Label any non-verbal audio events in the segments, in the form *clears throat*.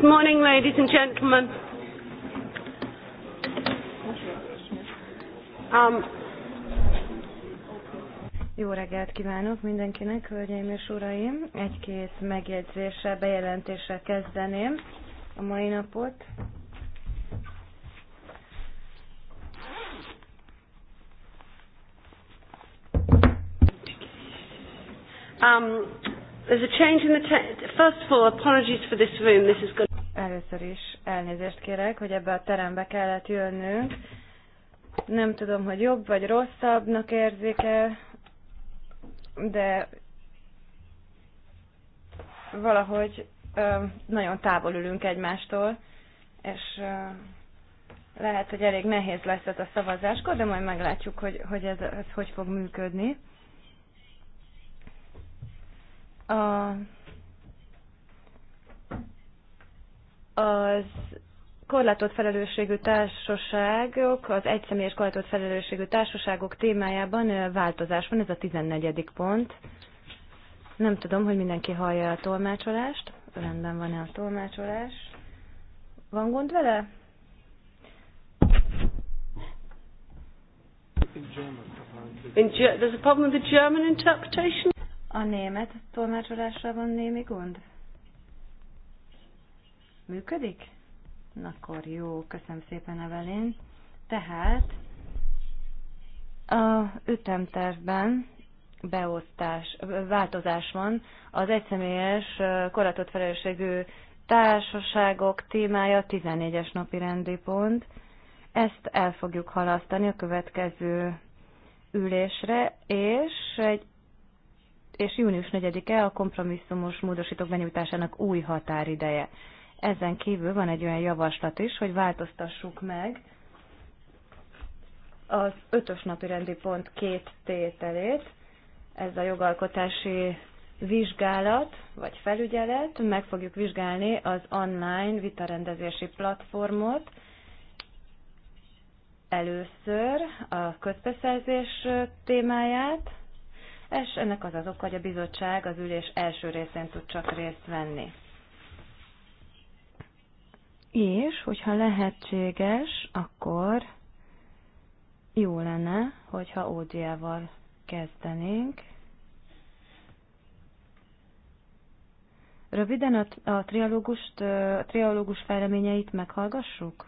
Good morning, ladies and gentlemen. Um, Jó reggelt kívánok mindenkinek, hölgyeim és uraim! Egy-két megjegyzéssel, bejelentéssel kezdeném a mai napot. Um, there's a change in the First of all, apologies for this room. This is going Először is elnézést kérek, hogy ebbe a terembe kellett jönnünk. Nem tudom, hogy jobb vagy rosszabbnak érzéke, de valahogy nagyon távol ülünk egymástól, és lehet, hogy elég nehéz lesz ez a szavazáskor, de majd meglátjuk, hogy, hogy ez, ez hogy fog működni. A Az korlátott felelősségű társaságok, az egyszemélyes korlátott felelősségű társaságok témájában változás van, ez a 14. pont. Nem tudom, hogy mindenki hallja a tolmácsolást. Rendben van-e a tolmácsolás? Van gond vele? In German, there's a problem with the German interpretation. A német tolmácsolásra van némi gond? Működik? Na akkor jó, köszönöm szépen Evelyn. Tehát a ütemtervben beosztás, változás van. Az egyszemélyes korlátott felelősségű társaságok témája 14-es napi rendi pont. Ezt el fogjuk halasztani a következő ülésre, és egy és június 4-e a kompromisszumos módosítók benyújtásának új határideje. Ezen kívül van egy olyan javaslat is, hogy változtassuk meg az ötös napi rendi pont két tételét, ez a jogalkotási vizsgálat vagy felügyelet, meg fogjuk vizsgálni az online vitarendezési platformot először a közbeszerzés témáját, és ennek az az oka, hogy a bizottság az ülés első részén tud csak részt venni és hogyha lehetséges, akkor jó lenne, hogyha ODA-val kezdenénk. Röviden a, a, triológust, a triológus fejleményeit meghallgassuk?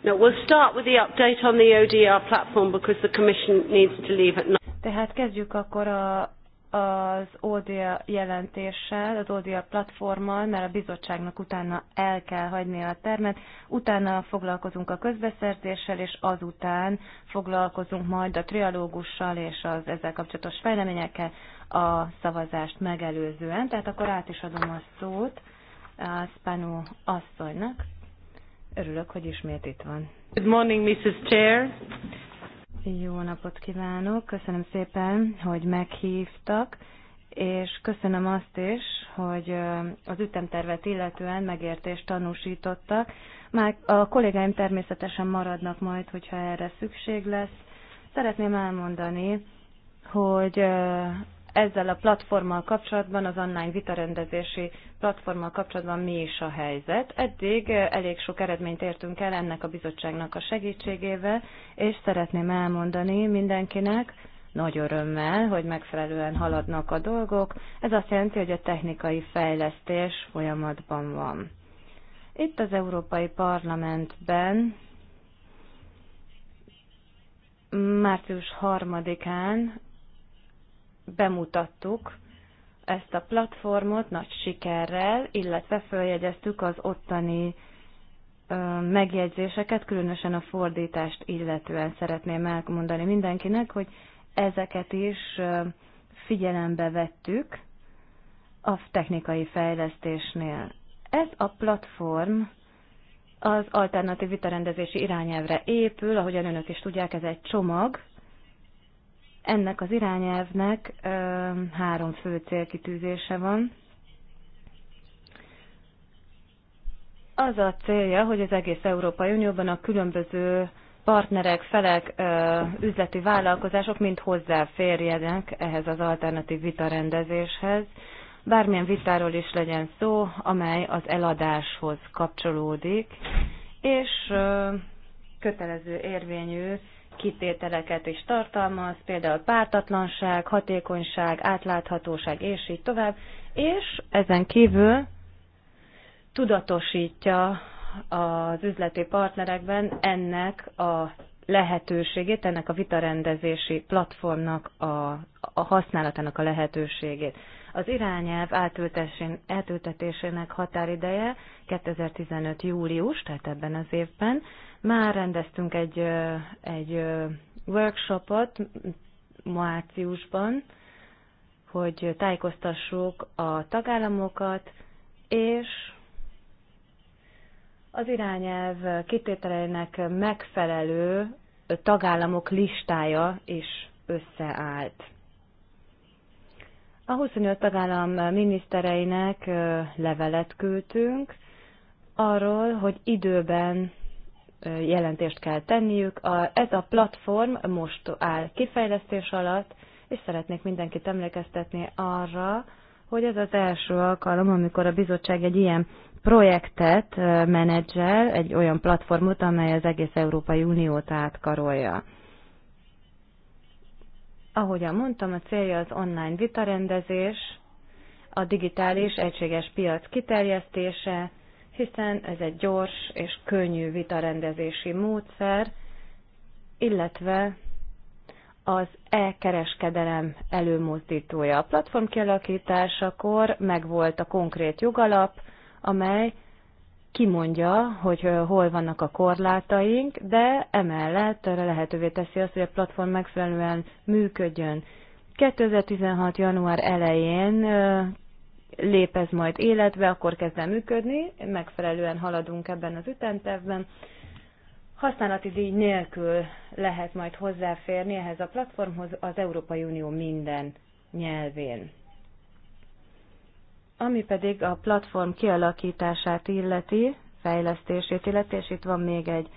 No, we'll start with the update on the ODR platform because the Commission needs to leave at Tehát kezdjük akkor a az ODIA jelentéssel, az ODIA platformmal, mert a bizottságnak utána el kell hagyni a termet, utána foglalkozunk a közbeszerzéssel, és azután foglalkozunk majd a trialógussal és az ezzel kapcsolatos fejleményekkel a szavazást megelőzően. Tehát akkor át is adom a szót a Spanu asszonynak. Örülök, hogy ismét itt van. Good morning, Mrs. Chair. Jó napot kívánok, köszönöm szépen, hogy meghívtak, és köszönöm azt is, hogy az ütemtervet illetően megértést tanúsítottak. Már a kollégáim természetesen maradnak majd, hogyha erre szükség lesz. Szeretném elmondani, hogy ezzel a platformmal kapcsolatban, az online vitarendezési platformmal kapcsolatban mi is a helyzet. Eddig eh, elég sok eredményt értünk el ennek a bizottságnak a segítségével, és szeretném elmondani mindenkinek, nagy örömmel, hogy megfelelően haladnak a dolgok. Ez azt jelenti, hogy a technikai fejlesztés folyamatban van. Itt az Európai Parlamentben március 3-án bemutattuk ezt a platformot nagy sikerrel, illetve feljegyeztük az ottani megjegyzéseket, különösen a fordítást illetően szeretném elmondani mindenkinek, hogy ezeket is figyelembe vettük a technikai fejlesztésnél. Ez a platform az alternatív vitarendezési irányelvre épül, ahogyan önök is tudják, ez egy csomag, ennek az irányelvnek három fő célkitűzése van. Az a célja, hogy az egész Európai Unióban a különböző partnerek, felek, üzleti vállalkozások mind hozzáférjenek ehhez az alternatív vitarendezéshez, bármilyen vitáról is legyen szó, amely az eladáshoz kapcsolódik, és kötelező érvényű kitételeket is tartalmaz, például pártatlanság, hatékonyság, átláthatóság, és így tovább, és ezen kívül tudatosítja az üzleti partnerekben ennek a lehetőségét, ennek a vitarendezési platformnak a, a használatának a lehetőségét. Az irányelv eltültetésének határideje 2015. július, tehát ebben az évben. Már rendeztünk egy, egy workshopot márciusban, hogy tájékoztassuk a tagállamokat, és az irányelv kitételeinek megfelelő tagállamok listája is összeállt. A 25 tagállam minisztereinek levelet küldtünk arról, hogy időben jelentést kell tenniük. A, ez a platform most áll kifejlesztés alatt, és szeretnék mindenkit emlékeztetni arra, hogy ez az első alkalom, amikor a bizottság egy ilyen projektet menedzsel, egy olyan platformot, amely az egész Európai Uniót átkarolja. Ahogyan mondtam, a célja az online vitarendezés, a digitális egységes piac kiterjesztése, hiszen ez egy gyors és könnyű vitarendezési módszer, illetve az e-kereskedelem előmozdítója. A platform kialakításakor megvolt a konkrét jogalap, amely kimondja, hogy hol vannak a korlátaink, de emellett lehetővé teszi azt, hogy a platform megfelelően működjön. 2016. január elején lép ez majd életbe, akkor kezd el működni, megfelelően haladunk ebben az ütemtervben. Használati díj nélkül lehet majd hozzáférni ehhez a platformhoz az Európai Unió minden nyelvén. Ami pedig a platform kialakítását illeti, fejlesztését illeti, és itt van még egy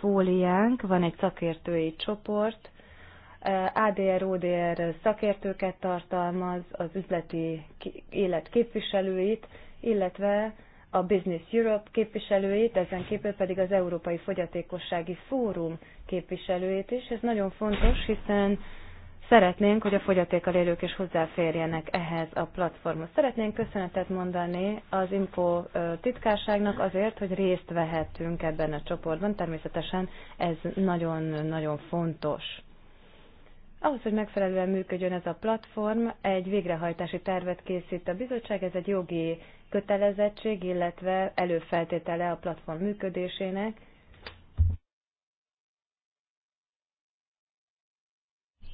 fóliánk, van egy szakértői csoport, ADR-ODR szakértőket tartalmaz, az üzleti élet képviselőit, illetve a Business Europe képviselőit, ezen kívül pedig az Európai Fogyatékossági Fórum képviselőjét is. Ez nagyon fontos, hiszen Szeretnénk, hogy a fogyatékkal élők is hozzáférjenek ehhez a platformhoz. Szeretnénk köszönetet mondani az Info titkárságnak azért, hogy részt vehettünk ebben a csoportban. Természetesen ez nagyon-nagyon fontos. Ahhoz, hogy megfelelően működjön ez a platform, egy végrehajtási tervet készít a bizottság, ez egy jogi kötelezettség, illetve előfeltétele a platform működésének,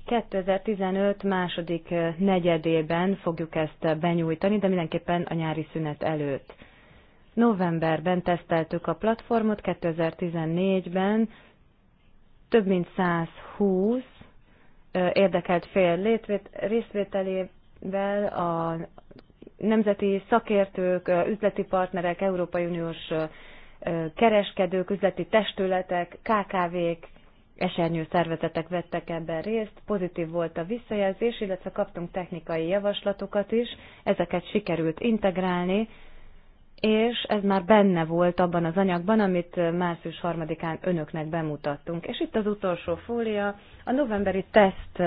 2015 második negyedében fogjuk ezt benyújtani, de mindenképpen a nyári szünet előtt. Novemberben teszteltük a platformot, 2014-ben több mint 120 érdekelt fél létvét, részvételével a nemzeti szakértők, üzleti partnerek, Európai Uniós kereskedők, üzleti testületek, KKV-k, esernyő szervezetek vettek ebben részt, pozitív volt a visszajelzés, illetve kaptunk technikai javaslatokat is, ezeket sikerült integrálni, és ez már benne volt abban az anyagban, amit március 3-án önöknek bemutattunk. És itt az utolsó fólia, a novemberi teszt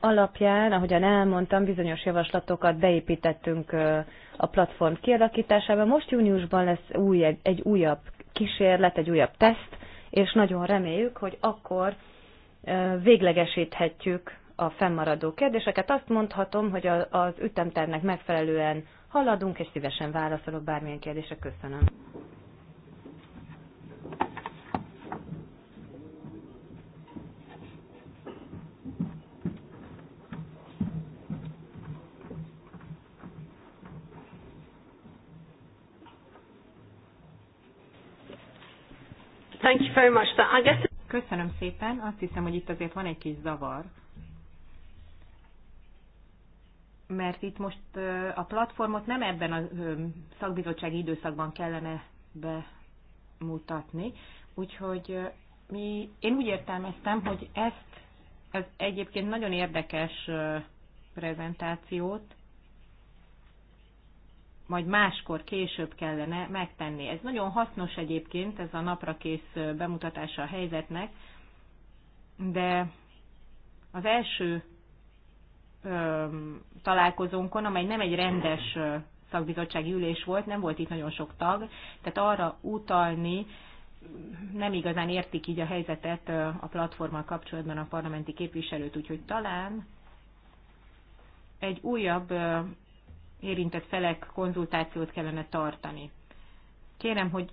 alapján, ahogyan elmondtam, bizonyos javaslatokat beépítettünk a platform kialakításába. Most júniusban lesz új, egy, egy újabb kísérlet, egy újabb teszt, és nagyon reméljük, hogy akkor véglegesíthetjük a fennmaradó kérdéseket. Azt mondhatom, hogy az ütemtervnek megfelelően haladunk, és szívesen válaszolok bármilyen kérdésre. Köszönöm. Thank you very much. I guess... Köszönöm szépen. Azt hiszem, hogy itt azért van egy kis zavar. Mert itt most a platformot nem ebben a szakbizottsági időszakban kellene bemutatni. Úgyhogy mi, én úgy értelmeztem, hogy ezt, ez egyébként nagyon érdekes prezentációt majd máskor később kellene megtenni. Ez nagyon hasznos egyébként, ez a naprakész bemutatása a helyzetnek, de az első ö, találkozónkon, amely nem egy rendes ö, szakbizottsági ülés volt, nem volt itt nagyon sok tag, tehát arra utalni nem igazán értik így a helyzetet ö, a platformmal kapcsolatban a parlamenti képviselőt, úgyhogy talán egy újabb érintett felek konzultációt kellene tartani. Kérem, hogy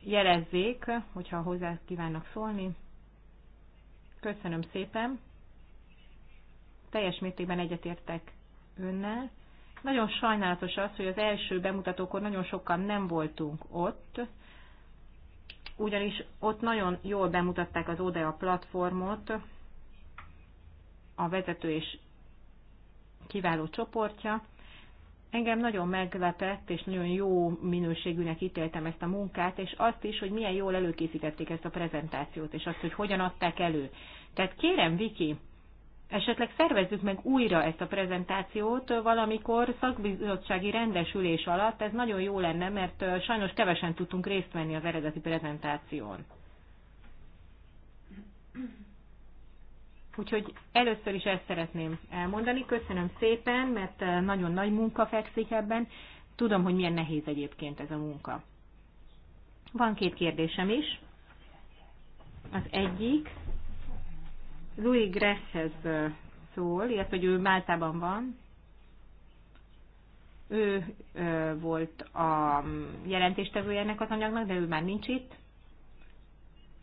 jelezzék, hogyha hozzá kívánnak szólni. Köszönöm szépen. Teljes mértékben egyetértek önnel. Nagyon sajnálatos az, hogy az első bemutatókor nagyon sokan nem voltunk ott, ugyanis ott nagyon jól bemutatták az ODEA platformot, a vezető és kiváló csoportja, Engem nagyon meglepett, és nagyon jó minőségűnek ítéltem ezt a munkát, és azt is, hogy milyen jól előkészítették ezt a prezentációt, és azt, hogy hogyan adták elő. Tehát kérem, Viki, esetleg szervezzük meg újra ezt a prezentációt valamikor szakbizottsági rendesülés alatt, ez nagyon jó lenne, mert sajnos kevesen tudtunk részt venni az eredeti prezentáción. Úgyhogy először is ezt szeretném elmondani. Köszönöm szépen, mert eh, nagyon nagy munka fekszik ebben. Tudom, hogy milyen nehéz egyébként ez a munka. Van két kérdésem is. Az egyik Louis Gresshez eh, szól, illetve hogy ő Máltában van. Ő eh, volt a mm, jelentéstevője ennek az anyagnak, de ő már nincs itt.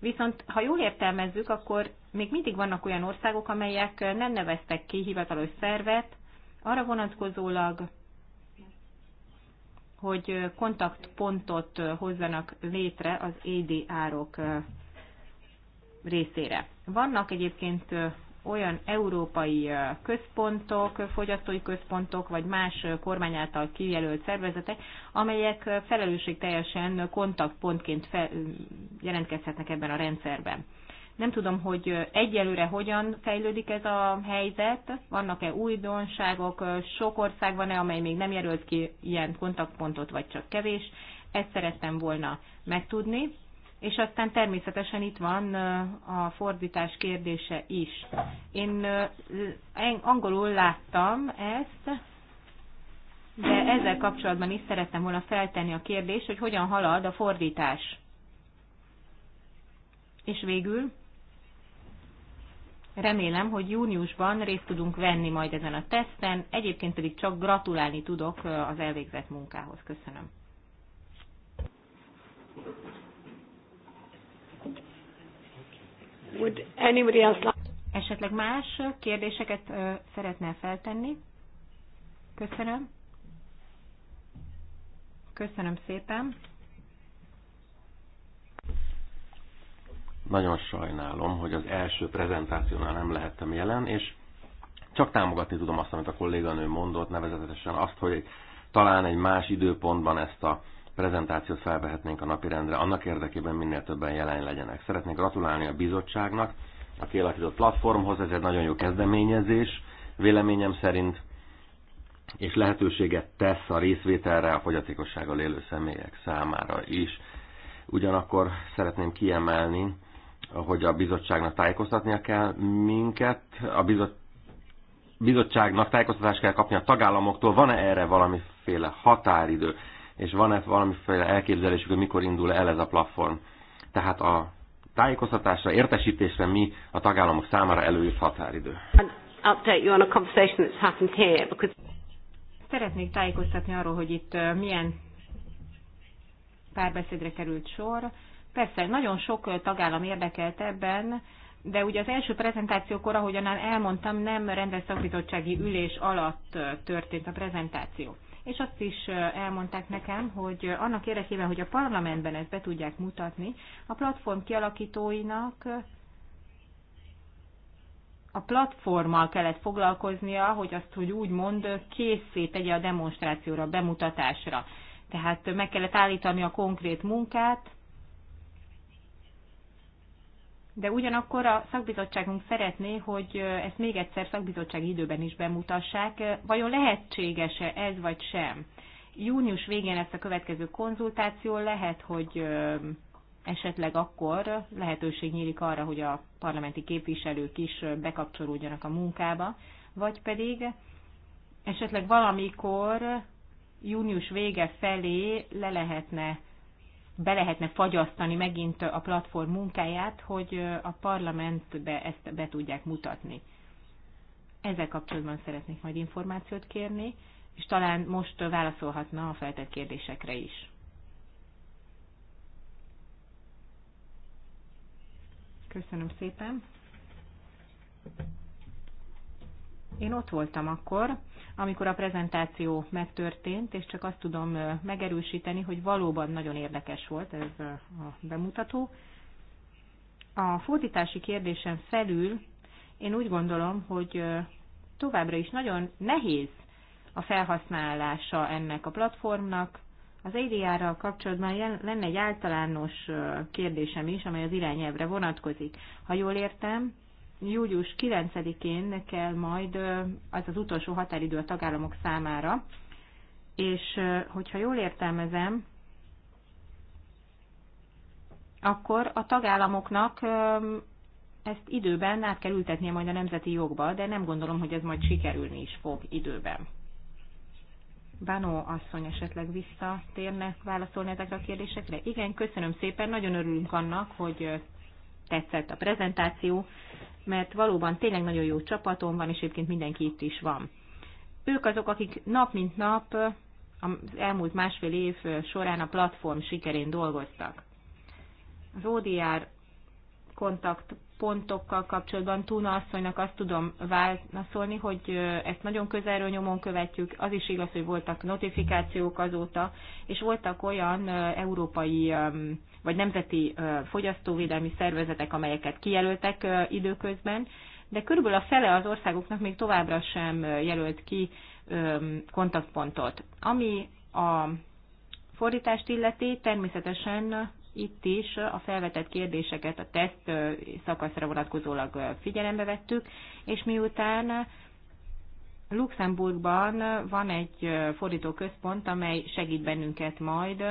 Viszont, ha jól értelmezzük, akkor még mindig vannak olyan országok, amelyek nem neveztek ki hivatalos szervet, arra vonatkozólag, hogy kontaktpontot hozzanak létre az EDR-ok részére. Vannak egyébként olyan európai központok, fogyasztói központok, vagy más kormány által kijelölt szervezetek, amelyek felelősségteljesen kontaktpontként fe, jelentkezhetnek ebben a rendszerben. Nem tudom, hogy egyelőre hogyan fejlődik ez a helyzet, vannak-e újdonságok, sok ország van-e, amely még nem jelölt ki ilyen kontaktpontot, vagy csak kevés. Ezt szerettem volna megtudni. És aztán természetesen itt van a fordítás kérdése is. Én angolul láttam ezt, de ezzel kapcsolatban is szerettem volna feltenni a kérdést, hogy hogyan halad a fordítás. És végül remélem, hogy júniusban részt tudunk venni majd ezen a teszten, egyébként pedig csak gratulálni tudok az elvégzett munkához. Köszönöm. Would anybody else like... Esetleg más kérdéseket szeretne feltenni? Köszönöm. Köszönöm szépen. Nagyon sajnálom, hogy az első prezentációnál nem lehettem jelen, és csak támogatni tudom azt, amit a kolléganő mondott, nevezetesen azt, hogy talán egy más időpontban ezt a prezentációt felvehetnénk a napirendre, annak érdekében minél többen jelen legyenek. Szeretnék gratulálni a bizottságnak a kialakított platformhoz, ez egy nagyon jó kezdeményezés, véleményem szerint, és lehetőséget tesz a részvételre a fogyatékossággal élő személyek számára is. Ugyanakkor szeretném kiemelni, hogy a bizottságnak tájékoztatnia kell minket, a bizottság bizottságnak tájékoztatást kell kapni a tagállamoktól, van-e erre valamiféle határidő? és van-e valamiféle elképzelésük, hogy mikor indul el ez a platform. Tehát a tájékoztatásra, értesítésre mi a tagállamok számára előírt határidő. Szeretnék tájékoztatni arról, hogy itt milyen párbeszédre került sor. Persze, nagyon sok tagállam érdekelt ebben, de ugye az első prezentációkor, ahogyan elmondtam, nem rendes szakítottsági ülés alatt történt a prezentáció és azt is elmondták nekem, hogy annak érdekében, hogy a parlamentben ezt be tudják mutatni, a platform kialakítóinak a platformmal kellett foglalkoznia, hogy azt, hogy úgymond készít tegye a demonstrációra, a bemutatásra. Tehát meg kellett állítani a konkrét munkát, de ugyanakkor a szakbizottságunk szeretné, hogy ezt még egyszer szakbizottsági időben is bemutassák. Vajon lehetséges-e ez vagy sem? Június végén lesz a következő konzultáció, lehet, hogy esetleg akkor lehetőség nyílik arra, hogy a parlamenti képviselők is bekapcsolódjanak a munkába, vagy pedig esetleg valamikor június vége felé le lehetne be lehetne fagyasztani megint a platform munkáját, hogy a parlamentbe ezt be tudják mutatni. Ezzel kapcsolatban szeretnék majd információt kérni, és talán most válaszolhatna a feltett kérdésekre is. Köszönöm szépen! Én ott voltam akkor, amikor a prezentáció megtörtént, és csak azt tudom megerősíteni, hogy valóban nagyon érdekes volt ez a bemutató. A fordítási kérdésen felül én úgy gondolom, hogy továbbra is nagyon nehéz a felhasználása ennek a platformnak. Az ADR-ral kapcsolatban lenne egy általános kérdésem is, amely az irányelvre vonatkozik. Ha jól értem, július 9-én kell majd, az az utolsó határidő a tagállamok számára, és hogyha jól értelmezem, akkor a tagállamoknak ezt időben át kell ültetnie majd a nemzeti jogba, de nem gondolom, hogy ez majd sikerülni is fog időben. Bánó asszony esetleg visszatérne válaszolni ezekre a kérdésekre? Igen, köszönöm szépen, nagyon örülünk annak, hogy tetszett a prezentáció, mert valóban tényleg nagyon jó csapatom van, és egyébként mindenki itt is van. Ők azok, akik nap mint nap az elmúlt másfél év során a platform sikerén dolgoztak. Az ODR kontaktpontokkal kapcsolatban Tuna asszonynak azt tudom válaszolni, hogy ezt nagyon közelről nyomon követjük. Az is igaz, hogy voltak notifikációk azóta, és voltak olyan európai vagy nemzeti fogyasztóvédelmi szervezetek, amelyeket kijelöltek időközben, de körülbelül a fele az országoknak még továbbra sem jelölt ki kontaktpontot. Ami a fordítást illeti, természetesen itt is a felvetett kérdéseket a teszt szakaszra vonatkozólag figyelembe vettük, és miután Luxemburgban van egy fordítóközpont, amely segít bennünket majd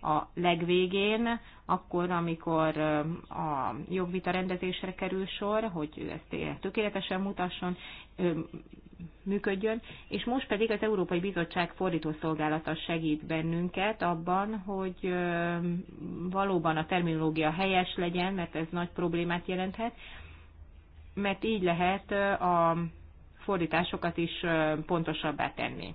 a legvégén, akkor, amikor a jogvita rendezésre kerül sor, hogy ő ezt tökéletesen mutasson, működjön, és most pedig az Európai Bizottság fordítószolgálata segít bennünket abban, hogy valóban a terminológia helyes legyen, mert ez nagy problémát jelenthet, mert így lehet a fordításokat is pontosabbá tenni.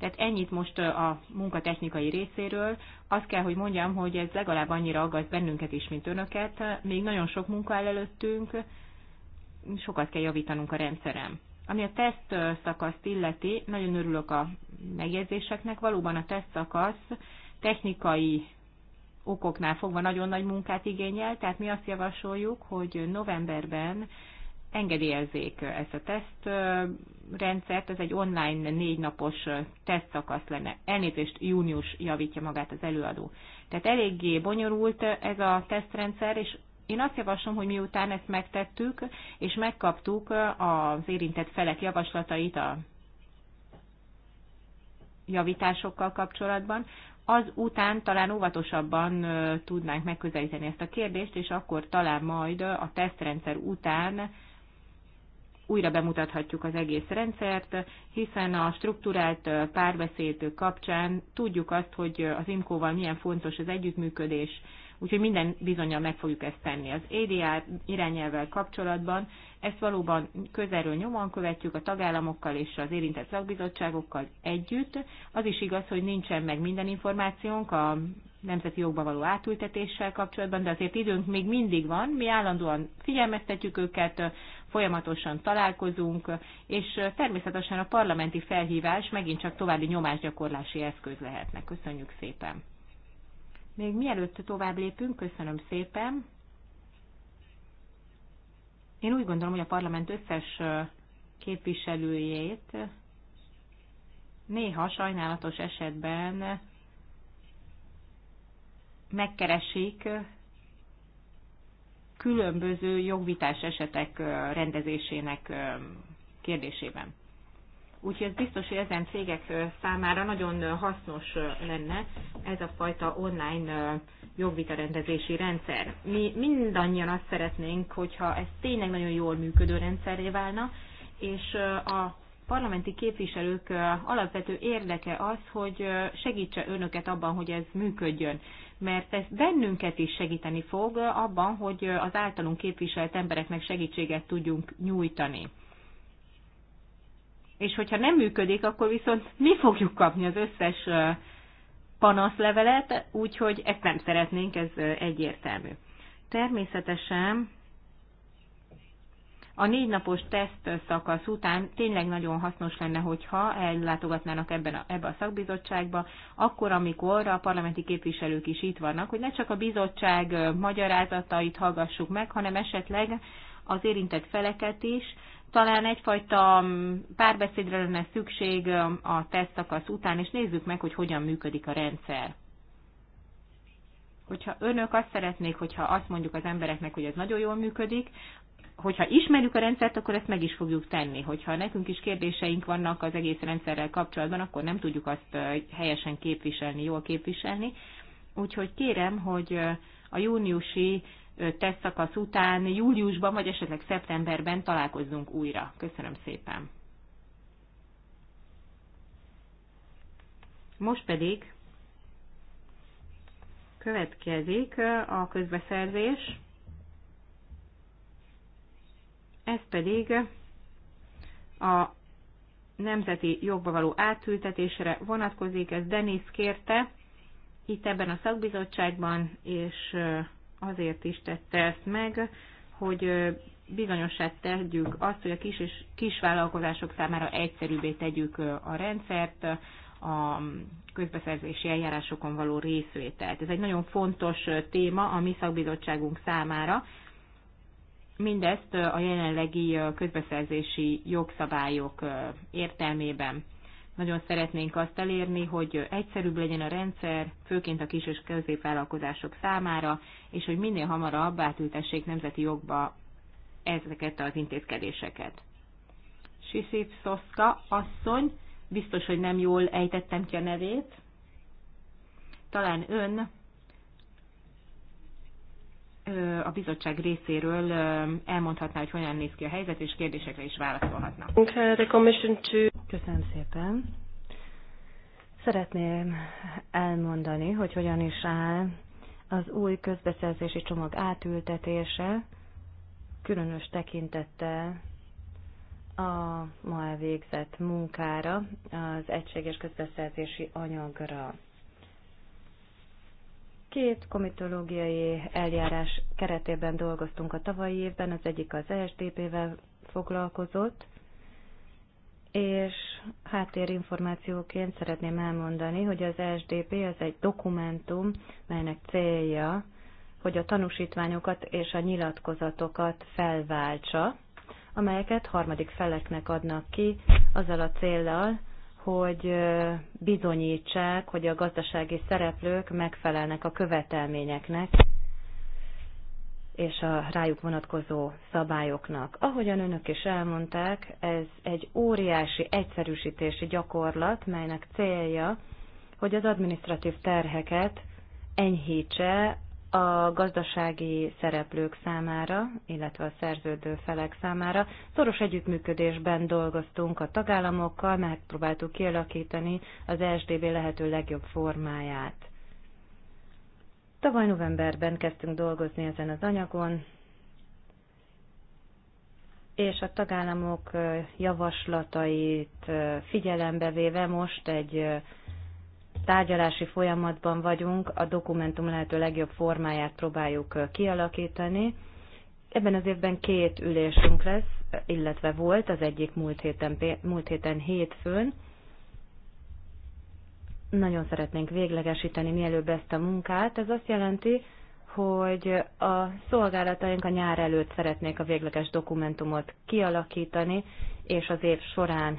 Tehát ennyit most a munkatechnikai részéről. Azt kell, hogy mondjam, hogy ez legalább annyira aggaszt bennünket is, mint önöket. Még nagyon sok munka áll előttünk, sokat kell javítanunk a rendszerem. Ami a teszt szakaszt illeti, nagyon örülök a megjegyzéseknek. Valóban a teszt szakasz technikai okoknál fogva nagyon nagy munkát igényel, tehát mi azt javasoljuk, hogy novemberben engedélyezzék ezt a tesztrendszert, ez egy online négy napos tesztszakasz lenne. Elnézést, június javítja magát az előadó. Tehát eléggé bonyolult ez a tesztrendszer, és én azt javaslom, hogy miután ezt megtettük, és megkaptuk az érintett felek javaslatait a javításokkal kapcsolatban, az után talán óvatosabban tudnánk megközelíteni ezt a kérdést, és akkor talán majd a tesztrendszer után újra bemutathatjuk az egész rendszert, hiszen a struktúrált párbeszéd kapcsán tudjuk azt, hogy az IMCO-val milyen fontos az együttműködés, úgyhogy minden bizonyal meg fogjuk ezt tenni. Az EDR irányelvvel kapcsolatban ezt valóban közelről nyomon követjük a tagállamokkal és az érintett szakbizottságokkal együtt. Az is igaz, hogy nincsen meg minden információnk a nemzeti jogba való átültetéssel kapcsolatban, de azért időnk még mindig van, mi állandóan figyelmeztetjük őket, folyamatosan találkozunk, és természetesen a parlamenti felhívás megint csak további nyomásgyakorlási eszköz lehetnek. Köszönjük szépen! Még mielőtt tovább lépünk, köszönöm szépen. Én úgy gondolom, hogy a parlament összes képviselőjét néha sajnálatos esetben megkeresik különböző jogvitás esetek rendezésének kérdésében. Úgyhogy ez biztos, hogy ezen cégek számára nagyon hasznos lenne ez a fajta online jogvitarendezési rendszer. Mi mindannyian azt szeretnénk, hogyha ez tényleg nagyon jól működő rendszerré válna, és a parlamenti képviselők alapvető érdeke az, hogy segítse önöket abban, hogy ez működjön mert ez bennünket is segíteni fog abban, hogy az általunk képviselt embereknek segítséget tudjunk nyújtani. És hogyha nem működik, akkor viszont mi fogjuk kapni az összes panaszlevelet, úgyhogy ezt nem szeretnénk, ez egyértelmű. Természetesen a négy napos teszt szakasz után tényleg nagyon hasznos lenne, hogyha ellátogatnának ebben a, ebbe a szakbizottságba, akkor, amikor a parlamenti képviselők is itt vannak, hogy ne csak a bizottság magyarázatait hallgassuk meg, hanem esetleg az érintett feleket is, talán egyfajta mm, párbeszédre lenne szükség mm, a szakasz után, és nézzük meg, hogy hogyan működik a rendszer. Hogyha önök azt szeretnék, hogyha azt mondjuk az embereknek, hogy ez nagyon jól működik, hogyha ismerjük a rendszert, akkor ezt meg is fogjuk tenni. Hogyha nekünk is kérdéseink vannak az egész rendszerrel kapcsolatban, akkor nem tudjuk azt helyesen képviselni, jól képviselni. Úgyhogy kérem, hogy a júniusi tesztszakasz után júliusban, vagy esetleg szeptemberben találkozzunk újra. Köszönöm szépen! Most pedig következik a közbeszerzés ez pedig a nemzeti jogba való átültetésre vonatkozik, ez Denis kérte itt ebben a szakbizottságban, és azért is tette ezt meg, hogy bizonyosát tegyük azt, hogy a kis és kisvállalkozások számára egyszerűbbé tegyük a rendszert, a közbeszerzési eljárásokon való részvételt. Ez egy nagyon fontos téma a mi szakbizottságunk számára, mindezt a jelenlegi közbeszerzési jogszabályok értelmében. Nagyon szeretnénk azt elérni, hogy egyszerűbb legyen a rendszer, főként a kis és középvállalkozások számára, és hogy minél hamarabb átültessék nemzeti jogba ezeket az intézkedéseket. Sisip Szoszka asszony, biztos, hogy nem jól ejtettem ki a nevét. Talán ön a bizottság részéről elmondhatná, hogy hogyan néz ki a helyzet, és kérdésekre is válaszolhatna. Köszönöm szépen. Szeretném elmondani, hogy hogyan is áll az új közbeszerzési csomag átültetése, különös tekintettel a ma elvégzett munkára, az egységes közbeszerzési anyagra. Két komitológiai eljárás keretében dolgoztunk a tavalyi évben, az egyik az ESDP-vel foglalkozott, és háttérinformációként szeretném elmondani, hogy az ESDP az egy dokumentum, melynek célja, hogy a tanúsítványokat és a nyilatkozatokat felváltsa, amelyeket harmadik feleknek adnak ki, azzal a céllal, hogy bizonyítsák, hogy a gazdasági szereplők megfelelnek a követelményeknek és a rájuk vonatkozó szabályoknak. Ahogyan önök is elmondták, ez egy óriási egyszerűsítési gyakorlat, melynek célja, hogy az administratív terheket enyhítse a gazdasági szereplők számára, illetve a szerződő felek számára. Szoros együttműködésben dolgoztunk a tagállamokkal, megpróbáltuk kialakítani az ESDB lehető legjobb formáját. Tavaly novemberben kezdtünk dolgozni ezen az anyagon, és a tagállamok javaslatait figyelembe véve most egy tárgyalási folyamatban vagyunk, a dokumentum lehető legjobb formáját próbáljuk kialakítani. Ebben az évben két ülésünk lesz, illetve volt, az egyik múlt héten, múlt héten hétfőn. Nagyon szeretnénk véglegesíteni mielőbb ezt a munkát. Ez azt jelenti, hogy a szolgálataink a nyár előtt szeretnék a végleges dokumentumot kialakítani, és az év során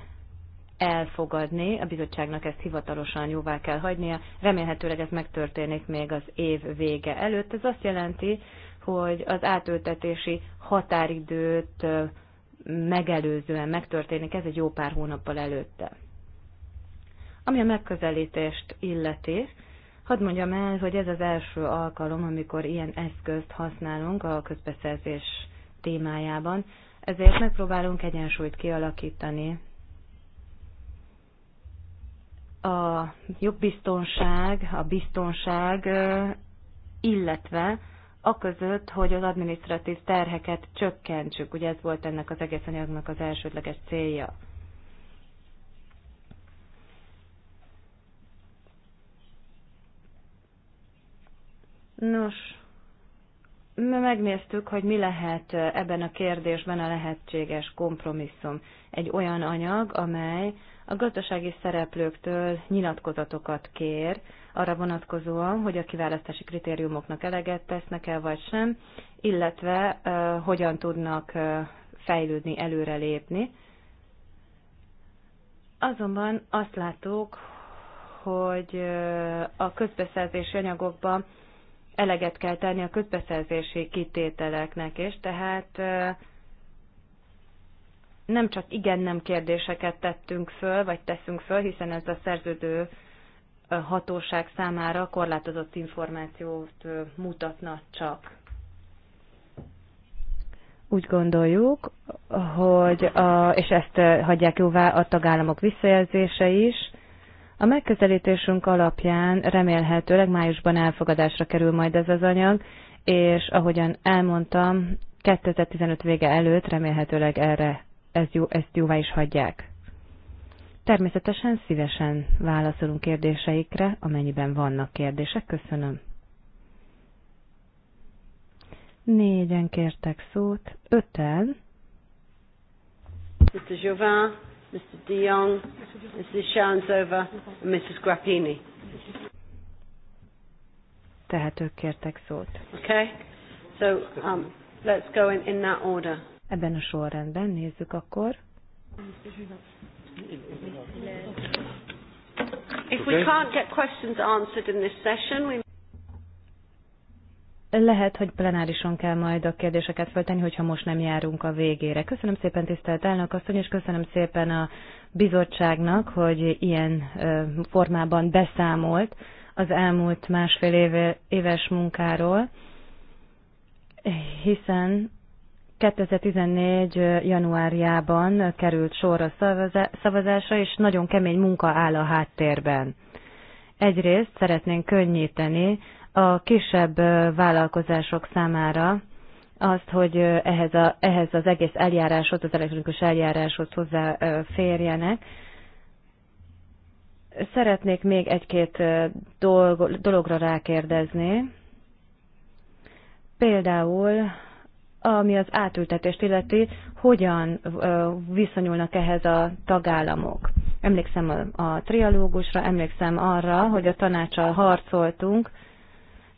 elfogadni, a bizottságnak ezt hivatalosan jóvá kell hagynia, remélhetőleg ez megtörténik még az év vége előtt. Ez azt jelenti, hogy az átültetési határidőt megelőzően megtörténik, ez egy jó pár hónappal előtte. Ami a megközelítést illeti, hadd mondjam el, hogy ez az első alkalom, amikor ilyen eszközt használunk a közbeszerzés témájában, ezért megpróbálunk egyensúlyt kialakítani a jogbiztonság, a biztonság, illetve a között, hogy az adminisztratív terheket csökkentsük. Ugye ez volt ennek az egész anyagnak az elsődleges célja. Nos, megnéztük, hogy mi lehet ebben a kérdésben a lehetséges kompromisszum. Egy olyan anyag, amely a gazdasági szereplőktől nyilatkozatokat kér, arra vonatkozóan, hogy a kiválasztási kritériumoknak eleget tesznek-e vagy sem, illetve uh, hogyan tudnak uh, fejlődni, előrelépni. Azonban azt látók, hogy uh, a közbeszerzési anyagokban eleget kell tenni a közbeszerzési kitételeknek, és tehát nem csak igen-nem kérdéseket tettünk föl, vagy teszünk föl, hiszen ez a szerződő hatóság számára korlátozott információt mutatna csak. Úgy gondoljuk, hogy, a, és ezt hagyják jóvá a tagállamok visszajelzése is, a megközelítésünk alapján remélhetőleg májusban elfogadásra kerül majd ez az anyag, és ahogyan elmondtam, 2015 vége előtt remélhetőleg erre ezt, jó, ezt jóvá is hagyják. Természetesen szívesen válaszolunk kérdéseikre, amennyiben vannak kérdések. Köszönöm. Négyen kértek szót, öten. Mr. Jovin, Mr. De Jong, Mrs. Sharonsova, and Mrs. Grappini. Tehát ők kértek szót. Okay. So um, let's go in, in that order. Ebben a sorrendben nézzük akkor. If we can't get questions answered in this session, we lehet, hogy plenárison kell majd a kérdéseket föltenni, hogyha most nem járunk a végére. Köszönöm szépen, tisztelt elnök asszony, és köszönöm szépen a bizottságnak, hogy ilyen formában beszámolt az elmúlt másfél éves munkáról, hiszen 2014. januárjában került sor a szavazásra, és nagyon kemény munka áll a háttérben. Egyrészt szeretnénk könnyíteni a kisebb vállalkozások számára azt, hogy ehhez, a, ehhez az egész eljáráshoz, az elektronikus eljáráshoz hozzáférjenek. Szeretnék még egy-két dolg, dologra rákérdezni. Például, ami az átültetést illeti, hogyan viszonyulnak ehhez a tagállamok. Emlékszem a, a trialógusra, emlékszem arra, hogy a tanácsal harcoltunk,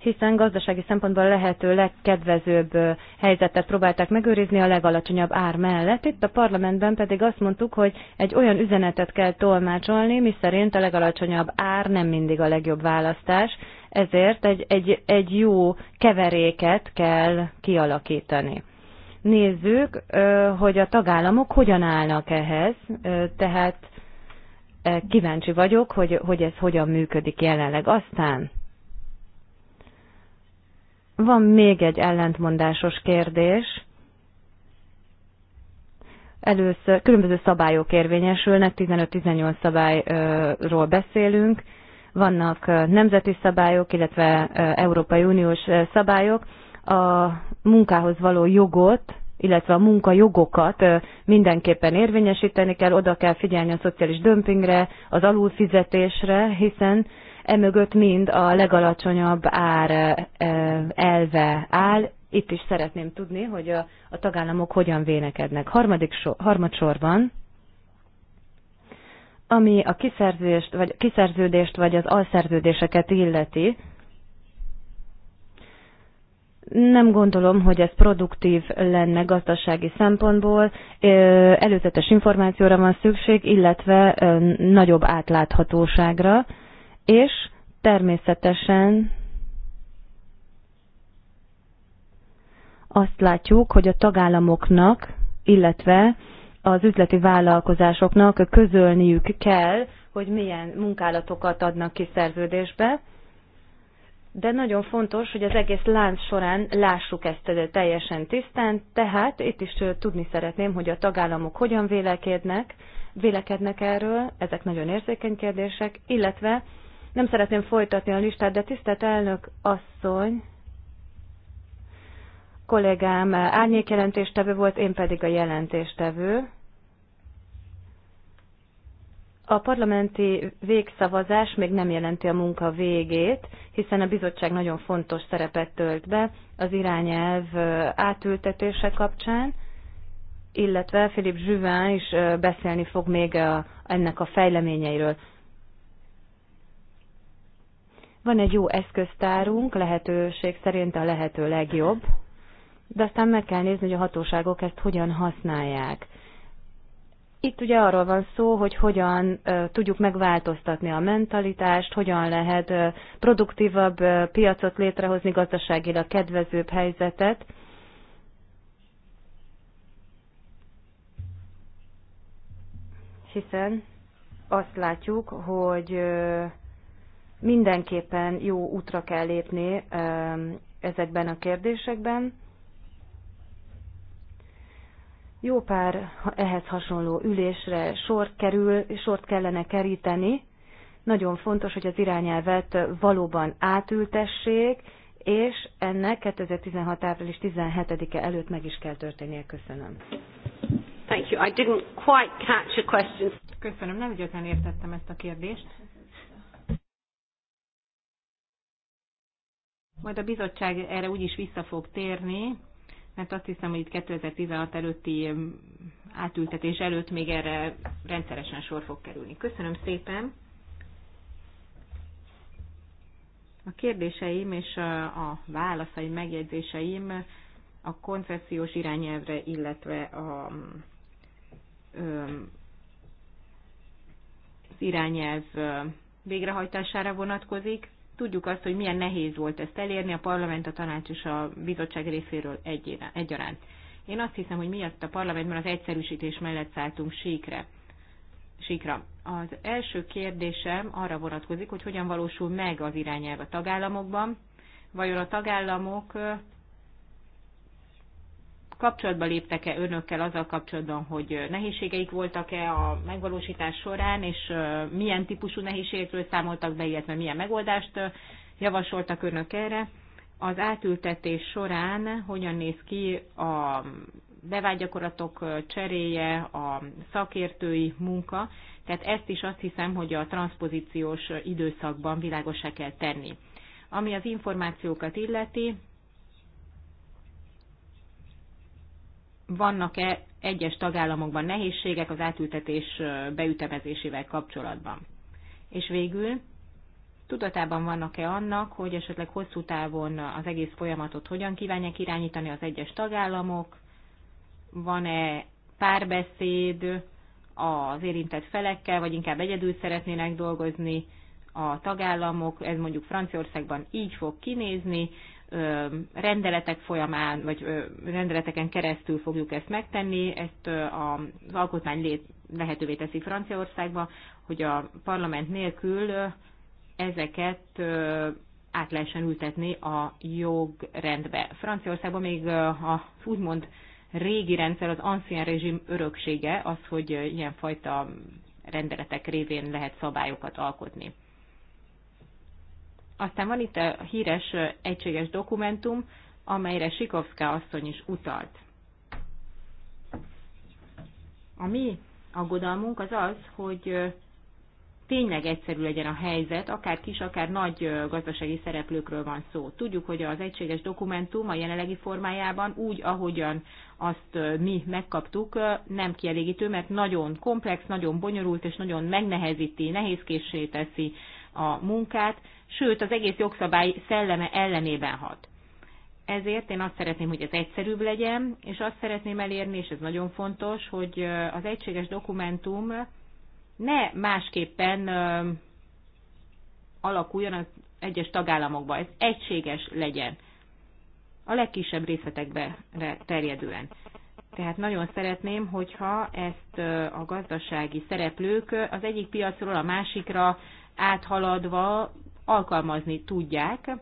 hiszen gazdasági szempontból lehető legkedvezőbb helyzetet próbálták megőrizni a legalacsonyabb ár mellett. Itt a parlamentben pedig azt mondtuk, hogy egy olyan üzenetet kell tolmácsolni, miszerint a legalacsonyabb ár nem mindig a legjobb választás, ezért egy, egy, egy jó keveréket kell kialakítani nézzük, hogy a tagállamok hogyan állnak ehhez, tehát kíváncsi vagyok, hogy, hogy ez hogyan működik jelenleg. Aztán van még egy ellentmondásos kérdés. Először különböző szabályok érvényesülnek, 15-18 szabályról beszélünk. Vannak nemzeti szabályok, illetve Európai Uniós szabályok. A munkához való jogot illetve a munkajogokat mindenképpen érvényesíteni kell, oda kell figyelni a szociális dömpingre, az alulfizetésre, hiszen emögött mind a legalacsonyabb ár elve áll. Itt is szeretném tudni, hogy a, a tagállamok hogyan vénekednek. Harmadik so, harmadsorban, ami a kiszerzést, vagy, kiszerződést vagy az alszerződéseket illeti, nem gondolom, hogy ez produktív lenne gazdasági szempontból. Előzetes információra van szükség, illetve nagyobb átláthatóságra és természetesen azt látjuk, hogy a tagállamoknak, illetve az üzleti vállalkozásoknak közölniük kell, hogy milyen munkálatokat adnak ki szerződésbe, de nagyon fontos, hogy az egész lánc során lássuk ezt teljesen tisztán, tehát itt is tudni szeretném, hogy a tagállamok hogyan vélekednek, vélekednek erről, ezek nagyon érzékeny kérdések, illetve nem szeretném folytatni a listát, de tisztelt elnök asszony, kollégám árnyékjelentéstevő volt, én pedig a jelentéstevő. A parlamenti végszavazás még nem jelenti a munka végét, hiszen a bizottság nagyon fontos szerepet tölt be az irányelv átültetése kapcsán, illetve Philip Juvin is beszélni fog még a, ennek a fejleményeiről. Van egy jó eszköztárunk, lehetőség szerint a lehető legjobb, de aztán meg kell nézni, hogy a hatóságok ezt hogyan használják. Itt ugye arról van szó, hogy hogyan uh, tudjuk megváltoztatni a mentalitást, hogyan lehet uh, produktívabb uh, piacot létrehozni, gazdaságilag kedvezőbb helyzetet. Hiszen azt látjuk, hogy uh, mindenképpen jó útra kell lépni ezekben a kérdésekben. Jó pár ehhez hasonló ülésre sor kerül, sort kellene keríteni. Nagyon fontos, hogy az irányelvet valóban átültessék, és ennek 2016. április 17-e előtt meg is kell történnie. Köszönöm. Thank you. I didn't quite catch a question. Köszönöm, nem igazán értettem ezt a kérdést. Majd a bizottság erre úgyis vissza fog térni, mert azt hiszem, hogy itt 2016 előtti átültetés előtt még erre rendszeresen sor fog kerülni. Köszönöm szépen! A kérdéseim és a válaszaim, megjegyzéseim a koncepciós irányelvre, illetve a, az irányelv végrehajtására vonatkozik. Tudjuk azt, hogy milyen nehéz volt ezt elérni a parlament, a tanács és a bizottság részéről egyaránt. Én azt hiszem, hogy miatt a parlamentben az egyszerűsítés mellett szálltunk síkre. síkra. Az első kérdésem arra vonatkozik, hogy hogyan valósul meg az irányelv a tagállamokban, vajon a tagállamok kapcsolatba léptek-e önökkel azzal kapcsolatban, hogy nehézségeik voltak-e a megvalósítás során, és milyen típusú nehézségekről számoltak be, illetve milyen megoldást javasoltak önök erre. Az átültetés során hogyan néz ki a bevágyakoratok cseréje, a szakértői munka, tehát ezt is azt hiszem, hogy a transzpozíciós időszakban világosá kell tenni. Ami az információkat illeti, vannak-e egyes tagállamokban nehézségek az átültetés beütemezésével kapcsolatban. És végül tudatában vannak-e annak, hogy esetleg hosszú távon az egész folyamatot hogyan kívánják irányítani az egyes tagállamok, van-e párbeszéd az érintett felekkel, vagy inkább egyedül szeretnének dolgozni a tagállamok, ez mondjuk Franciaországban így fog kinézni, rendeletek folyamán, vagy rendeleteken keresztül fogjuk ezt megtenni. Ezt az alkotmány lét lehetővé teszi Franciaországba, hogy a parlament nélkül ezeket át lehessen ültetni a jogrendbe. Franciaországban még az úgymond régi rendszer, az ancien rezsim öröksége az, hogy ilyenfajta rendeletek révén lehet szabályokat alkotni. Aztán van itt a híres egységes dokumentum, amelyre Sikovszka asszony is utalt. A mi aggodalmunk az az, hogy tényleg egyszerű legyen a helyzet, akár kis, akár nagy gazdasági szereplőkről van szó. Tudjuk, hogy az egységes dokumentum a jelenlegi formájában úgy, ahogyan azt mi megkaptuk, nem kielégítő, mert nagyon komplex, nagyon bonyolult és nagyon megnehezíti, nehézkéssé teszi a munkát, sőt az egész jogszabály szelleme ellenében hat. Ezért én azt szeretném, hogy ez egyszerűbb legyen, és azt szeretném elérni, és ez nagyon fontos, hogy az egységes dokumentum ne másképpen alakuljon az egyes tagállamokba, ez egységes legyen, a legkisebb részletekbe terjedően. Tehát nagyon szeretném, hogyha ezt a gazdasági szereplők az egyik piacról a másikra áthaladva alkalmazni tudják,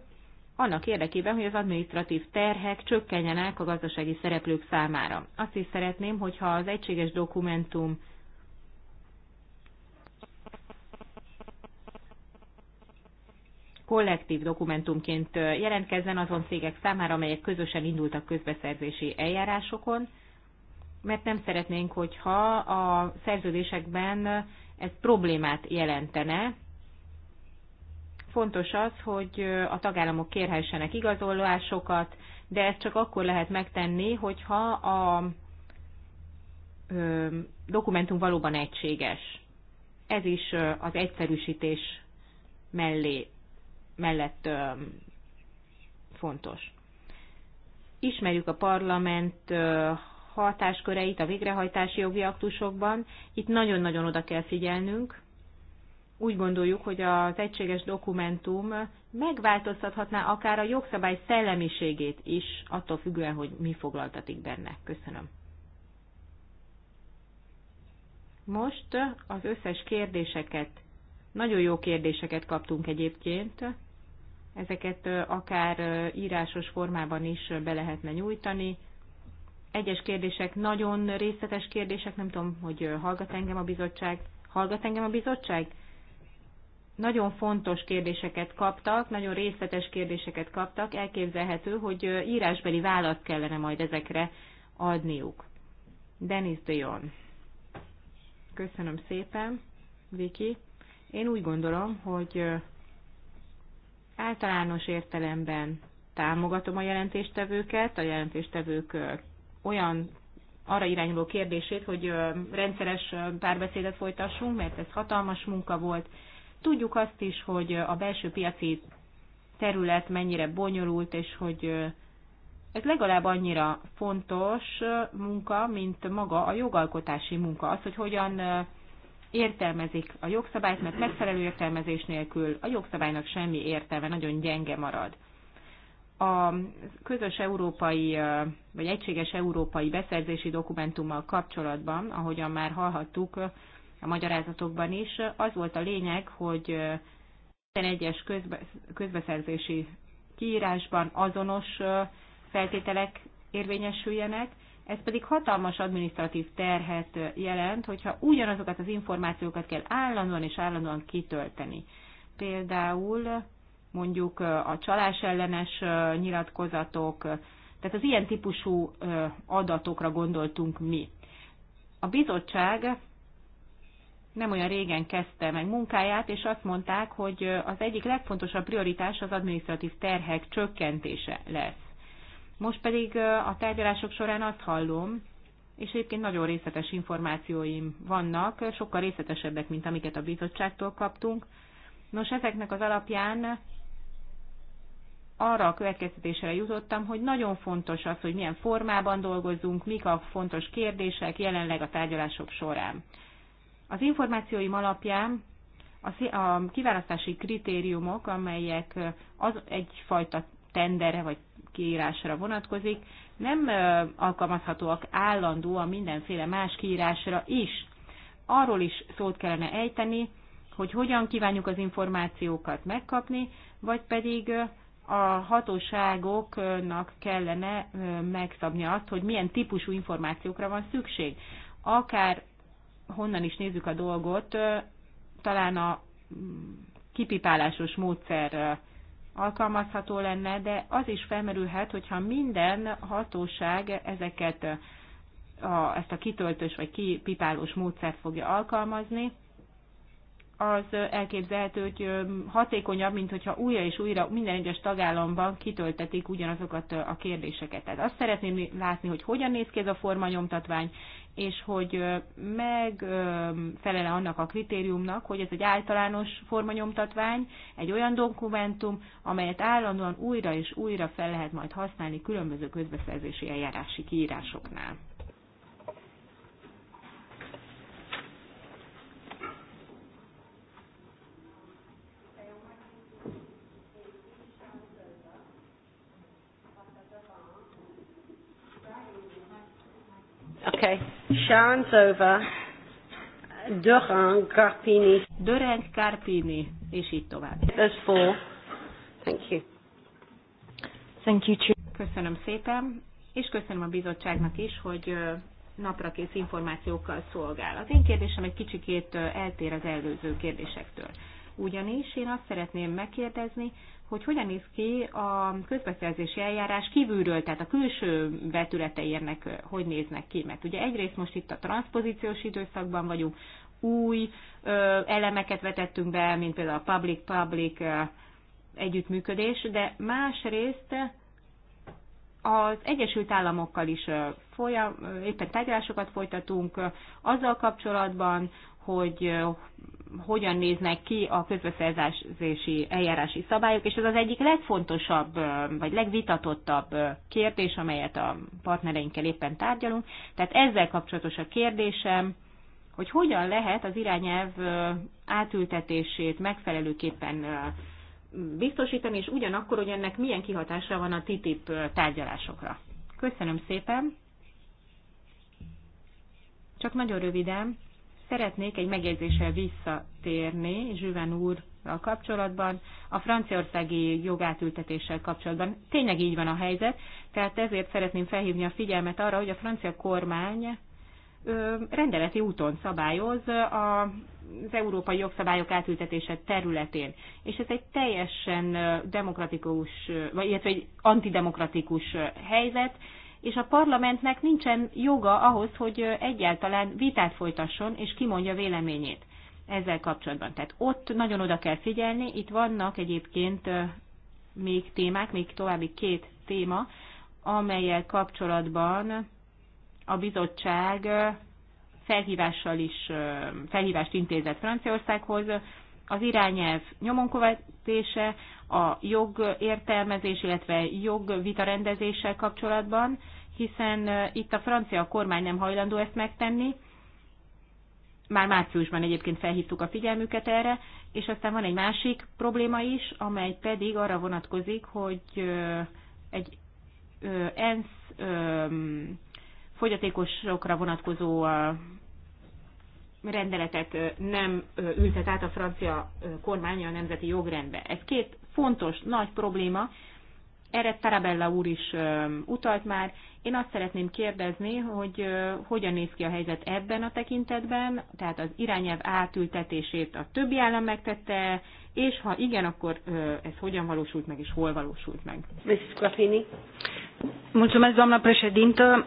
annak érdekében, hogy az administratív terhek csökkenjenek a gazdasági szereplők számára. Azt is szeretném, hogyha az egységes dokumentum kollektív dokumentumként jelentkezzen azon cégek számára, amelyek közösen indultak közbeszerzési eljárásokon, mert nem szeretnénk, hogyha a szerződésekben ez problémát jelentene, Fontos az, hogy a tagállamok kérhessenek igazolásokat, de ezt csak akkor lehet megtenni, hogyha a dokumentum valóban egységes. Ez is az egyszerűsítés mellé, mellett fontos. Ismerjük a parlament hatásköreit a végrehajtási jogi aktusokban. Itt nagyon-nagyon oda kell figyelnünk, úgy gondoljuk, hogy az egységes dokumentum megváltoztathatná akár a jogszabály szellemiségét is, attól függően, hogy mi foglaltatik benne. Köszönöm. Most az összes kérdéseket, nagyon jó kérdéseket kaptunk egyébként, ezeket akár írásos formában is be lehetne nyújtani. Egyes kérdések nagyon részletes kérdések, nem tudom, hogy hallgat engem a bizottság. Hallgat engem a bizottság? nagyon fontos kérdéseket kaptak, nagyon részletes kérdéseket kaptak, elképzelhető, hogy írásbeli választ kellene majd ezekre adniuk. Denis Jon. Köszönöm szépen, Viki. Én úgy gondolom, hogy általános értelemben támogatom a jelentéstevőket, a jelentéstevők olyan arra irányuló kérdését, hogy rendszeres párbeszédet folytassunk, mert ez hatalmas munka volt, Tudjuk azt is, hogy a belső piaci terület mennyire bonyolult, és hogy ez legalább annyira fontos munka, mint maga a jogalkotási munka. Az, hogy hogyan értelmezik a jogszabályt, mert megfelelő értelmezés nélkül a jogszabálynak semmi értelme, nagyon gyenge marad. A közös európai, vagy egységes európai beszerzési dokumentummal kapcsolatban, ahogyan már hallhattuk, a magyarázatokban is. Az volt a lényeg, hogy minden egyes közbe, közbeszerzési kiírásban azonos feltételek érvényesüljenek, ez pedig hatalmas adminisztratív terhet jelent, hogyha ugyanazokat az információkat kell állandóan és állandóan kitölteni. Például mondjuk a csalás ellenes nyilatkozatok, tehát az ilyen típusú adatokra gondoltunk mi. A bizottság nem olyan régen kezdte meg munkáját, és azt mondták, hogy az egyik legfontosabb prioritás az adminisztratív terhek csökkentése lesz. Most pedig a tárgyalások során azt hallom, és egyébként nagyon részletes információim vannak, sokkal részletesebbek, mint amiket a bizottságtól kaptunk. Nos, ezeknek az alapján arra a következtetésre jutottam, hogy nagyon fontos az, hogy milyen formában dolgozunk, mik a fontos kérdések jelenleg a tárgyalások során. Az információim alapján a kiválasztási kritériumok, amelyek az egyfajta tenderre vagy kiírásra vonatkozik, nem alkalmazhatóak állandóan mindenféle más kiírásra is. Arról is szót kellene ejteni, hogy hogyan kívánjuk az információkat megkapni, vagy pedig a hatóságoknak kellene megszabni azt, hogy milyen típusú információkra van szükség. Akár honnan is nézzük a dolgot, talán a mm, kipipálásos módszer alkalmazható lenne, de az is felmerülhet, hogyha minden hatóság ezeket a, ezt a kitöltős vagy kipipálós módszert fogja alkalmazni, az elképzelhető, hogy hatékonyabb, mint hogyha újra és újra minden egyes tagállamban kitöltetik ugyanazokat a kérdéseket. Tehát azt szeretném látni, hogy hogyan néz ki ez a formanyomtatvány, és hogy megfelele annak a kritériumnak, hogy ez egy általános formanyomtatvány, egy olyan dokumentum, amelyet állandóan újra és újra fel lehet majd használni különböző közbeszerzési eljárási kiírásoknál. Okay. Sharon's Zova, Durand, Carpini. Durand, Carpini, és így tovább. There's four. Thank you. Thank you, Chair. Köszönöm szépen, és köszönöm a bizottságnak is, hogy naprakész információkkal szolgál. Az én kérdésem egy kicsikét eltér az előző kérdésektől. Ugyanis én azt szeretném megkérdezni, hogy hogyan néz ki a közbeszerzési eljárás kívülről, tehát a külső vetületei érnek, hogy néznek ki. Mert ugye egyrészt most itt a transzpozíciós időszakban vagyunk, új ö, elemeket vetettünk be, mint például a public-public együttműködés, de másrészt az Egyesült Államokkal is folyam, éppen tárgyalásokat folytatunk azzal kapcsolatban, hogy hogyan néznek ki a közbeszerzési eljárási szabályok, és ez az egyik legfontosabb, vagy legvitatottabb kérdés, amelyet a partnereinkkel éppen tárgyalunk. Tehát ezzel kapcsolatos a kérdésem, hogy hogyan lehet az irányelv átültetését megfelelőképpen biztosítani, és ugyanakkor, hogy ennek milyen kihatása van a TTIP tárgyalásokra. Köszönöm szépen! Csak nagyon röviden, Szeretnék egy megjegyzéssel visszatérni Zsüven a kapcsolatban, a franciaországi jogátültetéssel kapcsolatban. Tényleg így van a helyzet, tehát ezért szeretném felhívni a figyelmet arra, hogy a francia kormány rendeleti úton szabályoz az európai jogszabályok átültetése területén. És ez egy teljesen demokratikus, vagy illetve egy antidemokratikus helyzet, és a parlamentnek nincsen joga ahhoz, hogy egyáltalán vitát folytasson, és kimondja véleményét ezzel kapcsolatban. Tehát ott nagyon oda kell figyelni, itt vannak egyébként még témák, még további két téma, amelyel kapcsolatban a bizottság felhívással is, felhívást intézett Franciaországhoz, az irányelv követése, a jogértelmezés, illetve jogvita rendezéssel kapcsolatban, hiszen itt a francia kormány nem hajlandó ezt megtenni, már márciusban egyébként felhívtuk a figyelmüket erre, és aztán van egy másik probléma is, amely pedig arra vonatkozik, hogy egy ENSZ fogyatékosokra vonatkozó rendeletet nem ültet át a francia kormány a nemzeti jogrendbe. Ez két fontos, nagy probléma, erre Tarabella úr is utalt már. Én azt szeretném kérdezni, hogy hogyan néz ki a helyzet ebben a tekintetben, tehát az irányelv átültetését a többi állam megtette, és ha igen, akkor ez hogyan valósult meg, és hol valósult meg? Mrs. Grappini. Mulțumesc, doamna președintă.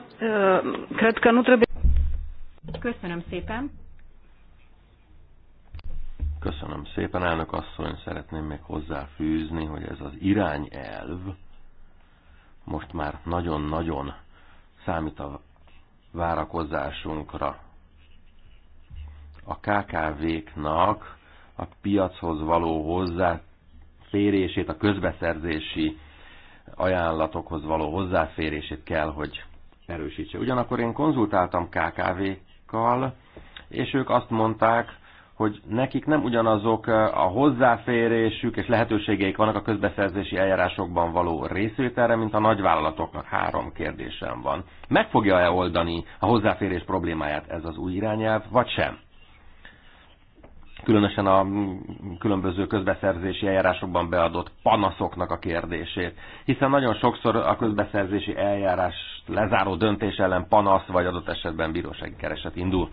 Cred că nu trebuie... Köszönöm szépen. Köszönöm szépen, elnök asszony, szeretném még hozzáfűzni, hogy ez az irányelv most már nagyon-nagyon számít a várakozásunkra. A KKV-knak a piachoz való hozzáférését, a közbeszerzési ajánlatokhoz való hozzáférését kell, hogy erősítse. Ugyanakkor én konzultáltam KKV-kkal, és ők azt mondták, hogy nekik nem ugyanazok eh, a hozzáférésük és lehetőségeik vannak a közbeszerzési eljárásokban való részvételre, mint a nagyvállalatoknak. Három kérdésem van. Meg fogja-e oldani a hozzáférés problémáját ez az új irányelv, vagy sem? különösen a különböző közbeszerzési eljárásokban beadott panaszoknak a kérdését. Hiszen nagyon sokszor a közbeszerzési eljárás lezáró döntés ellen panasz, vagy adott esetben bírósági kereset indul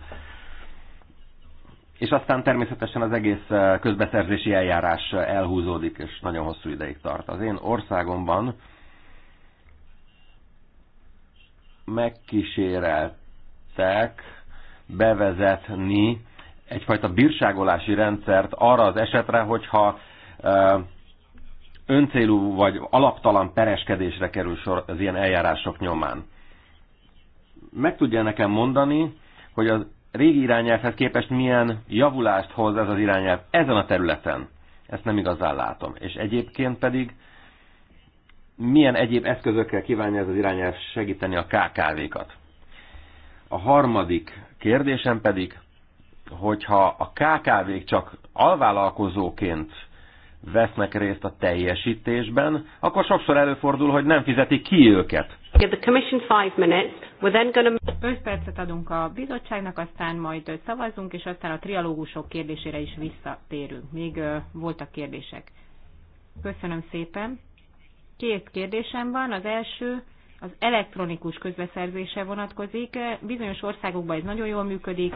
és aztán természetesen az egész eh, közbeszerzési eljárás eh, elhúzódik, és nagyon hosszú ideig tart. Az én országomban megkíséreltek bevezetni egyfajta bírságolási rendszert arra az esetre, hogyha eh, öncélú vagy alaptalan pereskedésre kerül sor az ilyen eljárások nyomán. Meg tudja nekem mondani, hogy az régi irányelvhez képest milyen javulást hoz ez az irányelv ezen a területen. Ezt nem igazán látom. És egyébként pedig milyen egyéb eszközökkel kívánja ez az irányelv segíteni a KKV-kat. A harmadik kérdésem pedig, hogyha a KKV-k csak alvállalkozóként vesznek részt a teljesítésben, akkor sokszor előfordul, hogy nem fizeti ki őket. Give the commission five minutes. We're then gonna... 5 percet adunk a bizottságnak, aztán majd szavazunk, és aztán a trialógusok kérdésére is visszatérünk. Még voltak kérdések. Köszönöm szépen. Két kérdésem van. Az első az elektronikus közbeszerzése vonatkozik. Bizonyos országokban ez nagyon jól működik.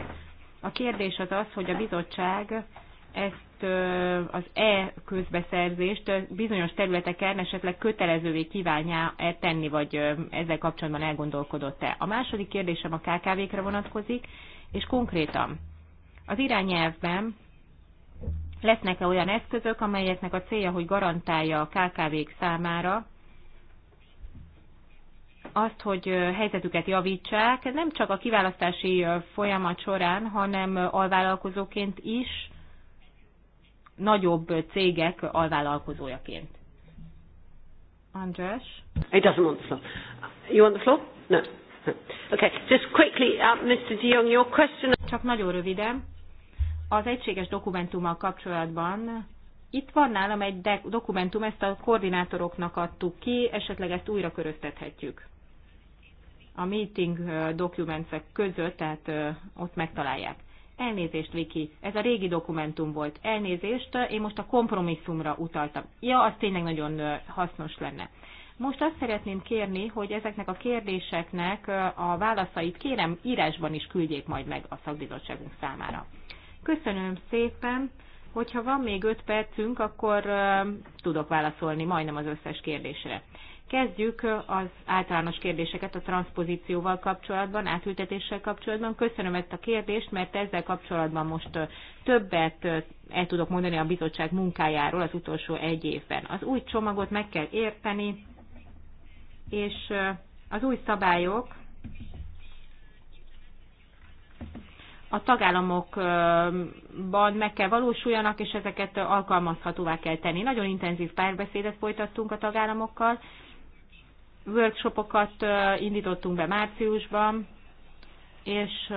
A kérdés az az, hogy a bizottság ezt ezt az e-közbeszerzést bizonyos területeken esetleg kötelezővé kívánja-e tenni, vagy ezzel kapcsolatban elgondolkodott-e. A második kérdésem a KKV-kre vonatkozik, és konkrétan az irányelvben lesznek-e olyan eszközök, amelyeknek a célja, hogy garantálja a KKV-k számára azt, hogy helyzetüket javítsák, nem csak a kiválasztási folyamat során, hanem alvállalkozóként is, nagyobb cégek alvállalkozójaként. András? He doesn't want the floor. You want the floor? No. Okay, just quickly, uh, Mr. De Jong, your question... Csak nagyon röviden. Az egységes dokumentummal kapcsolatban itt van nálam egy dokumentum, ezt a koordinátoroknak adtuk ki, esetleg ezt újra köröztethetjük. A meeting uh, dokumentek között, tehát uh, ott megtalálják. Elnézést, Viki, ez a régi dokumentum volt. Elnézést, én most a kompromisszumra utaltam. Ja, az tényleg nagyon hasznos lenne. Most azt szeretném kérni, hogy ezeknek a kérdéseknek a válaszait kérem írásban is küldjék majd meg a szakbizottságunk számára. Köszönöm szépen, hogyha van még öt percünk, akkor tudok válaszolni majdnem az összes kérdésre. Kezdjük az általános kérdéseket a transzpozícióval kapcsolatban, átültetéssel kapcsolatban. Köszönöm ezt a kérdést, mert ezzel kapcsolatban most többet el tudok mondani a bizottság munkájáról az utolsó egy évben. Az új csomagot meg kell érteni, és az új szabályok a tagállamokban meg kell valósuljanak, és ezeket alkalmazhatóvá kell tenni. Nagyon intenzív párbeszédet folytattunk a tagállamokkal, workshopokat indítottunk be márciusban, és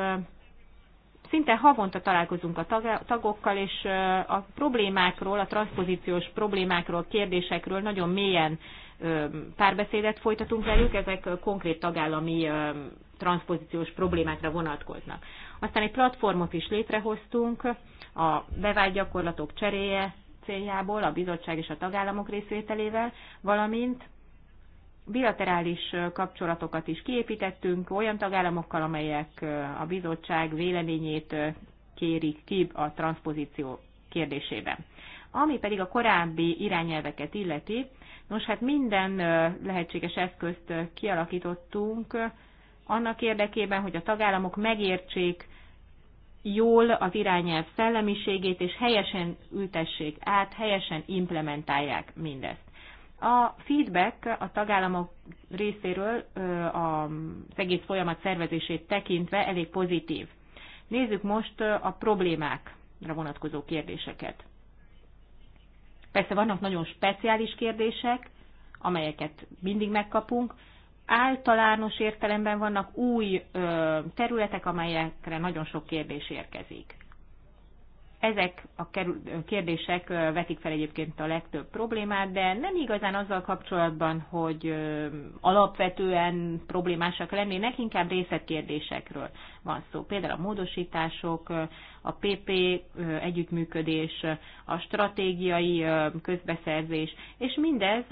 szinte havonta találkozunk a tagokkal, és a problémákról, a transzpozíciós problémákról, kérdésekről nagyon mélyen párbeszédet folytatunk velük, ezek konkrét tagállami transzpozíciós problémákra vonatkoznak. Aztán egy platformot is létrehoztunk a bevált gyakorlatok cseréje céljából, a bizottság és a tagállamok részvételével, valamint bilaterális kapcsolatokat is kiépítettünk olyan tagállamokkal, amelyek a bizottság véleményét kérik ki a transpozíció kérdésében. Ami pedig a korábbi irányelveket illeti, nos hát minden lehetséges eszközt kialakítottunk annak érdekében, hogy a tagállamok megértsék jól az irányelv szellemiségét, és helyesen ültessék át, helyesen implementálják mindezt. A feedback a tagállamok részéről az egész folyamat szervezését tekintve elég pozitív. Nézzük most a problémákra vonatkozó kérdéseket. Persze vannak nagyon speciális kérdések, amelyeket mindig megkapunk. Általános értelemben vannak új területek, amelyekre nagyon sok kérdés érkezik. Ezek a kérdések vetik fel egyébként a legtöbb problémát, de nem igazán azzal kapcsolatban, hogy alapvetően problémásak lennének, inkább részletkérdésekről van szó. Például a módosítások, a PP együttműködés, a stratégiai közbeszerzés, és mindez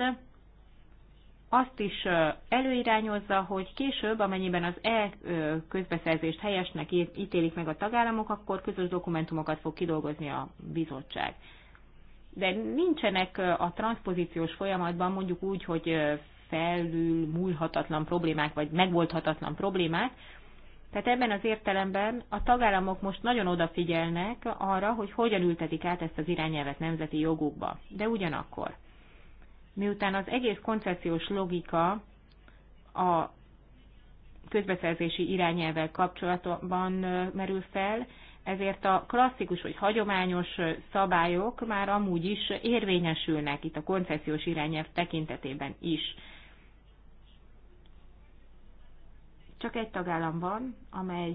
azt is előirányozza, hogy később, amennyiben az e-közbeszerzést helyesnek ítélik meg a tagállamok, akkor közös dokumentumokat fog kidolgozni a bizottság. De nincsenek a transpozíciós folyamatban mondjuk úgy, hogy felül múlhatatlan problémák, vagy megoldhatatlan problémák, tehát ebben az értelemben a tagállamok most nagyon odafigyelnek arra, hogy hogyan ültetik át ezt az irányelvet nemzeti jogukba. De ugyanakkor miután az egész koncepciós logika a közbeszerzési irányelvel kapcsolatban merül fel, ezért a klasszikus vagy hagyományos szabályok már amúgy is érvényesülnek itt a koncepciós irányelv tekintetében is. Csak egy tagállam van, amely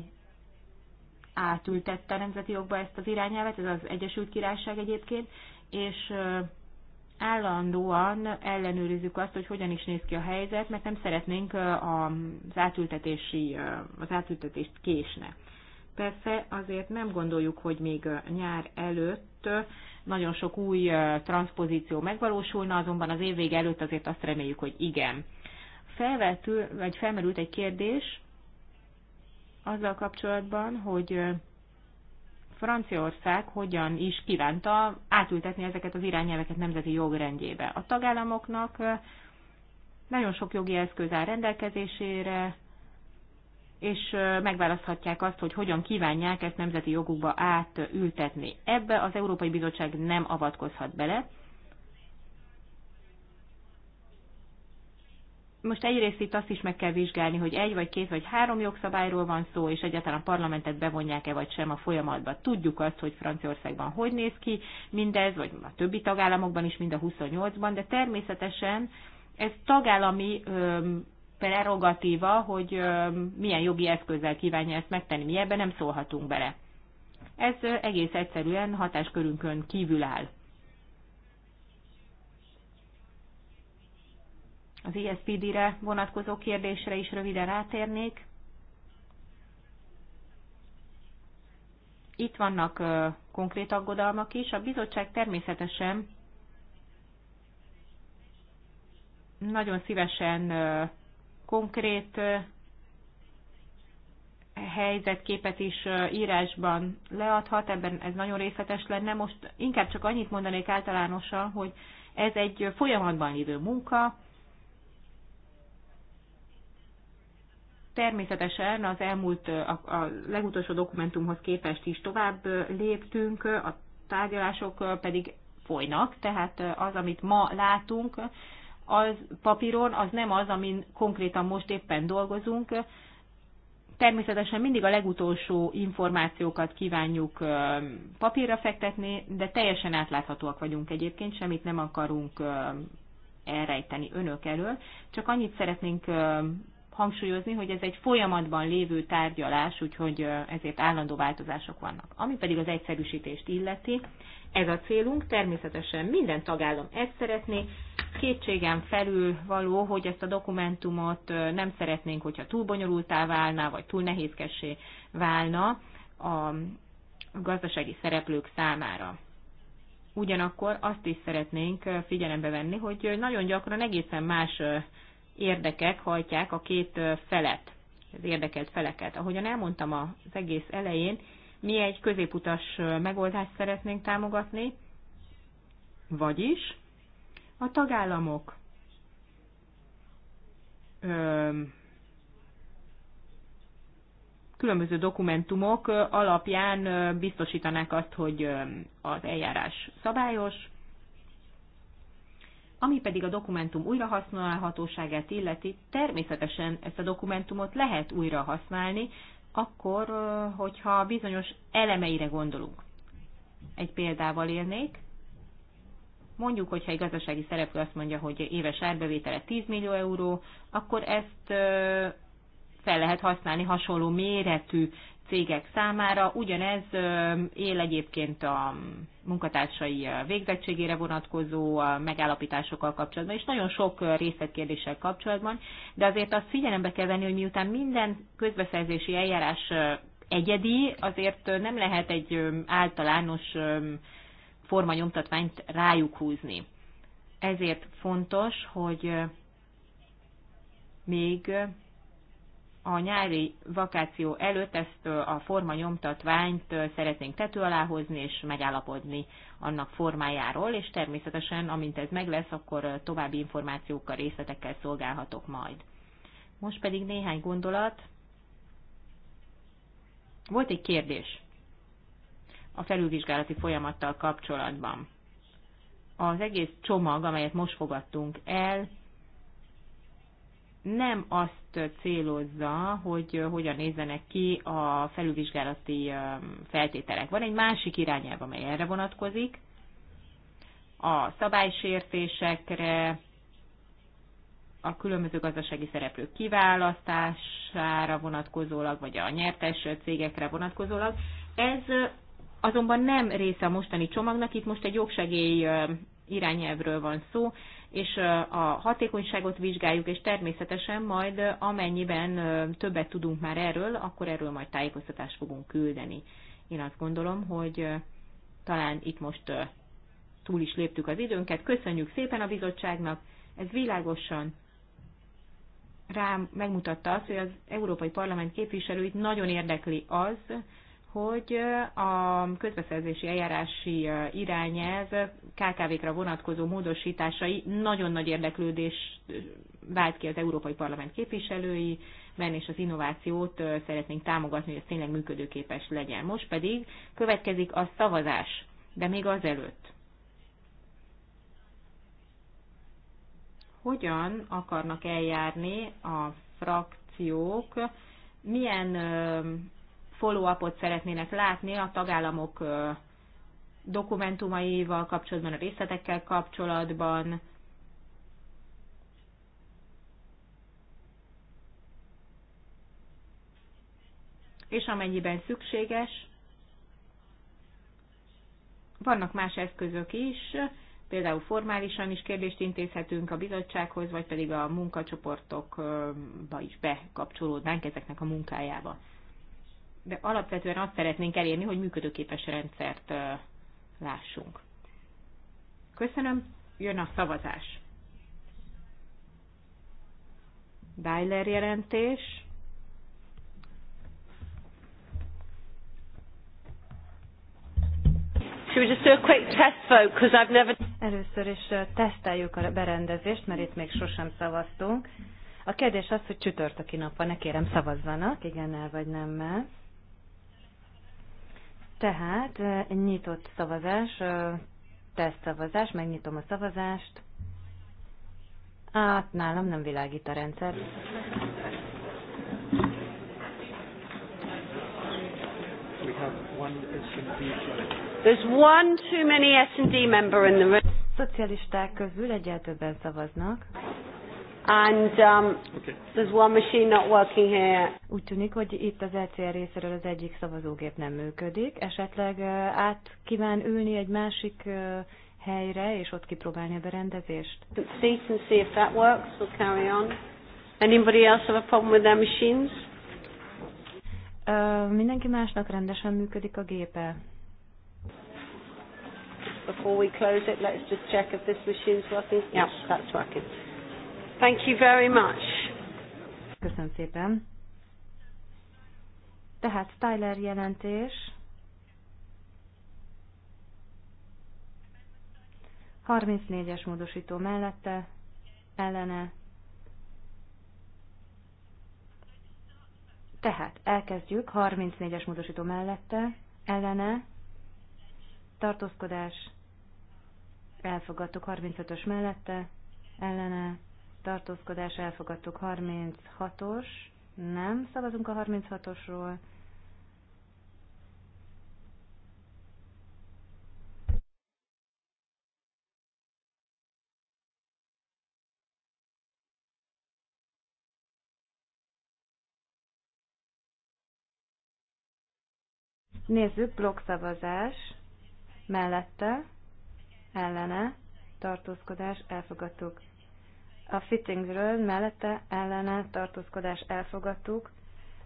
átültette nemzeti jogba ezt az irányelvet, ez az Egyesült Királyság egyébként, és állandóan ellenőrizzük azt, hogy hogyan is néz ki a helyzet, mert nem szeretnénk az, átültetési, az átültetést késne. Persze azért nem gondoljuk, hogy még nyár előtt nagyon sok új transpozíció megvalósulna, azonban az év vége előtt azért azt reméljük, hogy igen. Felvetül, vagy felmerült egy kérdés azzal kapcsolatban, hogy Franciaország hogyan is kívánta átültetni ezeket az irányelveket nemzeti jogrendjébe. A tagállamoknak nagyon sok jogi eszköz áll rendelkezésére, és megválaszthatják azt, hogy hogyan kívánják ezt nemzeti jogukba átültetni. Ebbe az Európai Bizottság nem avatkozhat bele, most egyrészt itt azt is meg kell vizsgálni, hogy egy vagy két vagy három jogszabályról van szó, és egyáltalán a parlamentet bevonják-e vagy sem a folyamatban. Tudjuk azt, hogy Franciaországban hogy néz ki mindez, vagy a többi tagállamokban is, mind a 28-ban, de természetesen ez tagállami öm, prerogatíva, hogy öm, milyen jogi eszközzel kívánja ezt megtenni. Mi ebben nem szólhatunk bele. Ez egész egyszerűen hatáskörünkön kívül áll. az ISPD-re e vonatkozó kérdésre is röviden rátérnék. Itt vannak konkrét aggodalmak is. A bizottság természetesen nagyon szívesen konkrét helyzetképet is írásban leadhat, ebben ez nagyon részletes lenne. Most inkább csak annyit mondanék általánosan, hogy ez egy folyamatban lévő munka, Természetesen az elmúlt, a, a legutolsó dokumentumhoz képest is tovább léptünk, a tárgyalások pedig folynak, tehát az, amit ma látunk, az papíron, az nem az, amin konkrétan most éppen dolgozunk. Természetesen mindig a legutolsó információkat kívánjuk papírra fektetni, de teljesen átláthatóak vagyunk egyébként, semmit nem akarunk elrejteni önök elől. Csak annyit szeretnénk hangsúlyozni, hogy ez egy folyamatban lévő tárgyalás, úgyhogy ezért állandó változások vannak. Ami pedig az egyszerűsítést illeti, ez a célunk, természetesen minden tagállam ezt szeretné, kétségem felül való, hogy ezt a dokumentumot nem szeretnénk, hogyha túl bonyolultá válna, vagy túl nehézkessé válna a gazdasági szereplők számára. Ugyanakkor azt is szeretnénk figyelembe venni, hogy nagyon gyakran egészen más érdekek hajtják a két felet, az érdekelt feleket. Ahogyan elmondtam az egész elején, mi egy középutas megoldást szeretnénk támogatni, vagyis a tagállamok különböző dokumentumok alapján biztosítanák azt, hogy az eljárás szabályos, ami pedig a dokumentum újrahasználhatóságát illeti, természetesen ezt a dokumentumot lehet újra használni, akkor, hogyha bizonyos elemeire gondolunk. Egy példával élnék. Mondjuk, hogyha egy gazdasági szereplő azt mondja, hogy éves árbevétele 10 millió euró, akkor ezt fel lehet használni hasonló méretű cégek számára. Ugyanez él egyébként a munkatársai végzettségére vonatkozó megállapításokkal kapcsolatban, és nagyon sok részletkérdéssel kapcsolatban, de azért azt figyelembe kell venni, hogy miután minden közbeszerzési eljárás egyedi, azért nem lehet egy általános formanyomtatványt rájuk húzni. Ezért fontos, hogy még a nyári vakáció előtt ezt a forma nyomtatványt szeretnénk tető alá hozni és megállapodni annak formájáról, és természetesen, amint ez meg lesz, akkor további információkkal, részletekkel szolgálhatok majd. Most pedig néhány gondolat. Volt egy kérdés a felülvizsgálati folyamattal kapcsolatban. Az egész csomag, amelyet most fogadtunk el, nem azt célozza, hogy hogyan nézzenek ki a felülvizsgálati feltételek. Van egy másik irányelv, amely erre vonatkozik, a szabálysértésekre, a különböző gazdasági szereplők kiválasztására vonatkozólag, vagy a nyertes cégekre vonatkozólag. Ez azonban nem része a mostani csomagnak, itt most egy jogsegély irányelvről van szó, és a hatékonyságot vizsgáljuk, és természetesen majd amennyiben többet tudunk már erről, akkor erről majd tájékoztatást fogunk küldeni. Én azt gondolom, hogy talán itt most túl is léptük az időnket. Köszönjük szépen a bizottságnak, ez világosan rám megmutatta azt, hogy az Európai Parlament képviselőit nagyon érdekli az, hogy a közbeszerzési eljárási irányelv KKV-kra vonatkozó módosításai nagyon nagy érdeklődés vált ki az Európai Parlament képviselői, mert és az innovációt szeretnénk támogatni, hogy ez tényleg működőképes legyen. Most pedig következik a szavazás, de még azelőtt. Hogyan akarnak eljárni a frakciók, milyen follow-upot szeretnének látni a tagállamok dokumentumaival kapcsolatban, a részletekkel kapcsolatban. És amennyiben szükséges, vannak más eszközök is, például formálisan is kérdést intézhetünk a bizottsághoz, vagy pedig a munkacsoportokba is bekapcsolódnánk ezeknek a munkájába de alapvetően azt szeretnénk elérni, hogy működőképes rendszert lássunk. Köszönöm, jön a szavazás. Weiler jelentés. Először is teszteljük a berendezést, mert itt még sosem szavaztunk. A kérdés az, hogy csütörtöki nap van, ne kérem szavazzanak, igen, el vagy nem mert. Tehát nyitott szavazás, szavazás, megnyitom a szavazást. Hát nálam nem világít a rendszer. There's one too many S&D member in the room. Szocialisták közül egyel többen szavaznak. And um, okay. there's one machine not working here. Úgy tűnik, hogy itt az ECR részéről az egyik szavazógép nem működik. Esetleg uh, át kíván ülni egy másik uh, helyre, és ott kipróbálni a berendezést. See and see if that works. We'll carry on. Anybody else have a problem with their machines? Uh, mindenki másnak rendesen működik a gépe. Before we close it, let's just check if this machine's working. Yeah, that's working. Thank you very much. Köszönöm szépen. Tehát Tyler jelentés. 34-es módosító mellette, ellene. Tehát elkezdjük 34-es módosító mellette, ellene, tartózkodás, elfogadtuk 35-ös mellette, ellene, tartózkodás elfogadtuk 36-os, nem szavazunk a 36-osról. Nézzük, blokkszavazás mellette, ellene, tartózkodás, elfogadtuk a fittingről mellette ellene tartózkodás elfogadtuk,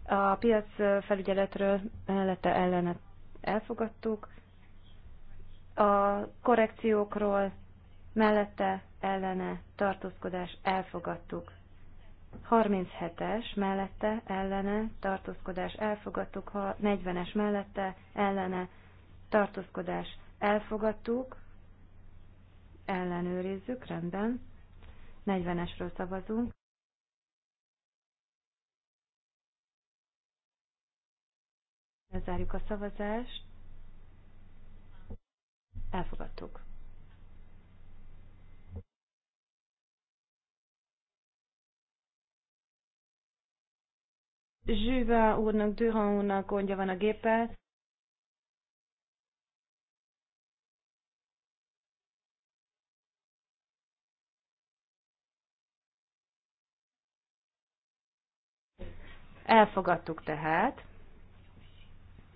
a piac felügyeletről mellette ellene elfogadtuk, a korrekciókról mellette ellene tartózkodás elfogadtuk. 37-es mellette ellene tartózkodás elfogadtuk, 40-es mellette ellene tartózkodás elfogadtuk, ellenőrizzük, rendben. 40-esről szavazunk. Lezárjuk a szavazást. Elfogadtuk. Zsüva úrnak, Dühan úrnak gondja van a géppel. Elfogadtuk tehát.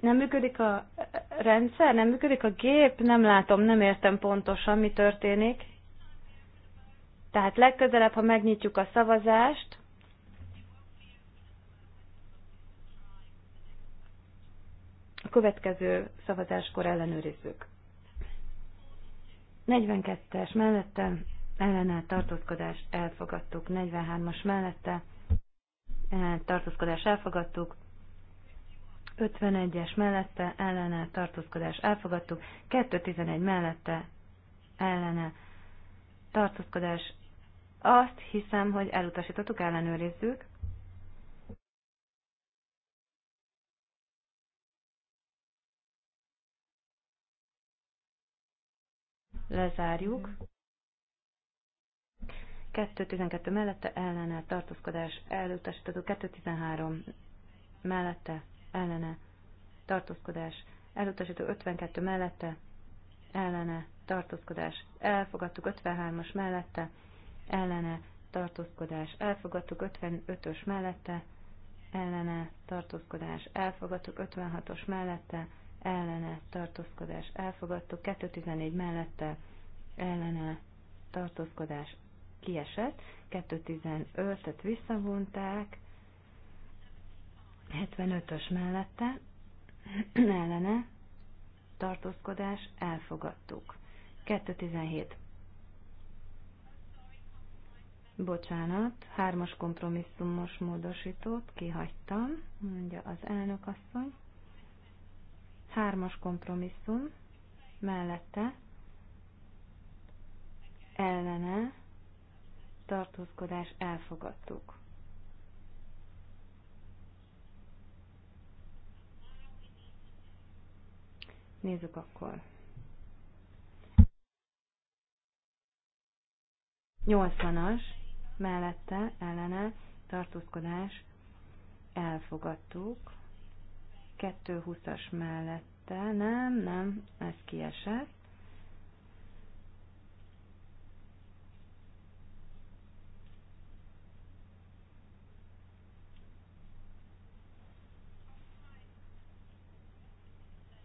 Nem működik a rendszer? Nem működik a gép? Nem látom, nem értem pontosan, mi történik. Tehát legközelebb, ha megnyitjuk a szavazást, a következő szavazáskor ellenőrizzük. 42-es mellette ellenállt tartózkodást elfogadtuk, 43-as mellette tartózkodás elfogadtuk, 51-es mellette ellene tartózkodás elfogadtuk, 211 mellette ellene tartózkodás. Azt hiszem, hogy elutasítottuk, ellenőrizzük. Lezárjuk. 2.12 mellette ellene tartózkodás elutasítató, 2.13 mellette ellene tartózkodás elutasító, 52 mellette ellene tartózkodás elfogadtuk, 53-as mellette ellene tartózkodás elfogadtuk, 55-ös mellette ellene tartózkodás elfogadtuk, 56-os mellette ellene tartózkodás elfogadtuk, 214 mellette ellene tartózkodás kiesett, 215-et visszavonták, 75-ös mellette, *clears throat* ellene, tartózkodás, elfogadtuk. 217. Bocsánat, hármas kompromisszumos módosítót kihagytam, mondja az elnök asszony. Hármas kompromisszum mellette ellene tartózkodás elfogadtuk. Nézzük akkor. 80-as mellette ellene tartózkodás elfogadtuk. 220-as mellette nem, nem, ez kiesett.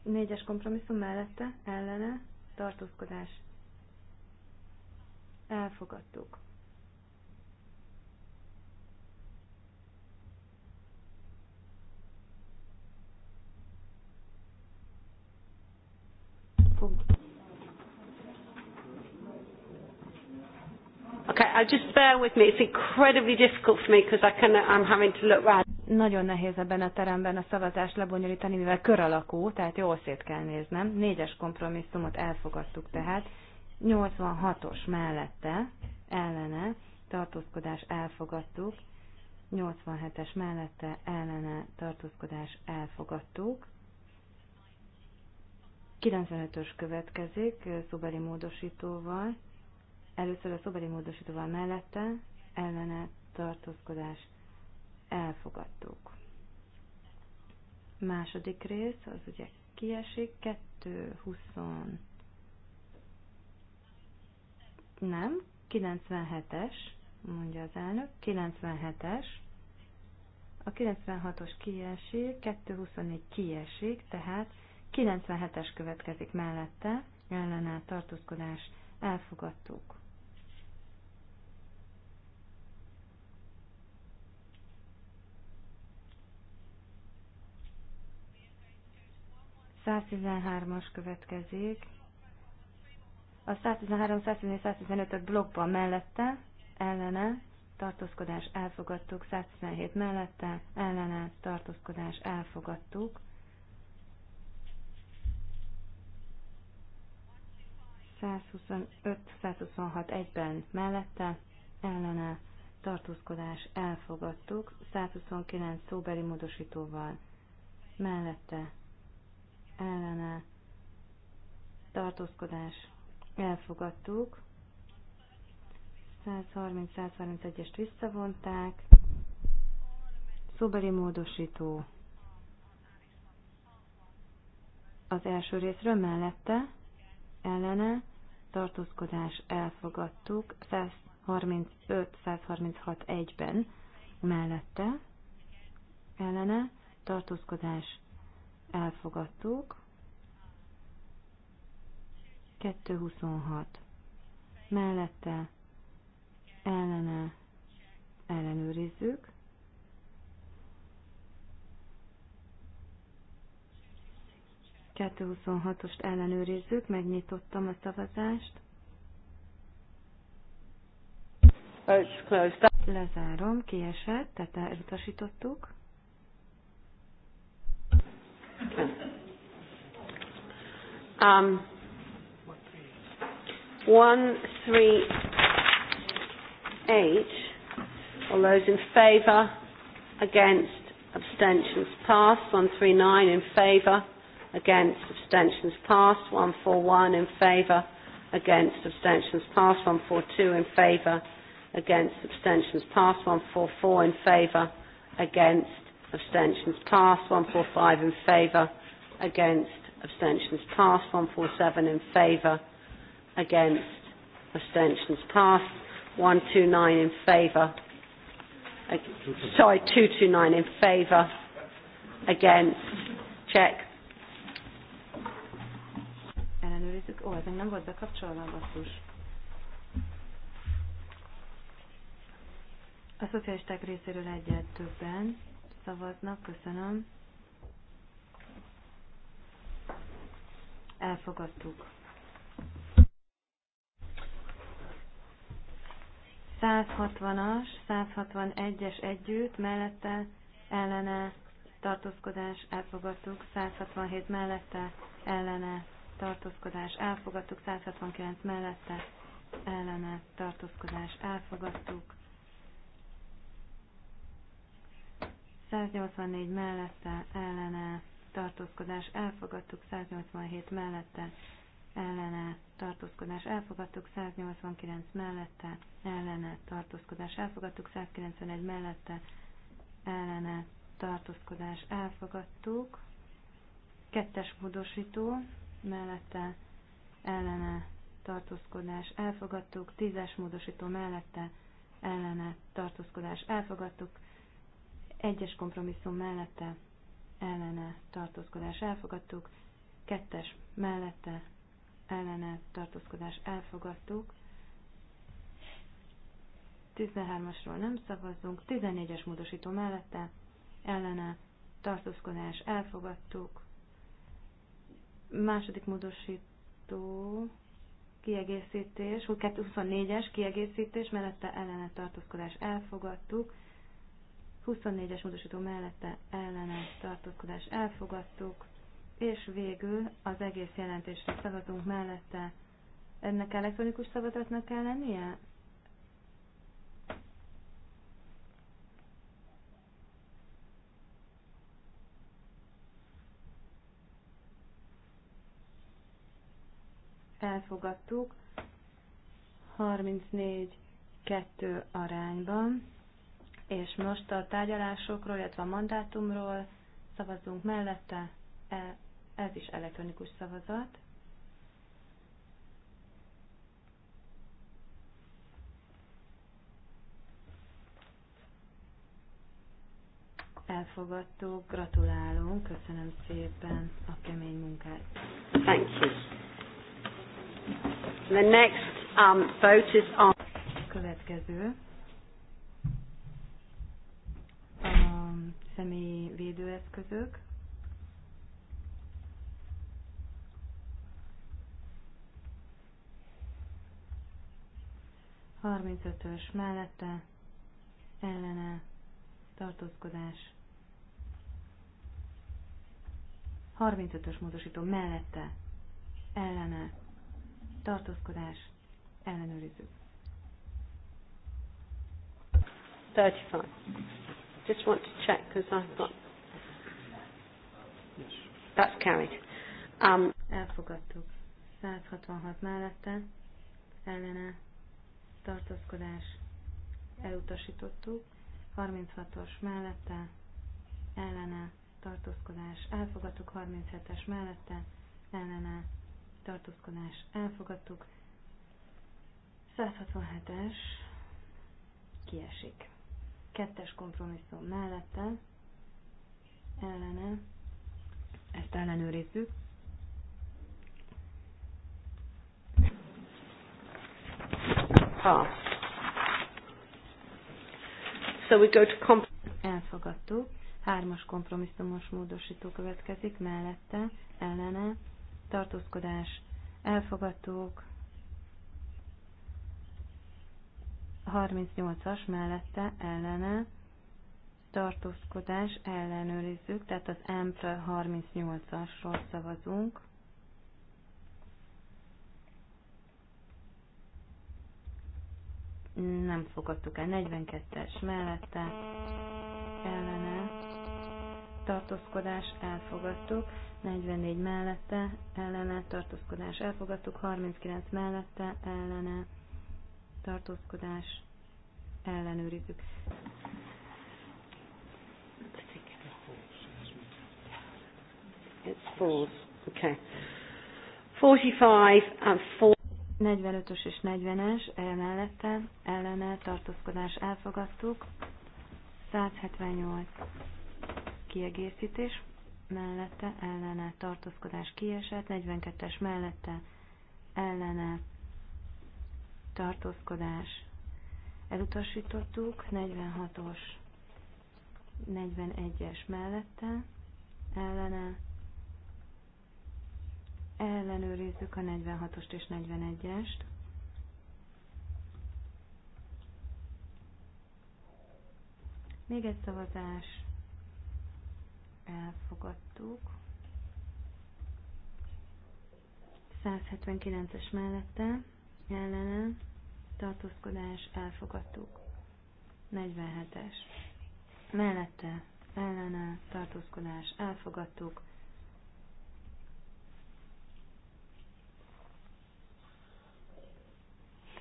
Négyes kompromisszum mellette, ellene, tartózkodás. Elfogadtuk. Okay, I'll just bear with me. It's incredibly difficult for me because I can, I'm having to look round. Nagyon nehéz ebben a teremben a szavazást lebonyolítani, mivel kör alakú, tehát jól szét kell néznem. Négyes kompromisszumot elfogadtuk tehát. 86-os mellette, ellene, tartózkodás elfogadtuk. 87-es mellette, ellene, tartózkodás elfogadtuk. 95-ös következik szobeli módosítóval. Először a szobeli módosítóval mellette ellene tartózkodás elfogadtuk. Második rész, az ugye kiesik, 2, 20, nem, 97-es, mondja az elnök, 97-es, a 96-os kiesik, 224 kiesik, tehát 97-es következik mellette, ellene tartózkodás elfogadtuk. 113-as következik. A 113, 114, 115 a blokkban mellette, ellene, tartózkodás elfogadtuk, 117 mellette, ellene, tartózkodás elfogadtuk. 125-126 egyben mellette, ellene, tartózkodás elfogadtuk, 129 szóbeli módosítóval mellette, ellene tartózkodás elfogadtuk. 130-131-est visszavonták. Szóbeli módosító az első részről mellette ellene tartózkodás elfogadtuk 135-136 egyben mellette ellene tartózkodás elfogadtuk. 226 mellette ellene ellenőrizzük. 226-ost ellenőrizzük, megnyitottam a szavazást. Lezárom, kiesett, tehát elutasítottuk. Um, one, three, eight. All those in favour, against, abstentions passed. One, three, nine in favour, against, abstentions passed. One, four, one in favour, against, abstentions passed. One, four, two in favour, against, abstentions passed. One, four, four in favour, against, abstentions passed. 145 in favour, against, abstentions passed. 147 in favour, against, abstentions passed. 129 in favour, sorry, 229 in favour, against, check. Ellenőrizzük. Ó, nem volt bekapcsolva a basszus. A szocialisták részéről egyet többen szavaznak, köszönöm. Elfogadtuk. 160-as, 161-es együtt, mellette ellene tartózkodás elfogadtuk, 167 mellette ellene tartózkodás elfogadtuk, 169 mellette ellene tartózkodás elfogadtuk, 184 mellette ellene tartózkodás elfogadtuk, 187 mellette ellene tartózkodás elfogadtuk, 189 mellette ellene tartózkodás elfogadtuk, 191 mellette ellene tartózkodás elfogadtuk, kettes módosító mellette ellene tartózkodás elfogadtuk, tízes módosító mellette ellene tartózkodás elfogadtuk, egyes kompromisszum mellette ellene tartózkodás elfogadtuk, kettes mellette ellene tartózkodás elfogadtuk, 13-asról nem szavazzunk, 14-es módosító mellette ellene tartózkodás elfogadtuk, második módosító kiegészítés, 24-es kiegészítés mellette ellene tartózkodás elfogadtuk, 24-es módosító mellette ellene tartózkodás elfogadtuk, és végül az egész jelentésre szavazunk mellette. Ennek elektronikus szavazatnak kell lennie? Elfogadtuk 34-2 arányban. És most a tárgyalásokról, illetve a mandátumról szavazunk mellette. E, ez is elektronikus szavazat. elfogadtuk, gratulálunk, köszönöm szépen a kemény munkát. Thank you. The next um, vote is on. Következő. személyi védőeszközök. Harmincötös mellette ellene tartózkodás. 35-ös módosító mellette ellene tartózkodás ellenőrizzük. That's fine just want to check because I've got. That's carried. Um, Elfogadtuk. 166 mellette ellene tartózkodás elutasítottuk. 36-os mellette ellene tartózkodás elfogadtuk. 37-es mellette ellene tartózkodás elfogadtuk. 167-es kiesik. Kettes kompromisszum mellette ellene ezt ellenőrizzük. Ha, So we go to comp- Elfogadtuk. Hármas kompromisszumos módosító következik mellette, ellene, tartózkodás, elfogadtuk, 38-as mellette ellene tartózkodás ellenőrizzük, tehát az M 38-asról szavazunk. Nem fogadtuk el. 42-es mellette ellene tartózkodás elfogadtuk, 44 mellette ellene tartózkodás elfogadtuk, 39 mellette ellene tartózkodás, ellenőrizzük. It's false. Okay. 45 4. 45-ös és 40-es e mellette ellene tartózkodás elfogadtuk. 178 kiegészítés mellette ellene tartózkodás kiesett, 42-es mellette ellene tartózkodás elutasítottuk, 46-os, 41-es mellette, ellene, ellenőrizzük a 46-ost és 41-est, Még egy szavazás. Elfogadtuk. 179-es mellette ellene tartózkodás, elfogadtuk. 47-es. Mellette, ellene, tartózkodás, elfogadtuk.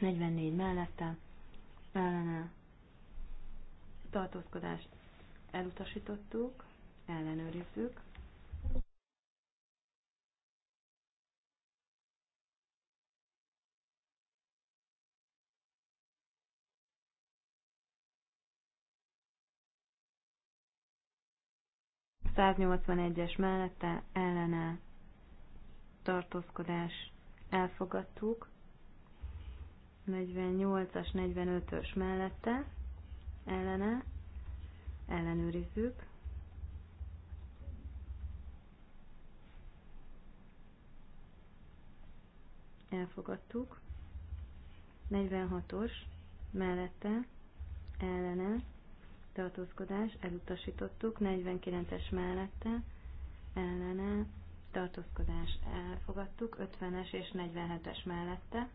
Negyvennégy mellette, ellene, tartózkodást elutasítottuk, ellenőrizzük. 181-es mellette ellene tartózkodás elfogadtuk. 48-as, 45-ös mellette ellene ellenőrizzük. Elfogadtuk. 46-os mellette ellene tartózkodás, elutasítottuk, 49-es mellette, ellene, tartózkodás, elfogadtuk, 50-es és 47-es mellette,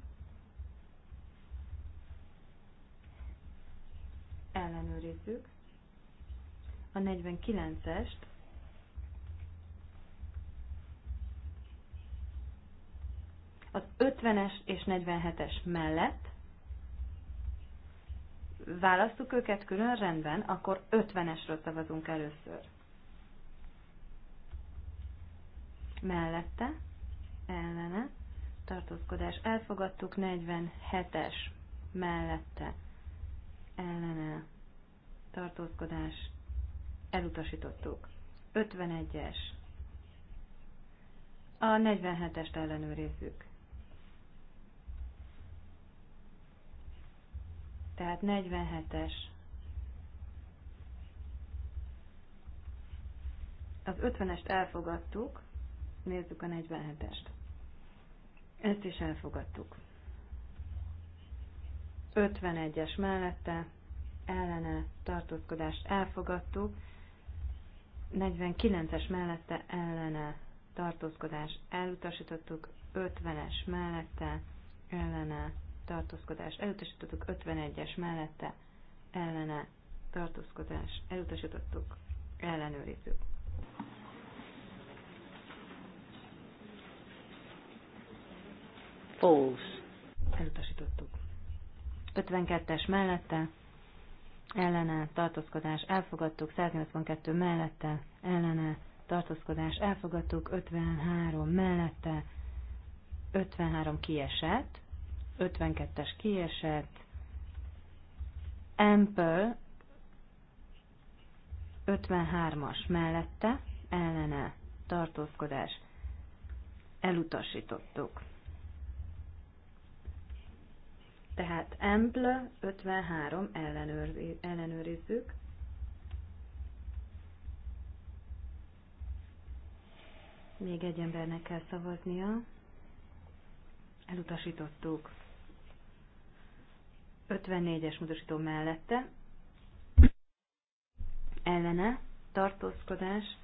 ellenőrizzük, a 49-est, az 50-es és 47-es mellett választjuk őket külön rendben, akkor 50-esről szavazunk először. Mellette, ellene, tartózkodás elfogadtuk, 47-es mellette, ellene, tartózkodás elutasítottuk. 51-es. A 47-est ellenőrizzük. Tehát 47-es. Az 50-est elfogadtuk, nézzük a 47-est. Ezt is elfogadtuk. 51-es mellette, ellene tartózkodást elfogadtuk, 49-es mellette ellene tartózkodást elutasítottuk, 50-es mellette ellene tartózkodás elutasítottuk, 51-es mellette ellene tartózkodás elutasítottuk, ellenőrizzük. False. Elutasítottuk. 52-es mellette ellene tartózkodás elfogadtuk, 182 mellette ellene tartózkodás elfogadtuk, 53 mellette 53 kiesett, 52-es kiesett, Ample 53-as mellette ellene tartózkodás elutasítottuk. Tehát Ample 53 ellenőri, ellenőrizzük. Még egy embernek kell szavaznia. Elutasítottuk. 54-es módosító mellette, ellene, tartózkodás,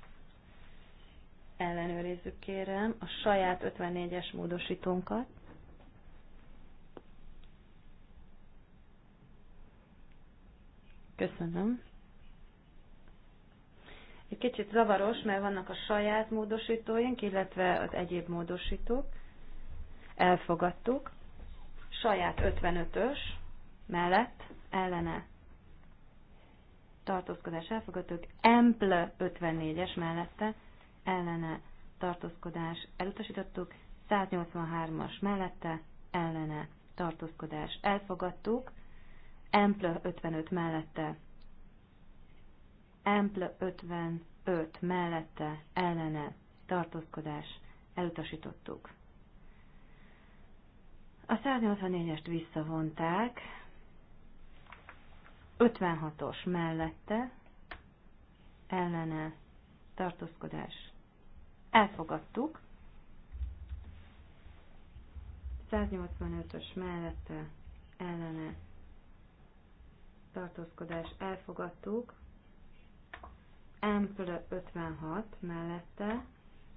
ellenőrizzük kérem a saját 54-es módosítónkat. Köszönöm. Egy kicsit zavaros, mert vannak a saját módosítóink, illetve az egyéb módosítók. Elfogadtuk. Saját 55-ös mellett ellene tartózkodás elfogadók, Emple 54-es mellette ellene tartózkodás elutasítottuk, 183-as mellette ellene tartózkodás elfogadtuk, Emple 55 mellette Emple 55 mellette ellene tartózkodás elutasítottuk. A 184-est visszavonták, 56-os mellette ellene tartózkodás elfogadtuk. 185-ös mellette ellene tartózkodás elfogadtuk. M 56 mellette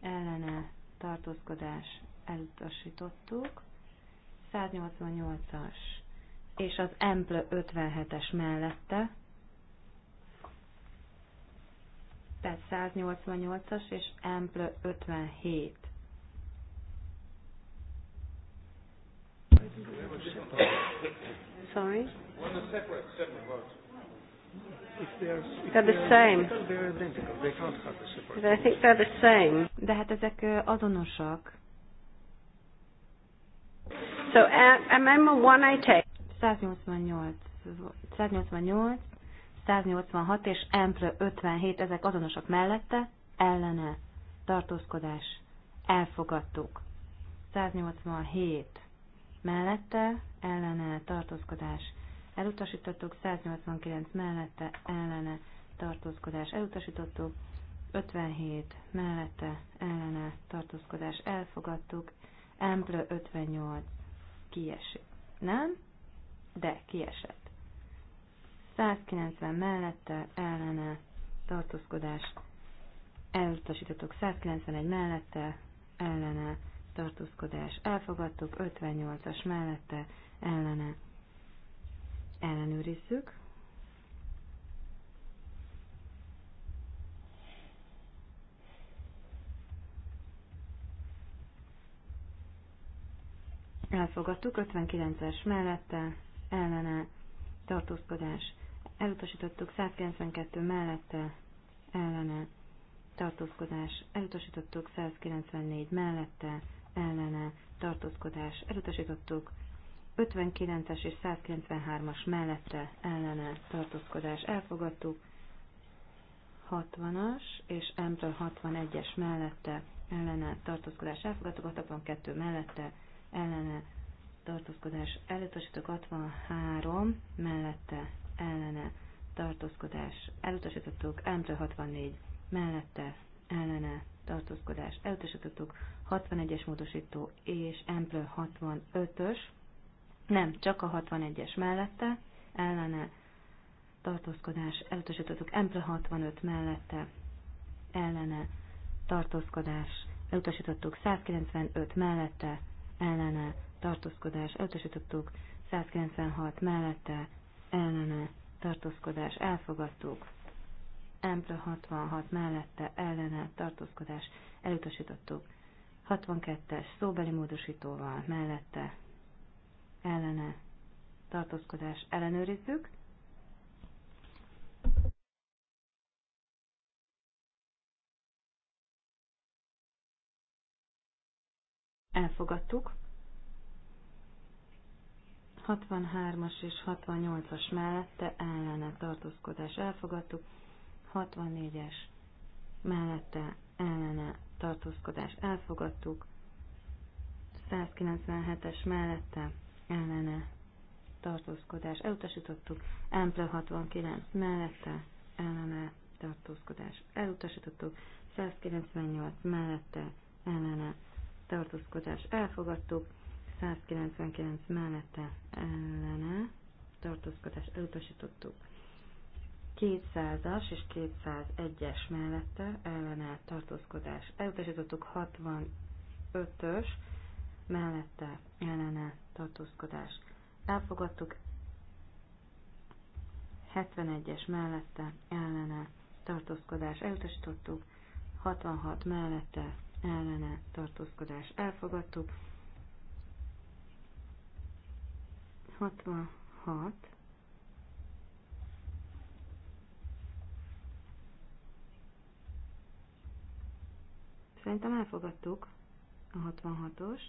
ellene tartózkodás elutasítottuk. 188-as és az Emple 57-es mellette, tehát 188-as és Emple 57. Sorry? They're the same. I think they're the same. De hát ezek azonosak. So, amendment 180. 188, 188, 186 és Empre 57, ezek azonosak mellette, ellene, tartózkodás, elfogadtuk. 187 mellette, ellene, tartózkodás, elutasítottuk, 189 mellette, ellene, tartózkodás, elutasítottuk, 57 mellette, ellene, tartózkodás, elfogadtuk, Empre 58 kiesik. Nem? de kiesett. 190 mellette ellene tartózkodás elutasítottuk, 191 mellette ellene tartózkodás elfogadtuk, 58-as mellette ellene ellenőrizzük. Elfogadtuk 59-es mellette, ellene tartózkodás. Elutasítottuk 192 mellette ellene tartózkodás. Elutasítottuk 194 mellette ellene tartózkodás. Elutasítottuk 59-es és 193-as mellette ellene tartózkodás. Elfogadtuk 60-as és m 61-es mellette ellene tartózkodás. Elfogadtuk 62 mellette ellene tartózkodás elutasító 63 mellette ellene tartózkodás elutasítottuk, Ámtra 64 mellette ellene tartózkodás elutasítottuk, 61-es módosító és emplő 65-ös, nem, csak a 61-es mellette ellene tartózkodás elutasítottuk, emplő 65 mellette ellene tartózkodás elutasítottuk, 195 mellette ellene tartózkodás elutasítottuk, 196 mellette ellene tartózkodás elfogadtuk, Emple 66 mellette ellene tartózkodás elutasítottuk, 62-es szóbeli módosítóval mellette ellene tartózkodás ellenőrizzük, elfogadtuk, 63-as és 68-as mellette ellene tartózkodás elfogadtuk, 64-es mellette ellene tartózkodás elfogadtuk, 197-es mellette ellene tartózkodás elutasítottuk, Emple 69 mellette ellene tartózkodás elutasítottuk, 198 mellette ellene tartózkodás elfogadtuk, 199 mellette ellene tartózkodás elutasítottuk. 200-as és 201-es mellette ellene tartózkodás elutasítottuk. 65-ös mellette ellene tartózkodás elfogadtuk. 71-es mellette ellene tartózkodás elutasítottuk. 66 mellette ellene tartózkodás elfogadtuk. 66. Szerintem elfogadtuk a 66-ost.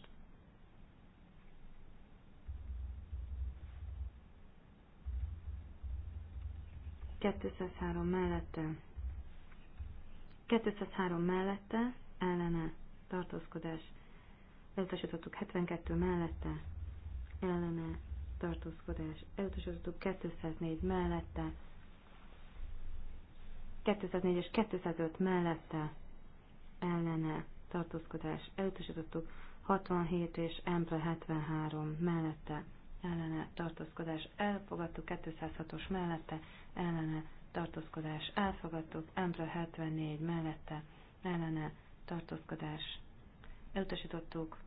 mellette, 203 mellette ellene tartózkodás, elutasítottuk 72 mellette ellene tartózkodás elutasítottuk 204 mellette, 204 és 205 mellette ellene tartózkodás elutasítottuk 67 és Emple 73 mellette ellene tartózkodás elfogadtuk 206-os mellette ellene tartózkodás elfogadtuk Emple 74 mellette ellene tartózkodás elutasítottuk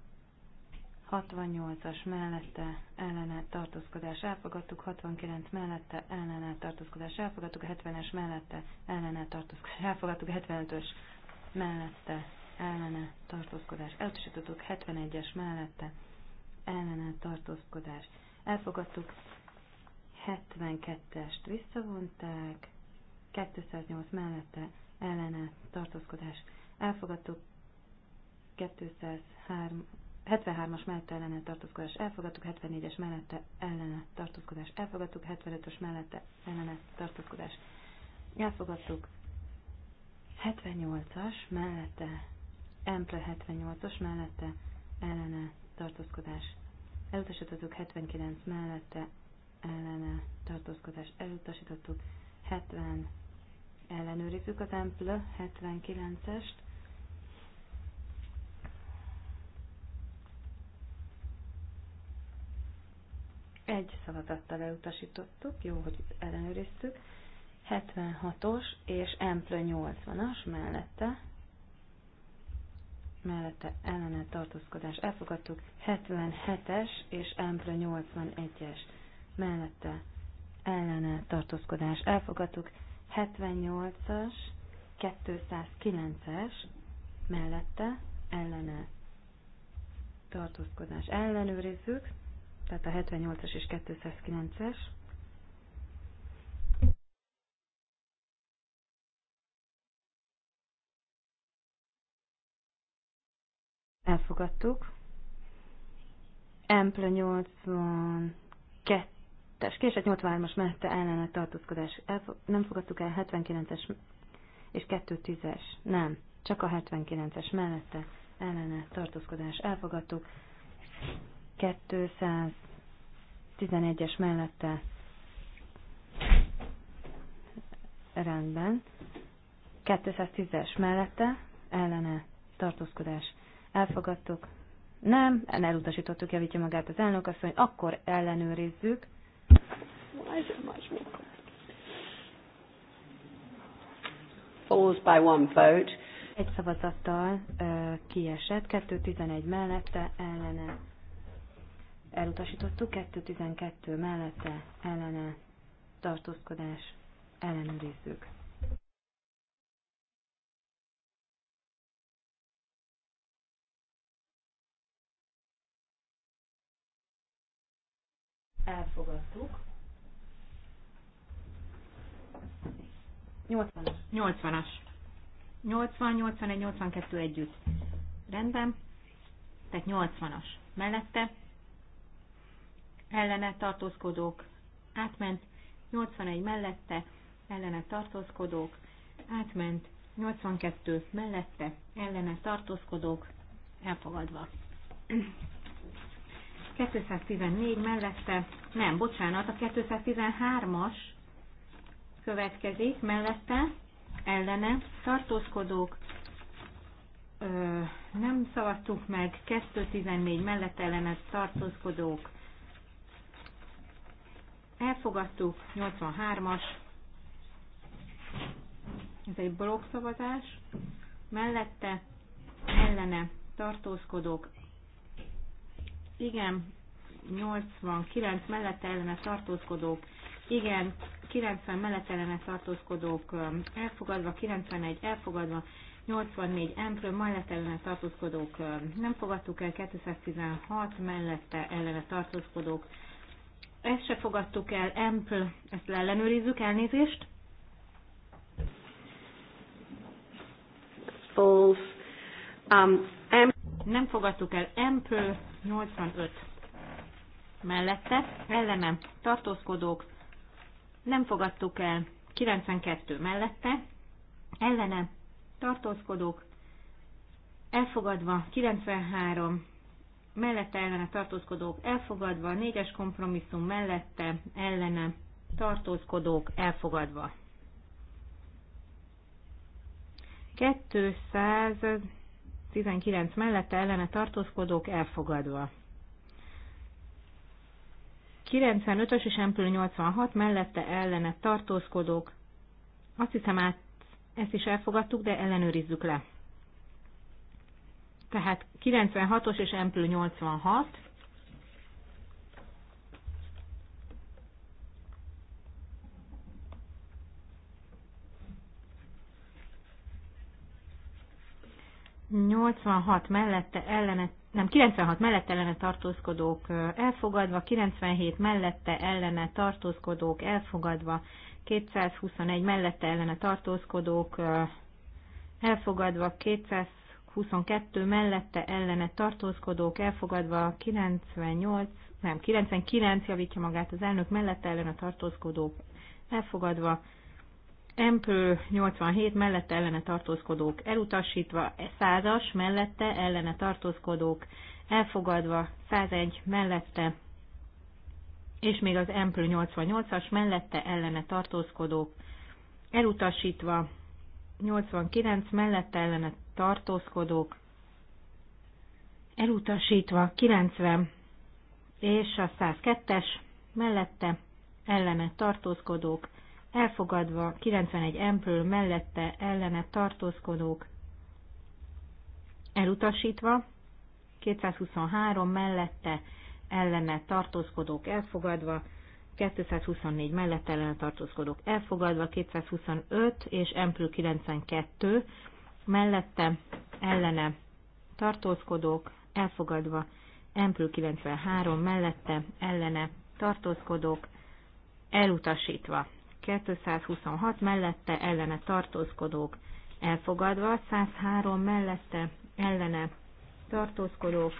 68-as mellette ellenállt tartózkodás elfogadtuk, 69 mellette ellenállt tartózkodás elfogadtuk, 70-es mellette ellenállt tartózkodás elfogadtuk, 75-ös mellette ellene tartózkodás elutasítottuk, 71-es mellette ellene tartózkodás elfogadtuk, 72-est visszavonták, 208 mellette ellene tartózkodás elfogadtuk, 203 73-as mellette ellene tartózkodás elfogadtuk, 74-es mellette ellene tartózkodás elfogadtuk, 75-ös mellette ellene tartózkodás elfogadtuk, 78-as mellette, Emple 78-as mellette ellene tartózkodás elutasítottuk, 79 mellette ellene tartózkodás elutasítottuk, 70 ellenőrizzük az Emple 79-est, egy szavazattal elutasítottuk, jó, hogy ellenőriztük. 76-os és Emplő 80-as mellette mellette ellene tartózkodás elfogadtuk, 77-es és Emplő 81-es mellette ellene tartózkodás elfogadtuk, 78-as, 209-es mellette ellene tartózkodás ellenőrizzük, tehát a 78-as és 209-es. Elfogadtuk. Ample 82-es, késett 83-as mellette ellene tartózkodás. Elfog, nem fogadtuk el 79-es és 210-es. Nem, csak a 79-es mellette ellene tartózkodás. Elfogadtuk. 211-es mellette rendben, 210-es mellette ellene tartózkodás elfogadtuk, nem, elutasítottuk, javítja magát az elnök, azt mondja, akkor ellenőrizzük. Falls by one vote. Egy szavazattal uh, kiesett, 211 mellette ellene elutasítottuk, 212 mellette ellene tartózkodás ellenőrizzük. Elfogadtuk. 80-as. 80-as. 80, 81, 82 együtt. Rendben. Tehát 80-as. Mellette ellene tartózkodók átment, 81 mellette ellene tartózkodók átment, 82 mellette ellene tartózkodók elfogadva. 214 mellette, nem, bocsánat, a 213-as következik, mellette ellene tartózkodók, ö, nem szavaztuk meg, 214 mellett ellene tartózkodók elfogadtuk, 83-as, ez egy blokkszavazás, mellette, ellene, tartózkodók, igen, 89 mellette ellene tartózkodók, igen, 90 mellett ellene tartózkodók elfogadva, 91 elfogadva, 84 empről mellett ellene tartózkodók nem fogadtuk el, 216 mellette ellene tartózkodók ezt se fogadtuk el, empl. ezt ellenőrizzük, elnézést. False. Um, M- nem fogadtuk el, empl. 85 mellette, ellene tartózkodók, nem fogadtuk el, 92 mellette, ellene tartózkodók, elfogadva 93 mellette ellene tartózkodók elfogadva, négyes kompromisszum mellette ellene tartózkodók elfogadva. 219 mellette ellene tartózkodók elfogadva. 95-ös és Empül 86 mellette ellene tartózkodók. Azt hiszem át, ezt is elfogadtuk, de ellenőrizzük le. Tehát 96-os és M 86. ...86 mellette ellene, nem, 96 mellette ellene tartózkodók elfogadva, 97 mellette ellene tartózkodók elfogadva, 221 mellette ellene tartózkodók elfogadva, 200 22 mellette ellene tartózkodók elfogadva 98, nem, 99 javítja magát az elnök mellette ellene tartózkodók elfogadva, Empő 87 mellette ellene tartózkodók elutasítva, 100-as mellette ellene tartózkodók elfogadva, 101 mellette, és még az Empő 88-as mellette ellene tartózkodók elutasítva, 89 mellette ellene tartózkodók elutasítva 90 és a 102-es mellette ellene tartózkodók elfogadva 91 empről mellette ellene tartózkodók elutasítva 223 mellette ellene tartózkodók elfogadva 224 Mellette, ellene tartózkodók elfogadva, 225 és Empül 92 mellette ellene tartózkodók elfogadva, Ample 93 mellette ellene tartózkodók elutasítva, 226 mellette ellene tartózkodók elfogadva, 103 mellette ellene tartózkodók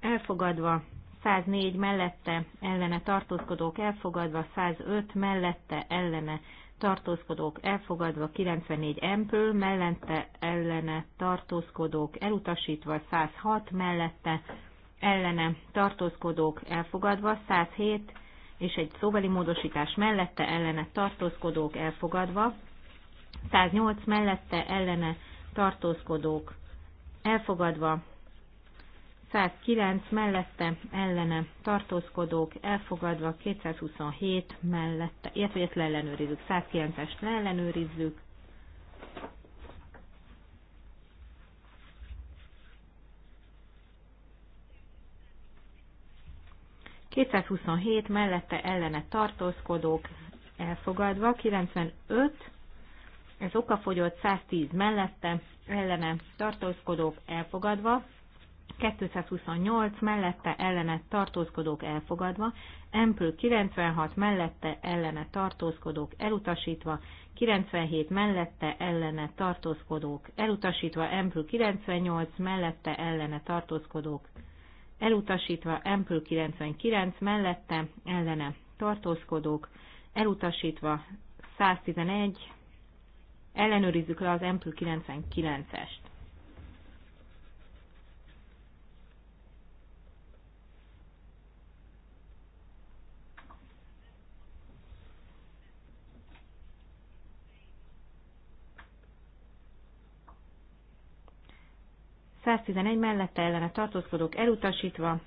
elfogadva, 104 mellette ellene tartózkodók elfogadva, 105 mellette ellene tartózkodók elfogadva 94 empől, mellette ellene tartózkodók elutasítva 106, mellette ellene tartózkodók elfogadva 107, és egy szóbeli módosítás mellette ellene tartózkodók elfogadva, 108 mellette ellene tartózkodók elfogadva, 109 mellette ellene tartózkodók elfogadva, 227 mellette, illetve ezt leellenőrizzük, 109-est leellenőrizzük. ...227 mellette ellene tartózkodók elfogadva, 95, ez okafogyott 110 mellette ellene tartózkodók elfogadva, 228 mellette ellene tartózkodók elfogadva, Empül 96 mellette ellene tartózkodók elutasítva, 97 mellette ellene tartózkodók elutasítva, Empül 98 mellette ellene tartózkodók elutasítva, Empül 99 mellette ellene tartózkodók elutasítva, 111 ellenőrizzük le az Empül 99-est. 111 mellette ellene tartózkodók elutasítva,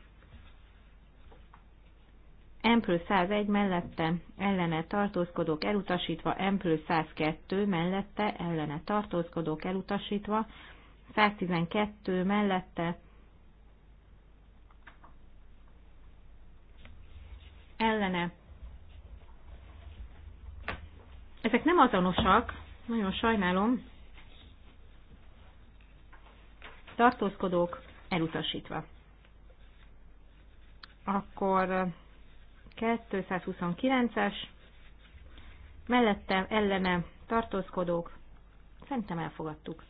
M plusz 101 mellette ellene tartózkodók elutasítva, M plusz 102 mellette ellene tartózkodók elutasítva, 112 mellette ellene. Ezek nem azonosak, nagyon sajnálom. tartózkodók elutasítva. Akkor 229-es, eh, mellette ellene tartózkodók, szerintem elfogadtuk.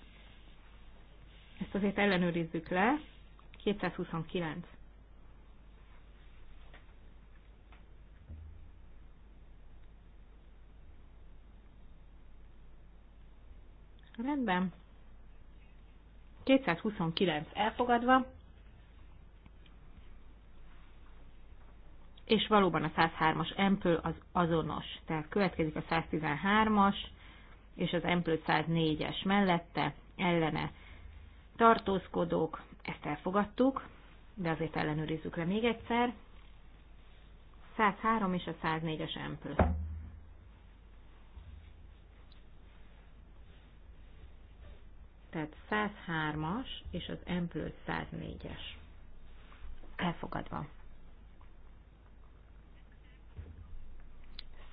Ezt azért ellenőrizzük le. 229. Rendben. 229 elfogadva, és valóban a 103-as empől az azonos, tehát következik a 113-as, és az empől 104-es mellette, ellene tartózkodók, ezt elfogadtuk, de azért ellenőrizzük le még egyszer, 103 és a 104-es empől. tehát 103-as és az M plusz 104-es. Elfogadva.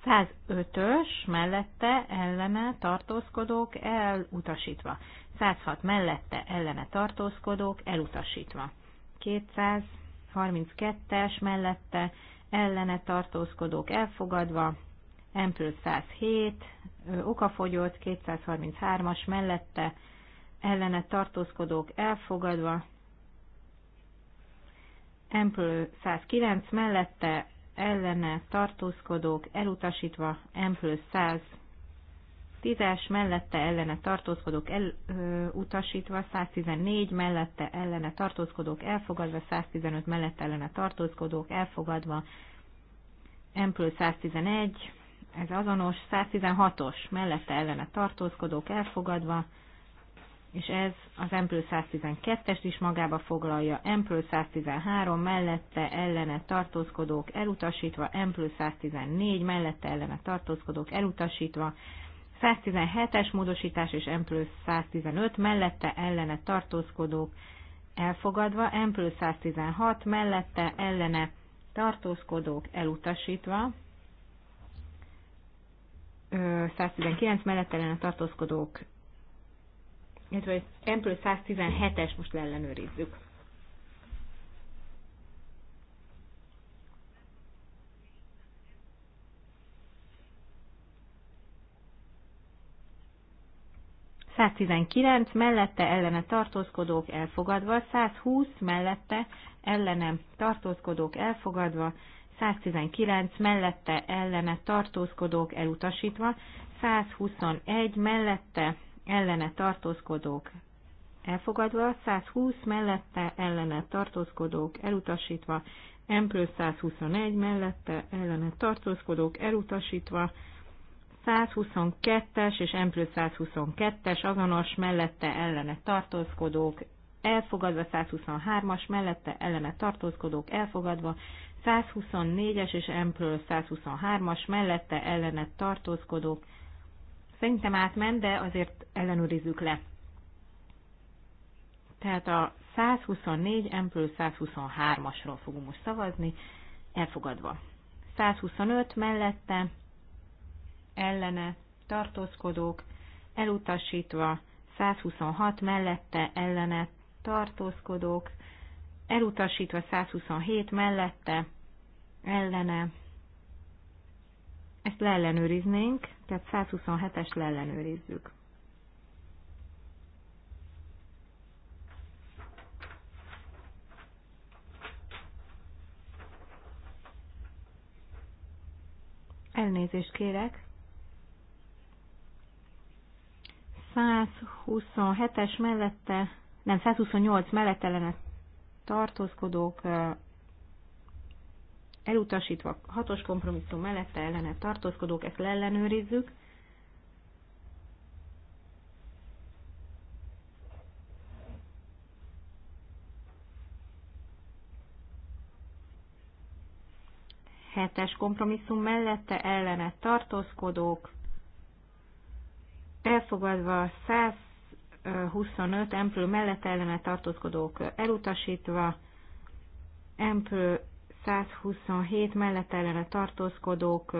105-ös mellette ellene tartózkodók elutasítva. 106 mellette ellene tartózkodók elutasítva. 232-es mellette ellene tartózkodók elfogadva. M plusz 107 okafogyott, 233-as mellette ellene tartózkodók elfogadva, Empl 109 mellette ellene tartózkodók elutasítva, Empl 100 10-es mellette ellene tartózkodók elutasítva, 114 mellette ellene tartózkodók elfogadva, 115 mellette ellene tartózkodók elfogadva, M plusz 111, ez azonos, 116-os mellette ellene tartózkodók elfogadva, és ez az M 112-est is magába foglalja, M 113 mellette ellene tartózkodók elutasítva, M 114 mellette ellene tartózkodók elutasítva, 117-es módosítás és M 115 mellette ellene tartózkodók elfogadva, M 116 mellette ellene tartózkodók elutasítva, 119 mellett ellen a tartózkodók illetve az Ample 117-es most ellenőrizzük. ...119 mellette ellene tartózkodók elfogadva, 120 mellette ellene tartózkodók elfogadva, 119 mellette ellene tartózkodók elutasítva, 121 mellette ellene tartózkodók elfogadva, 120 mellette ellene tartózkodók elutasítva, M plusz 121 mellette ellene tartózkodók elutasítva, 122-es és M plusz 122-es azonos mellette ellene tartózkodók elfogadva, 123-as mellette ellene tartózkodók elfogadva, 124-es és M plusz 123-as mellette ellene tartózkodók Szerintem átment, de azért ellenőrizzük le. Tehát a 124 M 123-asról fogunk most szavazni, elfogadva. 125 mellette, ellene, tartózkodók, elutasítva, 126 mellette, ellene, tartózkodók, elutasítva 127 mellette, ellene, ezt leellenőriznénk, tehát 127-es leellenőrizzük. Elnézést kérek. 127-es mellette, nem 128 mellette lenne tartózkodók elutasítva hatos kompromisszum mellette ellene tartózkodók, ezt leellenőrizzük. Hetes kompromisszum mellette ellene tartózkodók, elfogadva 125 emplő mellette ellene tartózkodók elutasítva, emplő 127 mellett ellene tartózkodók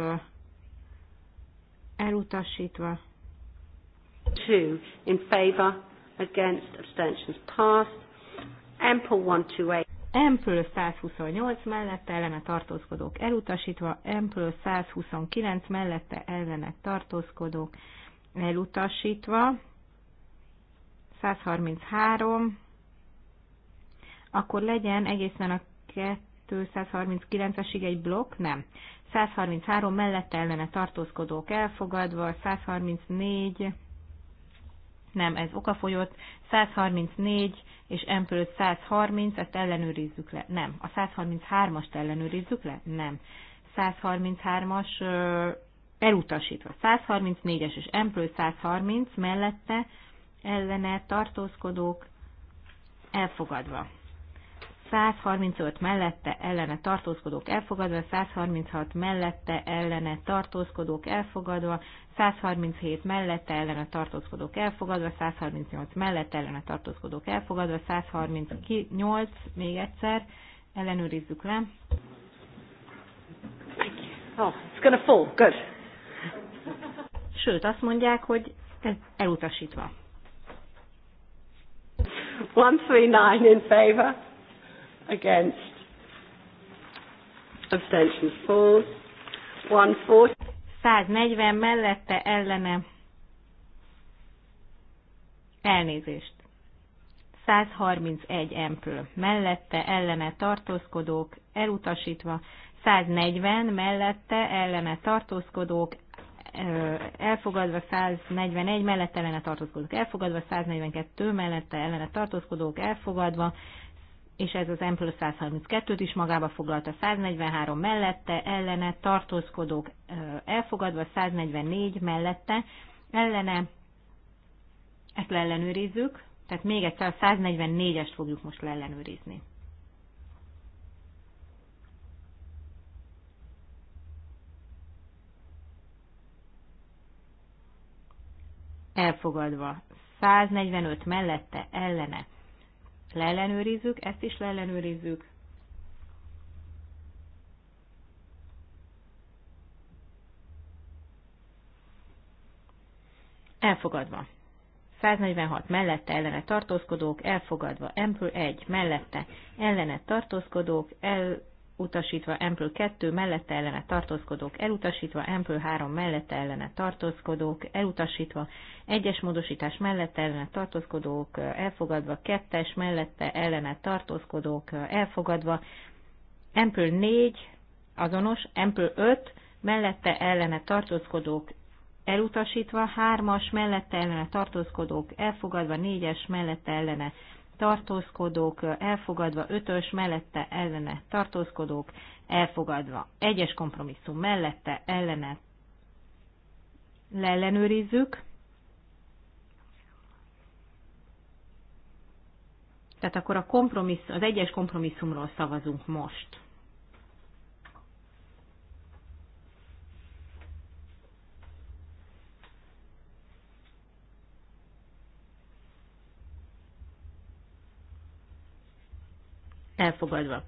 elutasítva. 2 in favor against abstentions passed. Ample 128. Ample 128 mellette ellene tartózkodók elutasítva, Ample 129 mellette ellene tartózkodók elutasítva, 133, akkor legyen egészen a 139 esig egy blokk? Nem. 133 mellette ellene tartózkodók elfogadva, 134, nem, ez okafogyott, 134 és M 130, ezt ellenőrizzük le. Nem. A 133-ast ellenőrizzük le? Nem. 133-as elutasítva. 134-es és M 130 mellette ellene tartózkodók elfogadva. 135 mellette ellene tartózkodók elfogadva, 136 mellette ellene tartózkodók elfogadva, 137 mellette ellene tartózkodók elfogadva, 138 mellette ellene tartózkodók elfogadva, 138 még egyszer, ellenőrizzük le. Oh, it's gonna fall. Good. Sőt, azt mondják, hogy elutasítva. 139 in favor against, abstention falls. 140. 140 mellette ellene elnézést. 131 empről mellette ellene tartózkodók elutasítva, 140 mellette ellene tartózkodók elfogadva 141 mellette ellene tartózkodók elfogadva, 142 mellette ellene tartózkodók elfogadva, és ez az M plusz 132-t is magába foglalta 143 mellette, ellene tartózkodók elfogadva, 144 mellette, ellene, ezt leellenőrizzük, tehát még egyszer a 144-est fogjuk most leellenőrizni. Elfogadva, 145 mellette, ellene, leellenőrizzük, ezt is leellenőrizzük. Elfogadva. 146 mellette ellene tartózkodók, elfogadva. Empül 1 mellette ellene tartózkodók, el, elutasítva, Ample 2 mellette ellene tartózkodók elutasítva, Ample 3 mellette ellene tartózkodók elutasítva, egyes módosítás mellette ellene tartózkodók elfogadva, kettes mellette ellene tartózkodók elfogadva, Ample 4 azonos, Ample 5 mellette ellene tartózkodók elutasítva, hármas mellette ellene tartózkodók elfogadva, négyes mellette ellene tartózkodók elfogadva, ötös mellette ellene tartózkodók elfogadva, egyes kompromisszum mellette ellene leellenőrizzük, Tehát akkor a kompromissz, az egyes kompromisszumról szavazunk most. elfogadva.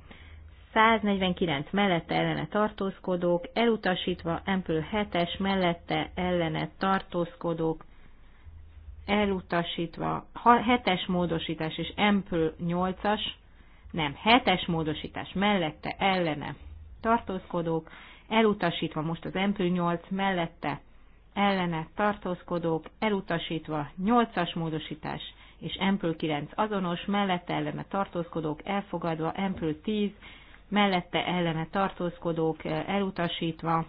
149 mellette ellene tartózkodók, elutasítva, Empő 7-es mellette ellene tartózkodók, elutasítva, 7-es módosítás és Empő 8-as, nem, 7-es módosítás mellette ellene tartózkodók, elutasítva most az Empő 8 mellette ellene tartózkodók, elutasítva 8-as módosítás és Ample 9 azonos, mellette ellene tartózkodók elfogadva, Ample 10 mellette ellene tartózkodók eh, elutasítva,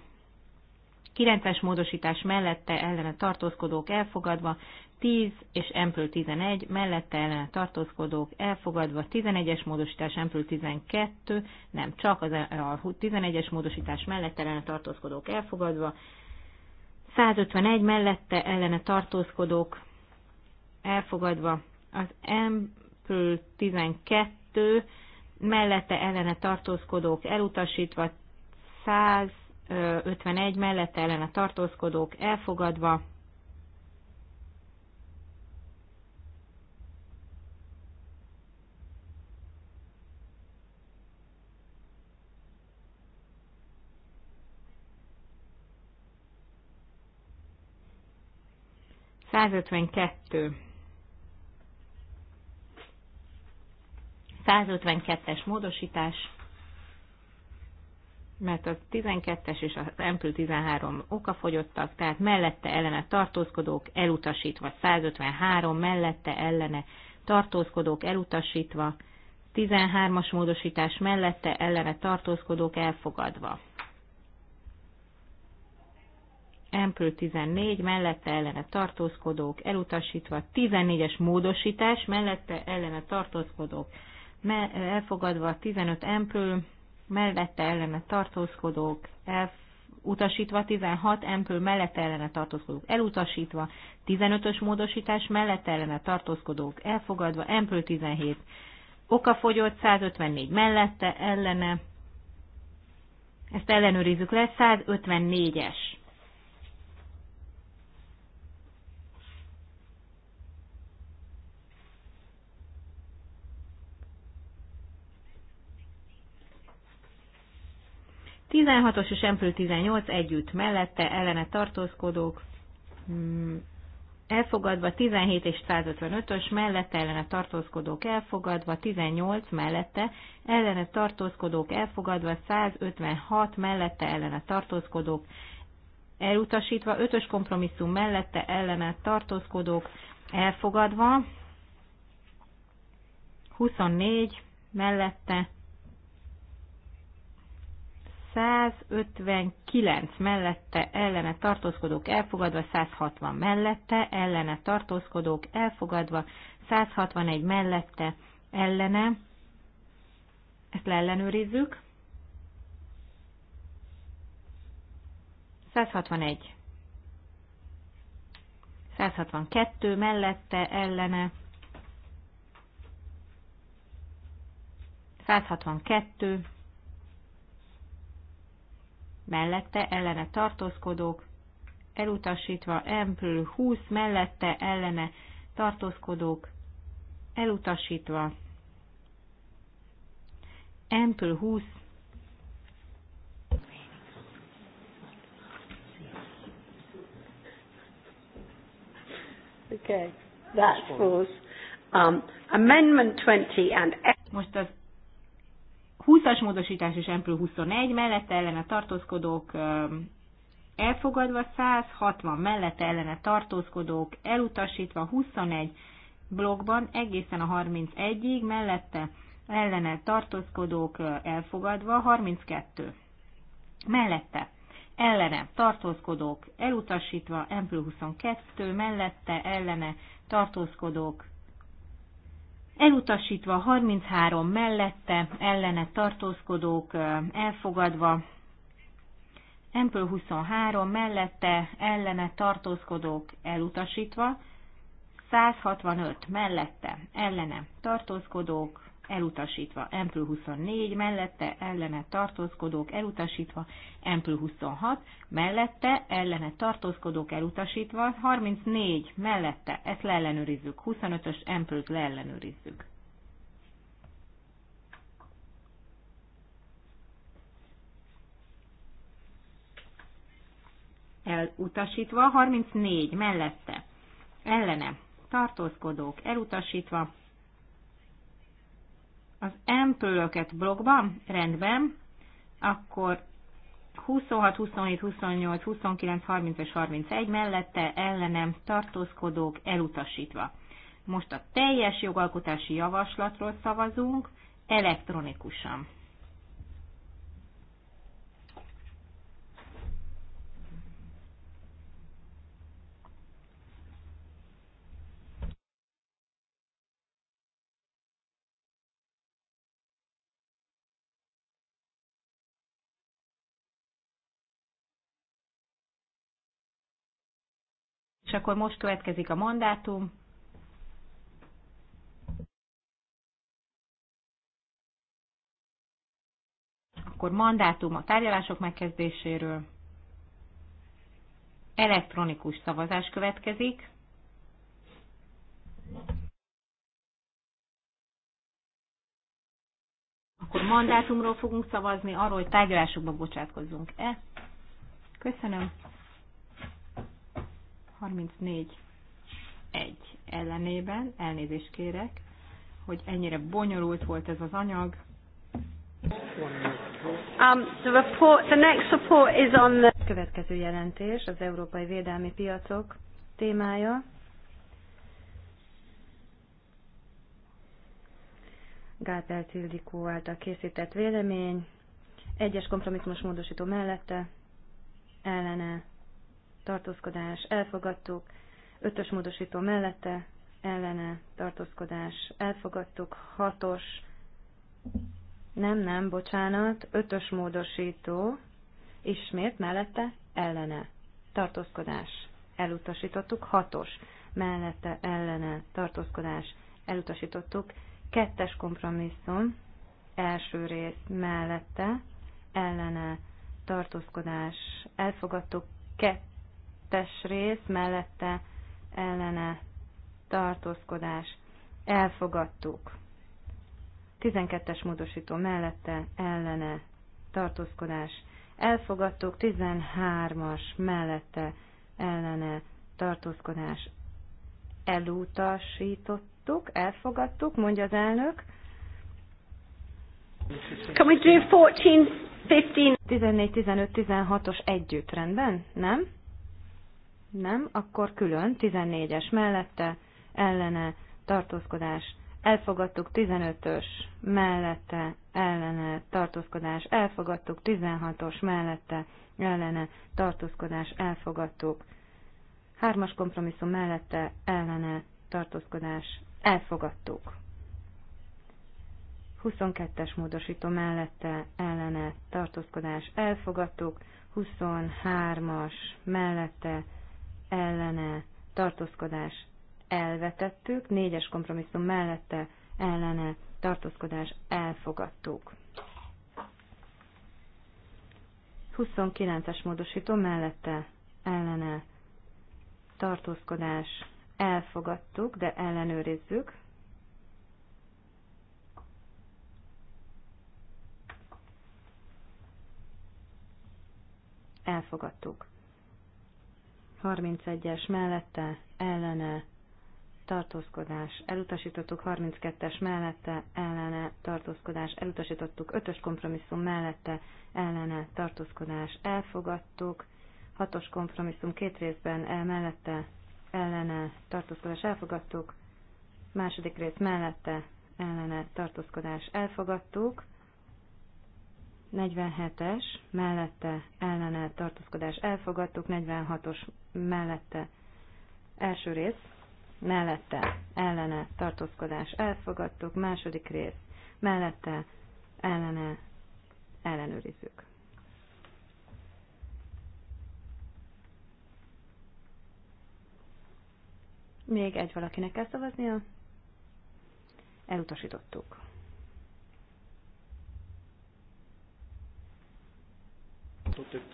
9-es módosítás mellette ellene tartózkodók elfogadva, 10 és Ample 11 mellette ellene tartózkodók elfogadva, 11-es módosítás Ample 12, nem csak az, eh, a 11-es módosítás mellette ellene tartózkodók elfogadva, 151 mellette ellene tartózkodók elfogadva. Az Ample 12 mellette ellene tartózkodók elutasítva, 151 mellette ellene tartózkodók elfogadva, Százötvenkettő 152-es módosítás, mert a 12-es és az Ample 13 okafogyottak, tehát mellette ellene tartózkodók elutasítva, 153 mellette ellene tartózkodók elutasítva, 13-as módosítás mellette ellene tartózkodók elfogadva. Ample 14 mellette ellene tartózkodók elutasítva, 14-es módosítás mellette ellene tartózkodók elfogadva 15 empül, mellette ellene tartózkodók, elf, utasítva 16 empül, mellette ellene tartózkodók, elutasítva 15-ös módosítás, mellette ellene tartózkodók, elfogadva empül 17, okafogyott 154 mellette ellene, ezt ellenőrizzük le, 154-es. 16-os és Empről 18 együtt mellette ellene tartózkodók mm, elfogadva, 17 és 155-ös mellette ellene tartózkodók elfogadva, 18 mellette ellene tartózkodók elfogadva, 156 mellette ellene tartózkodók elutasítva, 5-ös kompromisszum mellette ellene tartózkodók elfogadva, 24 mellette 159 mellette ellene tartózkodók elfogadva, 160 mellette ellene tartózkodók elfogadva, 161 mellette ellene, ezt leellenőrizzük. 161. 162 mellette ellene. 162 mellette ellene tartózkodók, elutasítva Empl 20 mellette ellene tartózkodók, elutasítva M plusz 20 Okay, that's falls. Um, amendment 20 and most az 20-as módosítás és M 21 mellette ellene tartózkodók elfogadva 160 mellette ellene tartózkodók elutasítva 21 blogban egészen a 31-ig mellette ellene tartózkodók elfogadva 32 mellette ellene tartózkodók elutasítva M 22 mellette ellene tartózkodók elutasítva 33 mellette, ellene tartózkodók elfogadva, Empől 23 mellette, ellene tartózkodók elutasítva, 165 mellette, ellene tartózkodók elutasítva, Empl 24, mellette ellene tartózkodók elutasítva, Empl 26, mellette ellene tartózkodók elutasítva, 34, mellette, ezt leellenőrizzük, 25-ös Emplt leellenőrizzük. Elutasítva, 34, mellette, ellene, tartózkodók elutasítva, az empölöket blogban, rendben, akkor 26, 27, 28, 29, 30 és 31 mellette ellenem tartózkodók elutasítva. Most a teljes jogalkotási javaslatról szavazunk elektronikusan. és akkor most következik a mandátum. Akkor mandátum a tárgyalások megkezdéséről. Elektronikus szavazás következik. Akkor mandátumról fogunk szavazni, arról, hogy tárgyalásokba bocsátkozzunk-e. Köszönöm. 34 egy ellenében, elnézést kérek, hogy ennyire bonyolult volt ez az anyag. Um, the report, the next report is on the... Következő jelentés az európai védelmi piacok témája. Gálper Cildikó által készített vélemény, egyes kompromisszumos módosító mellette, ellene tartózkodás elfogadtuk, ötös módosító mellette ellene tartózkodás elfogadtuk, hatos, nem, nem, bocsánat, ötös módosító, ismét mellette ellene tartózkodás elutasítottuk, hatos, mellette ellene tartózkodás elutasítottuk, kettes kompromisszum, első rész mellette ellene tartózkodás elfogadtuk, kettő, tettes rész mellette ellene tartózkodás elfogadtuk. 12-es módosító mellette ellene tartózkodás elfogadtuk, 13-as mellette ellene tartózkodás elutasítottuk, elfogadtuk, mondja az elnök. Can we do 14, 15? 14, 15, 16-os együtt, rendben? Nem? Nem, akkor külön 14-es mellette ellene tartózkodás elfogadtuk 15-ös mellette ellene tartózkodás, elfogadtuk 16-os mellette ellene tartózkodás, elfogadtuk 3-as kompromisszum mellette ellene tartózkodás, elfogadtuk 22-es módosító mellette ellene tartózkodás, elfogadtuk 23-as mellette ellene tartózkodás elvetettük, négyes kompromisszum mellette ellene tartózkodás elfogadtuk. 29-es módosító mellette ellene tartózkodás elfogadtuk, de ellenőrizzük. Elfogadtuk. 31-es mellette ellene tartózkodás elutasítottuk, 32-es mellette ellene tartózkodás elutasítottuk, 5-ös kompromisszum mellette ellene tartózkodás elfogadtuk, 6-os kompromisszum két részben el mellette ellene tartózkodás elfogadtuk, második rész mellette ellene tartózkodás elfogadtuk, 47-es mellette ellene tartózkodás elfogadtuk, 46-os mellette első rész, mellette ellene tartózkodás elfogadtuk, második rész, mellette ellene ellenőrizzük. Még egy valakinek kell szavaznia. Elutasítottuk.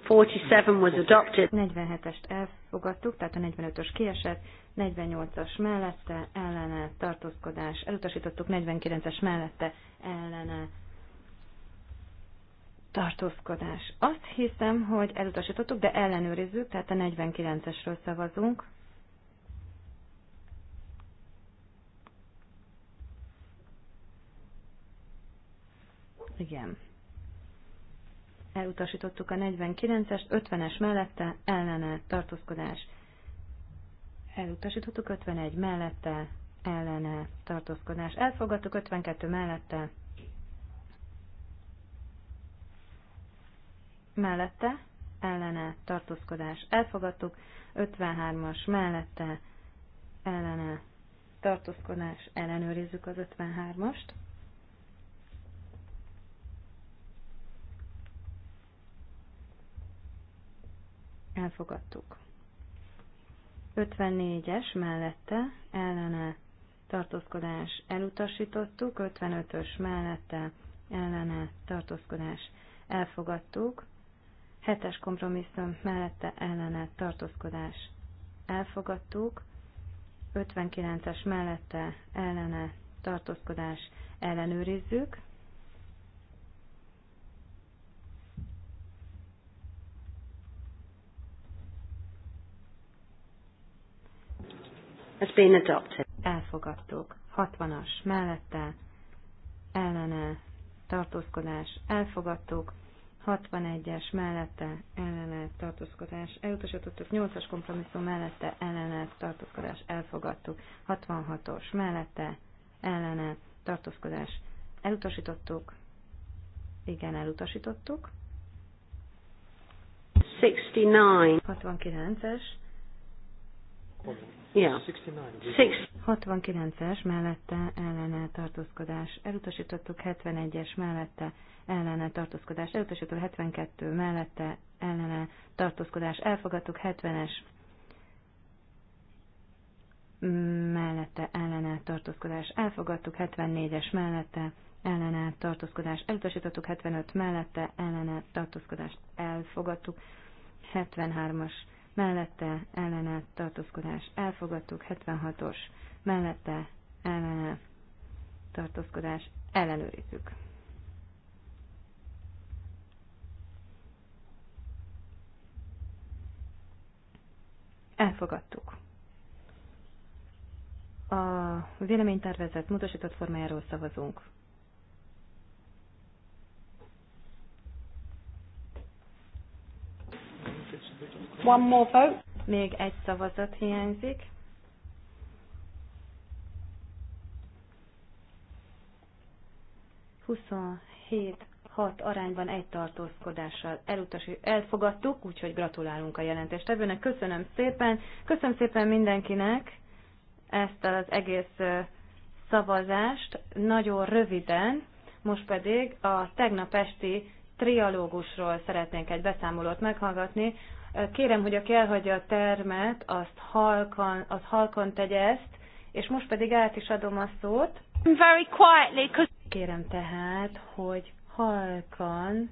47 was adopted. 47-est elfogadtuk, tehát a 45-ös kiesett, 48-as mellette ellene tartózkodás, elutasítottuk 49-es mellette ellene tartózkodás. Azt hiszem, hogy elutasítottuk, de ellenőrizzük, tehát a 49-esről szavazunk. Igen elutasítottuk a 49 es 50-es mellette ellene tartózkodás. Elutasítottuk 51 mellette ellene tartózkodás. Elfogadtuk 52 mellette mellette ellene tartózkodás. Elfogadtuk 53-as mellette ellene tartózkodás. Ellenőrizzük az 53-ast. elfogadtuk. 54-es mellette ellene tartózkodás elutasítottuk, 55-ös mellette ellene tartózkodás elfogadtuk, 7-es kompromisszum mellette ellene tartózkodás elfogadtuk, 59-es mellette ellene tartózkodás ellenőrizzük, has been adopted. Elfogadtuk. 60-as mellette, ellene, tartózkodás, elfogadtuk. 61-es mellette ellene tartózkodás, elutasítottuk 8-as kompromisszum mellette ellene tartózkodás, elfogadtuk 66-os mellette ellene tartózkodás, elutasítottuk, igen, elutasítottuk. 69. 69-es Yeah. 69-es mellette ellene tartózkodás elutasítottuk, 71-es mellette ellene tartózkodás elutasítottuk, 72 mellette ellene tartózkodás elfogadtuk, 70-es mellette ellene tartózkodás elfogadtuk, 74-es mellette ellene tartózkodás elutasítottuk, 75 mellette ellene tartózkodást elfogadtuk, 73-as mellette ellene tartózkodás elfogadtuk, 76-os mellette ellene tartózkodás ellenőrizzük. Elfogadtuk. A véleménytervezet módosított formájáról szavazunk. One more vote. Még egy szavazat hiányzik. Huszonhét 6 arányban egy tartózkodással elutasít, elfogadtuk, úgyhogy gratulálunk a jelentéstevőnek. Köszönöm szépen, köszönöm szépen mindenkinek ezt az egész szavazást. Nagyon röviden, most pedig a tegnap esti trialógusról szeretnénk egy beszámolót meghallgatni, Kérem, hogy aki elhagyja a termet, azt halkan, az halkan tegye ezt, és most pedig át is adom a szót. Very quietly, cause... Kérem tehát, hogy halkan,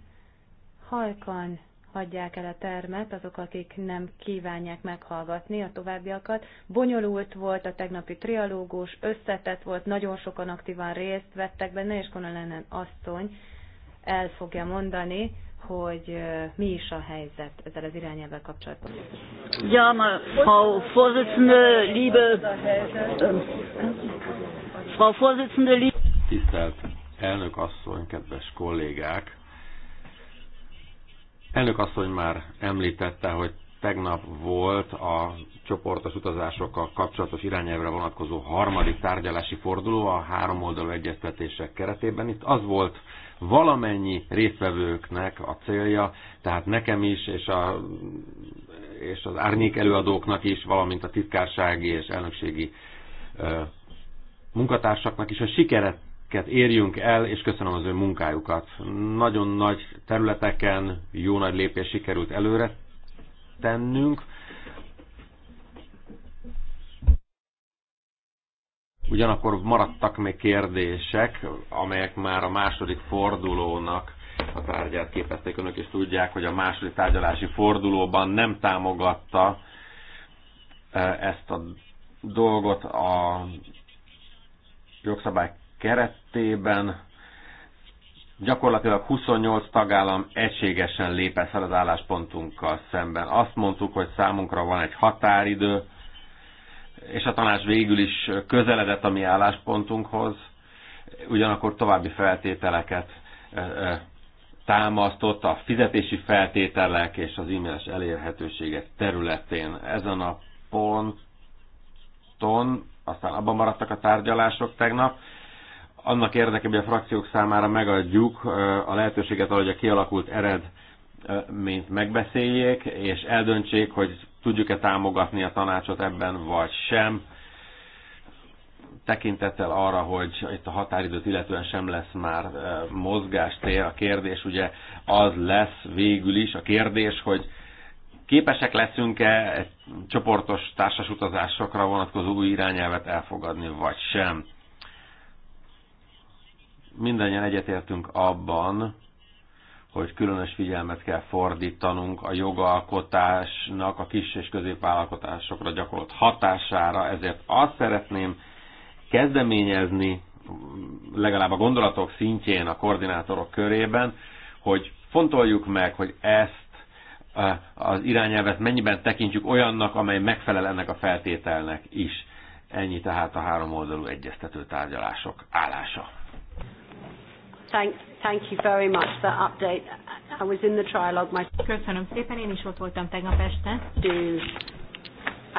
halkan hagyják el a termet azok, akik nem kívánják meghallgatni a továbbiakat. Bonyolult volt a tegnapi trialógus, összetett volt, nagyon sokan aktívan részt vettek benne, és Konalenen asszony el fogja mondani, hogy mi is a helyzet ezzel az irányelvvel kapcsolatban. Ja, ma, Frau Vorsitzende, liebe... Ähm, Frau Vorsitzende, liebe... Tisztelt elnök asszony, kedves kollégák! Elnök asszony már említette, hogy tegnap volt a csoportos utazásokkal kapcsolatos irányelvre vonatkozó harmadik tárgyalási forduló a három oldalú egyeztetések keretében. Itt az volt valamennyi résztvevőknek a célja, tehát nekem is, és, a, és az árnyék előadóknak is, valamint a titkársági és elnökségi munkatársaknak is, hogy sikereket érjünk el, és köszönöm az ő munkájukat. Nagyon nagy területeken jó nagy lépés sikerült előre tennünk, Ugyanakkor maradtak még kérdések, amelyek már a második fordulónak a tárgyát képezték. Önök is tudják, hogy a második tárgyalási fordulóban nem támogatta e, ezt a dolgot a jogszabály keretében. Gyakorlatilag 28 tagállam egységesen lépett fel az álláspontunkkal szemben. Azt mondtuk, hogy számunkra van egy határidő, és a tanács végül is közeledett a mi álláspontunkhoz, ugyanakkor további feltételeket támasztott a fizetési feltételek és az e-mailes elérhetőségek területén. Ezen a ponton, aztán abban maradtak a tárgyalások tegnap, annak érdekében, hogy a frakciók számára megadjuk a lehetőséget, ahogy a kialakult ered, mint megbeszéljék, és eldöntsék, hogy tudjuk-e támogatni a tanácsot ebben, vagy sem. Tekintettel arra, hogy itt a határidőt illetően sem lesz már mozgástér, a kérdés ugye az lesz végül is, a kérdés, hogy képesek leszünk-e csoportos társas utazásokra vonatkozó új irányelvet elfogadni, vagy sem. Mindannyian egyetértünk abban, hogy különös figyelmet kell fordítanunk a jogalkotásnak a kis és középvállalkotásokra gyakorolt hatására, ezért azt szeretném kezdeményezni, legalább a gondolatok szintjén a koordinátorok körében, hogy fontoljuk meg, hogy ezt az irányelvet mennyiben tekintjük olyannak, amely megfelel ennek a feltételnek is. Ennyi tehát a három oldalú egyeztető tárgyalások állása. Thanks. Thank you very much for that update. I was in the trialogue myself. Köszönöm szépen, én is ott voltam tegnap este. Do,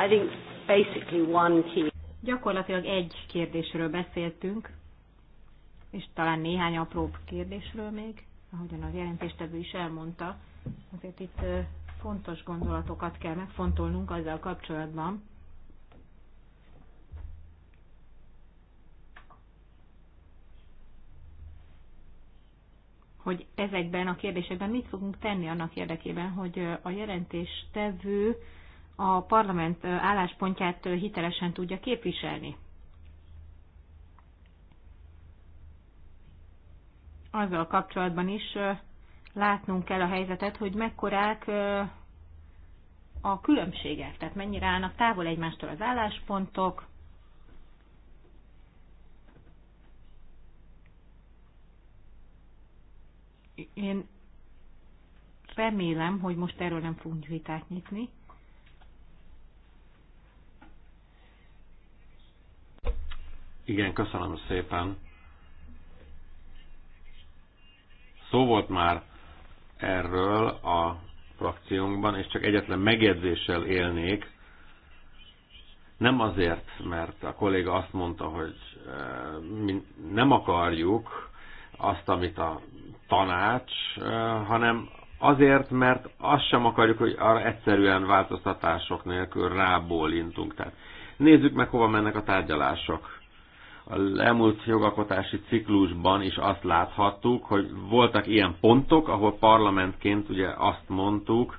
I think basically one key. Gyakorlatilag egy kérdésről beszéltünk, és talán néhány apró kérdésről még, ahogyan a jelentéstevő is elmondta. Azért itt fontos gondolatokat kell megfontolnunk azzal kapcsolatban, hogy ezekben a kérdésekben mit fogunk tenni annak érdekében, hogy a jelentéstevő a parlament álláspontját hitelesen tudja képviselni. Azzal kapcsolatban is látnunk kell a helyzetet, hogy mekkorák a különbségek, tehát mennyire állnak távol egymástól az álláspontok, Én remélem, hogy most erről nem fogunk vitát nyitni. Igen, köszönöm szépen. Szó volt már erről a frakciónkban, és csak egyetlen megjegyzéssel élnék. Nem azért, mert a kolléga azt mondta, hogy eh, mi nem akarjuk azt, amit a tanács, hanem azért, mert azt sem akarjuk, hogy arra egyszerűen változtatások nélkül rábólintunk. Tehát nézzük meg, hova mennek a tárgyalások. A elmúlt jogalkotási ciklusban is azt láthattuk, hogy voltak ilyen pontok, ahol parlamentként ugye azt mondtuk,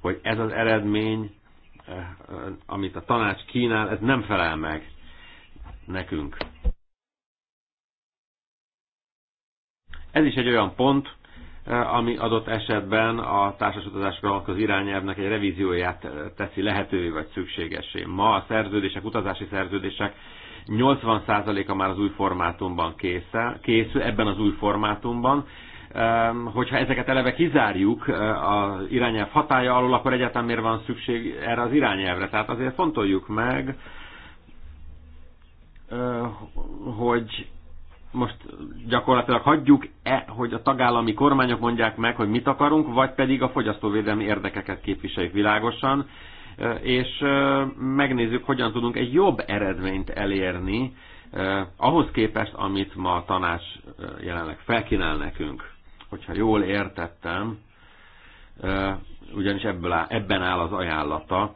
hogy ez az eredmény, eh, amit a tanács kínál, ez nem felel meg nekünk. Ez is egy olyan pont, eh, ami adott esetben a társasutazásra az irányelvnek egy revízióját eh, teszi lehetővé vagy szükségesé. Ma a szerződések, utazási szerződések 80%-a már az új formátumban készül, készül, ebben az új formátumban. Hogyha ezeket eleve kizárjuk eh, az irányelv hatája alól, akkor egyáltalán miért van szükség erre az irányelvre? Tehát azért fontoljuk meg, hogy most gyakorlatilag hagyjuk-e, hogy a tagállami kormányok mondják meg, hogy mit akarunk, vagy pedig a fogyasztóvédelmi érdekeket képviseljük világosan, eh, és eh, megnézzük, hogyan tudunk egy jobb eredményt elérni eh, ahhoz képest, amit ma a tanács jelenleg felkínál nekünk. Hogyha jól értettem, ugyanis ebből áll, ebben áll az ajánlata,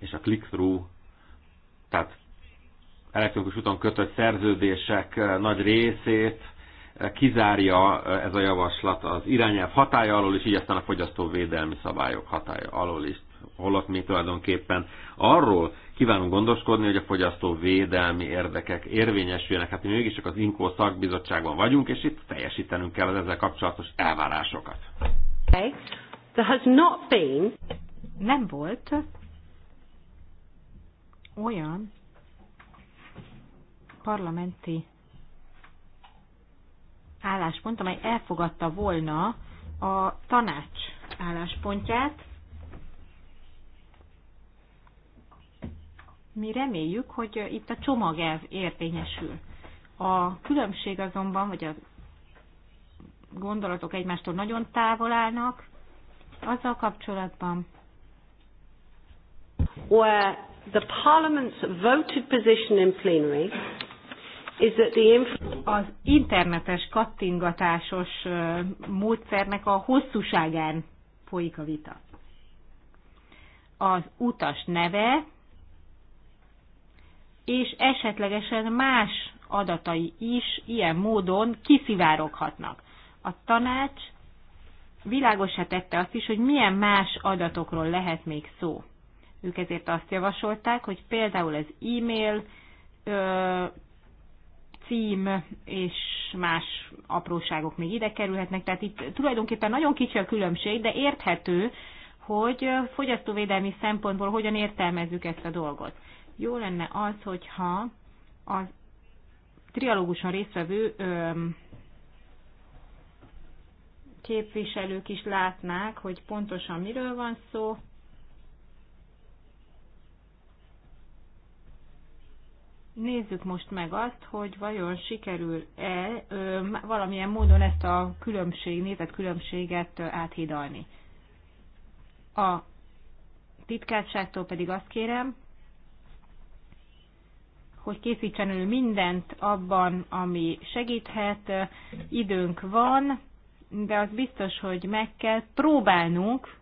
és a click-through, tehát elektronikus úton kötött szerződések eh, nagy részét eh, kizárja eh, ez a javaslat az irányelv hatája alól is, így aztán a fogyasztóvédelmi szabályok hatája alól is. Holott mi tulajdonképpen arról kívánunk gondoskodni, hogy a fogyasztó védelmi érdekek érvényesüljenek. Hát mi mégiscsak az INKO szakbizottságban vagyunk, és itt teljesítenünk kell az ezzel kapcsolatos elvárásokat. Okay. There has not been... Nem volt olyan parlamenti álláspont, amely elfogadta volna a tanács álláspontját. Mi reméljük, hogy itt a csomagelv érvényesül. A különbség azonban, hogy a gondolatok egymástól nagyon távol állnak, azzal kapcsolatban. Where the Parliament's voted position in plenary is that the az internetes kattingatásos módszernek a hosszúságán folyik a vita. Az utas neve és esetlegesen más adatai is ilyen módon kiszivároghatnak. A tanács világosá tette azt is, hogy milyen más adatokról lehet még szó. Ők ezért azt javasolták, hogy például az e-mail cím és más apróságok még ide kerülhetnek, tehát itt tulajdonképpen nagyon kicsi a különbség, de érthető, hogy fogyasztóvédelmi szempontból hogyan értelmezzük ezt a dolgot. Jó lenne az, hogyha a trialóguson résztvevő képviselők is látnák, hogy pontosan miről van szó, Nézzük most meg azt, hogy vajon sikerül-e valamilyen módon ezt a különbség, nézett különbséget áthidalni. A titkárságtól pedig azt kérem, hogy készítsen elő mindent abban, ami segíthet, időnk van, de az biztos, hogy meg kell próbálnunk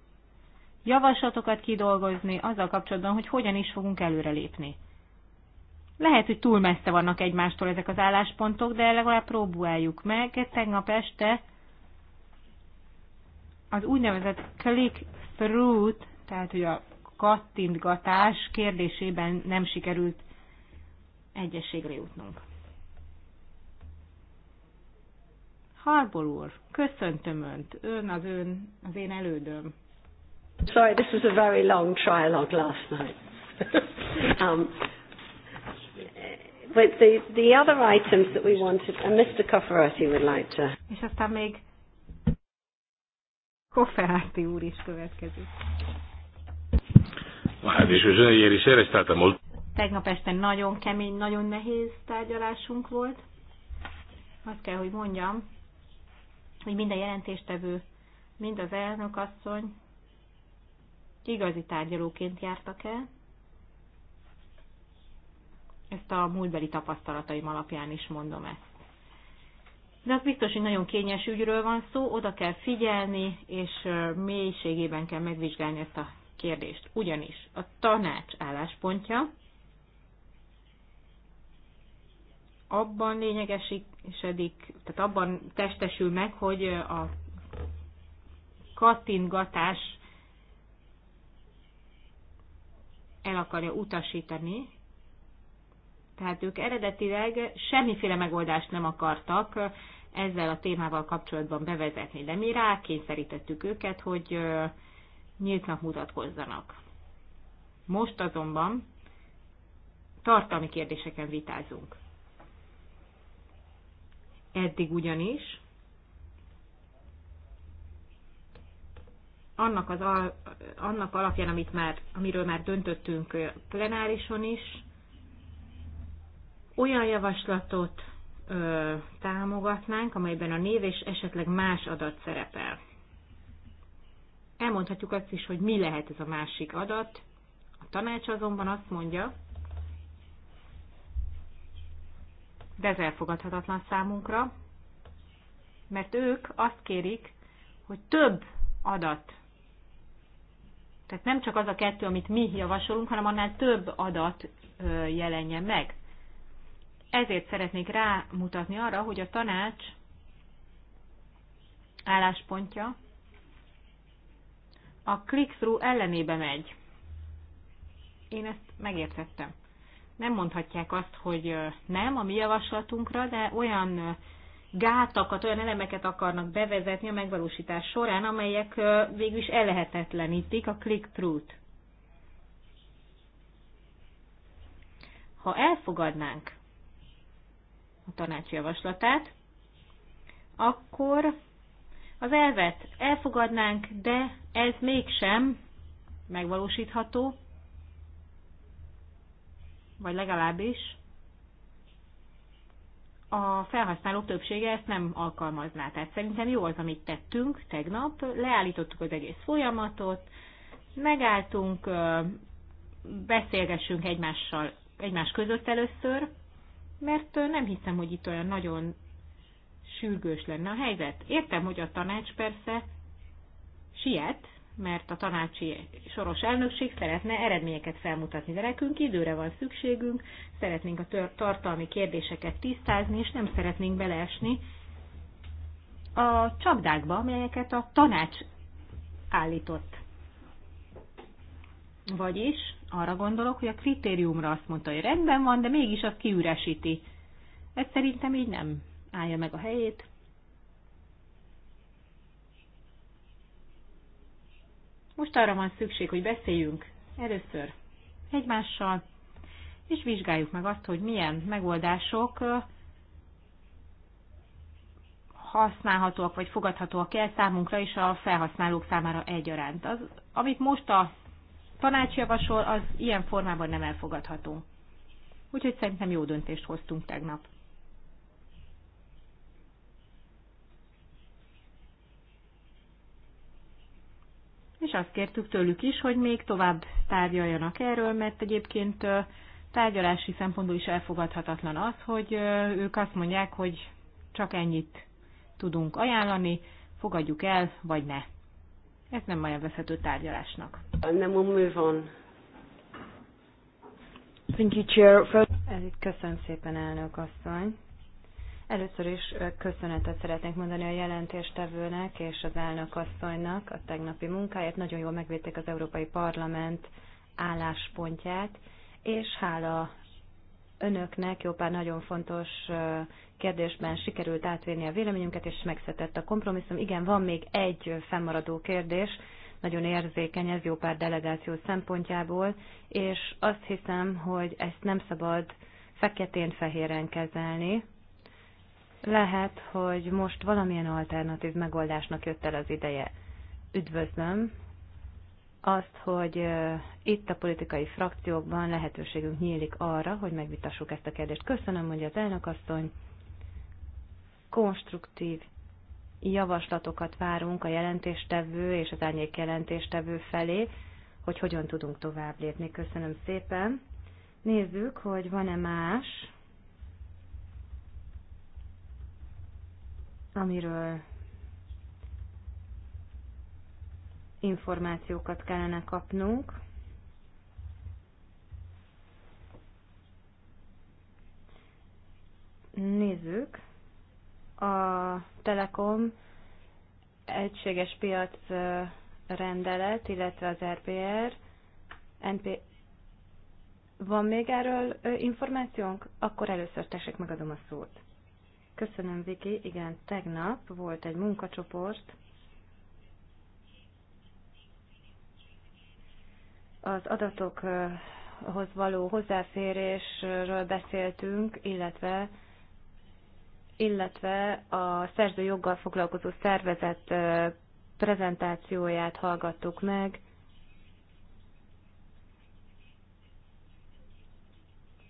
javaslatokat kidolgozni azzal kapcsolatban, hogy hogyan is fogunk előrelépni. Lehet, hogy túl messze vannak egymástól ezek az álláspontok, de legalább próbáljuk meg. Tegnap este az úgynevezett click-through, tehát hogy a kattintgatás kérdésében nem sikerült egyességre jutnunk. Harbor úr, köszöntöm Önt, Ön az Ön, az én elődöm. Sorry, this was a very long trialogue last night. *laughs* um, But the, the other items that we wanted, and uh, Mr. Cofferati would like to. És aztán még Cofferati úr is következik. Hát, Tegnap este nagyon kemény, nagyon nehéz tárgyalásunk volt. Azt kell, hogy mondjam, hogy minden jelentéstevő, mind az elnök asszony igazi tárgyalóként jártak el. Ezt a múltbeli tapasztalataim alapján is mondom ezt. De az biztos, hogy nagyon kényes ügyről van szó, oda kell figyelni, és mélységében kell megvizsgálni ezt a kérdést. Ugyanis a tanács álláspontja abban lényegesedik, tehát abban testesül meg, hogy a kattingatás el akarja utasítani tehát ők eredetileg semmiféle megoldást nem akartak ezzel a témával kapcsolatban bevezetni, de mi rákényszerítettük őket, hogy nyíltnak mutatkozzanak. Most azonban tartalmi kérdéseken vitázunk. Eddig ugyanis annak, az al, annak alapján, amit már, amiről már döntöttünk plenárison is, olyan javaslatot ö, támogatnánk, amelyben a név és esetleg más adat szerepel. Elmondhatjuk azt is, hogy mi lehet ez a másik adat. A tanács azonban azt mondja, de ez elfogadhatatlan számunkra, mert ők azt kérik, hogy több adat. Tehát nem csak az a kettő, amit mi javasolunk, hanem annál több adat jelenjen meg ezért szeretnék rámutatni arra, hogy a tanács álláspontja a click-through ellenébe megy. Én ezt megértettem. Nem mondhatják azt, hogy nem a mi javaslatunkra, de olyan gátakat, olyan elemeket akarnak bevezetni a megvalósítás során, amelyek végül is ellehetetlenítik a click-through-t. Ha elfogadnánk a tanács javaslatát, akkor az elvet elfogadnánk, de ez mégsem megvalósítható, vagy legalábbis a felhasználó többsége ezt nem alkalmazná. Tehát szerintem jó az, amit tettünk tegnap, leállítottuk az egész folyamatot, megálltunk, beszélgessünk egymással, egymás között először, mert nem hiszem, hogy itt olyan nagyon sürgős lenne a helyzet. Értem, hogy a tanács persze siet, mert a tanácsi soros elnökség szeretne eredményeket felmutatni, de nekünk időre van szükségünk, szeretnénk a tartalmi kérdéseket tisztázni, és nem szeretnénk beleesni a csapdákba, amelyeket a tanács állított vagyis arra gondolok, hogy a kritériumra azt mondta, hogy rendben van, de mégis azt kiüresíti. Ez szerintem így nem állja meg a helyét. Most arra van szükség, hogy beszéljünk először egymással, és vizsgáljuk meg azt, hogy milyen megoldások használhatóak vagy fogadhatóak el számunkra és a felhasználók számára egyaránt. Az, amit most a tanácsjavasol, az ilyen formában nem elfogadható. Úgyhogy szerintem jó döntést hoztunk tegnap. És azt kértük tőlük is, hogy még tovább tárgyaljanak erről, mert egyébként tárgyalási szempontból is elfogadhatatlan az, hogy ők azt mondják, hogy csak ennyit tudunk ajánlani, fogadjuk el, vagy ne. Ez nem majavezhető tárgyalásnak. Nem mű van. Thank you, Chair. Köszönöm szépen, elnök asszony. Először is köszönetet szeretnék mondani a jelentéstevőnek és az elnök asszonynak a tegnapi munkáját. Nagyon jól megvédték az Európai Parlament álláspontját, és hála önöknek jó pár nagyon fontos kérdésben sikerült átvérni a véleményünket, és megszetett a kompromisszum. Igen, van még egy fennmaradó kérdés, nagyon érzékeny ez jó pár delegáció szempontjából, és azt hiszem, hogy ezt nem szabad feketén-fehéren kezelni. Lehet, hogy most valamilyen alternatív megoldásnak jött el az ideje. Üdvözlöm azt, hogy itt a politikai frakciókban lehetőségünk nyílik arra, hogy megvitassuk ezt a kérdést. Köszönöm, hogy az elnökasszony. Konstruktív javaslatokat várunk a jelentéstevő és az árnyék jelentéstevő felé, hogy hogyan tudunk tovább lépni. Köszönöm szépen. Nézzük, hogy van-e más, amiről információkat kellene kapnunk. Nézzük. A Telekom egységes piac rendelet, illetve az RPR, NP... Van még erről információnk? Akkor először tessék, megadom a szót. Köszönöm, Viki. Igen, tegnap volt egy munkacsoport, Az adatokhoz való hozzáférésről beszéltünk, illetve illetve a szerző joggal foglalkozó szervezet prezentációját hallgattuk meg.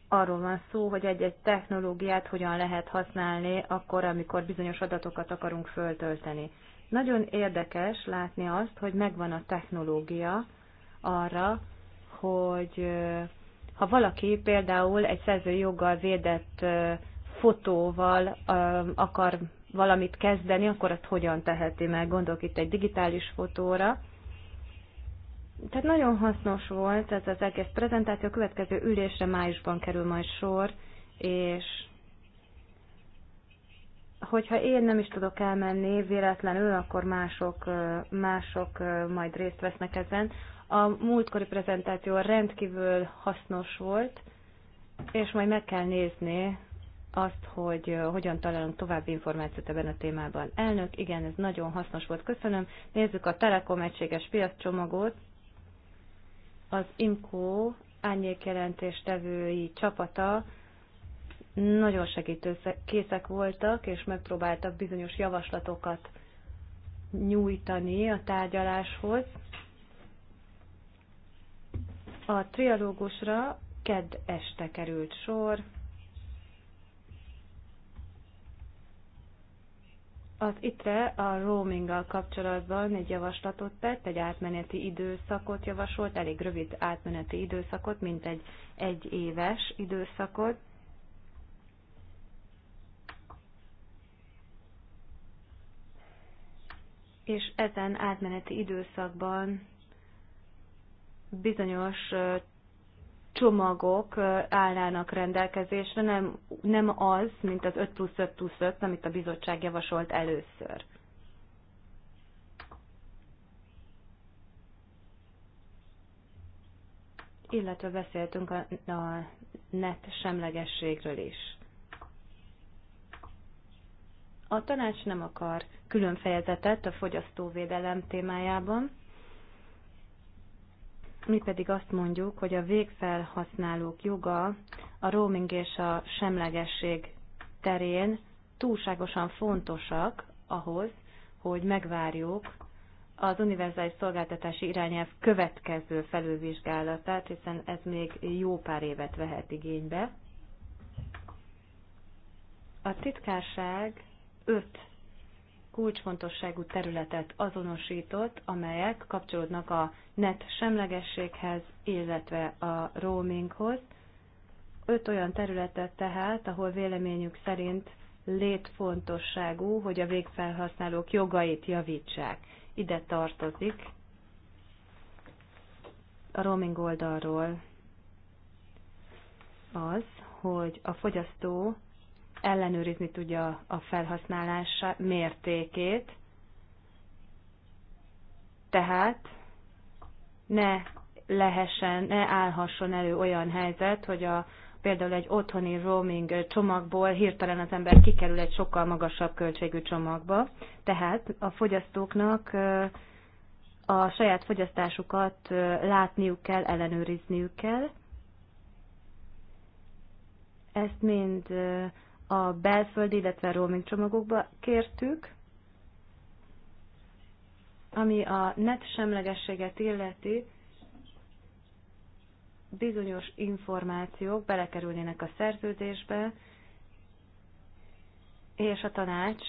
Arról van szó, hogy egy-egy technológiát hogyan lehet használni akkor, amikor bizonyos adatokat akarunk föltölteni. Nagyon érdekes látni azt, hogy megvan a technológia, arra, hogy ha valaki például egy szerzői joggal védett fotóval akar valamit kezdeni, akkor azt hogyan teheti meg? Gondolok itt egy digitális fotóra. Tehát nagyon hasznos volt ez az egész prezentáció. A következő ülésre májusban kerül majd sor, és hogyha én nem is tudok elmenni véletlenül, akkor mások, mások majd részt vesznek ezen. A múltkori prezentáció rendkívül hasznos volt, és majd meg kell nézni azt, hogy hogyan találunk további információt ebben a témában. Elnök, igen, ez nagyon hasznos volt, köszönöm. Nézzük a Telekom egységes piaccsomagot. Az IMCO tevői csapata nagyon segítőkészek voltak, és megpróbáltak bizonyos javaslatokat nyújtani a tárgyaláshoz. A trialógusra kedd este került sor. Az ITRE a roaminggal kapcsolatban egy javaslatot tett, egy átmeneti időszakot javasolt, elég rövid átmeneti időszakot, mint egy egy éves időszakot. És ezen átmeneti időszakban bizonyos csomagok állnának rendelkezésre, nem, nem az, mint az 5 plusz 5 plusz 5, amit a bizottság javasolt először. Illetve beszéltünk a, a net semlegességről is. A tanács nem akar külön fejezetet a fogyasztóvédelem témájában mi pedig azt mondjuk, hogy a végfelhasználók joga a roaming és a semlegesség terén túlságosan fontosak ahhoz, hogy megvárjuk az univerzális szolgáltatási irányelv következő felülvizsgálatát, hiszen ez még jó pár évet vehet igénybe. A titkárság öt kulcsfontosságú területet azonosított, amelyek kapcsolódnak a net semlegességhez, illetve a roaminghoz. Öt olyan területet tehát, ahol véleményük szerint létfontosságú, hogy a végfelhasználók jogait javítsák. Ide tartozik a roaming oldalról az, hogy a fogyasztó ellenőrizni tudja a felhasználás mértékét, tehát ne lehessen, ne állhasson elő olyan helyzet, hogy a, például egy otthoni roaming csomagból hirtelen az ember kikerül egy sokkal magasabb költségű csomagba. Tehát a fogyasztóknak a saját fogyasztásukat látniuk kell, ellenőrizniük kell. Ezt mind a belföldi, illetve roaming csomagokba kértük, ami a net semlegességet illeti, bizonyos információk belekerülnének a szerződésbe, és a tanács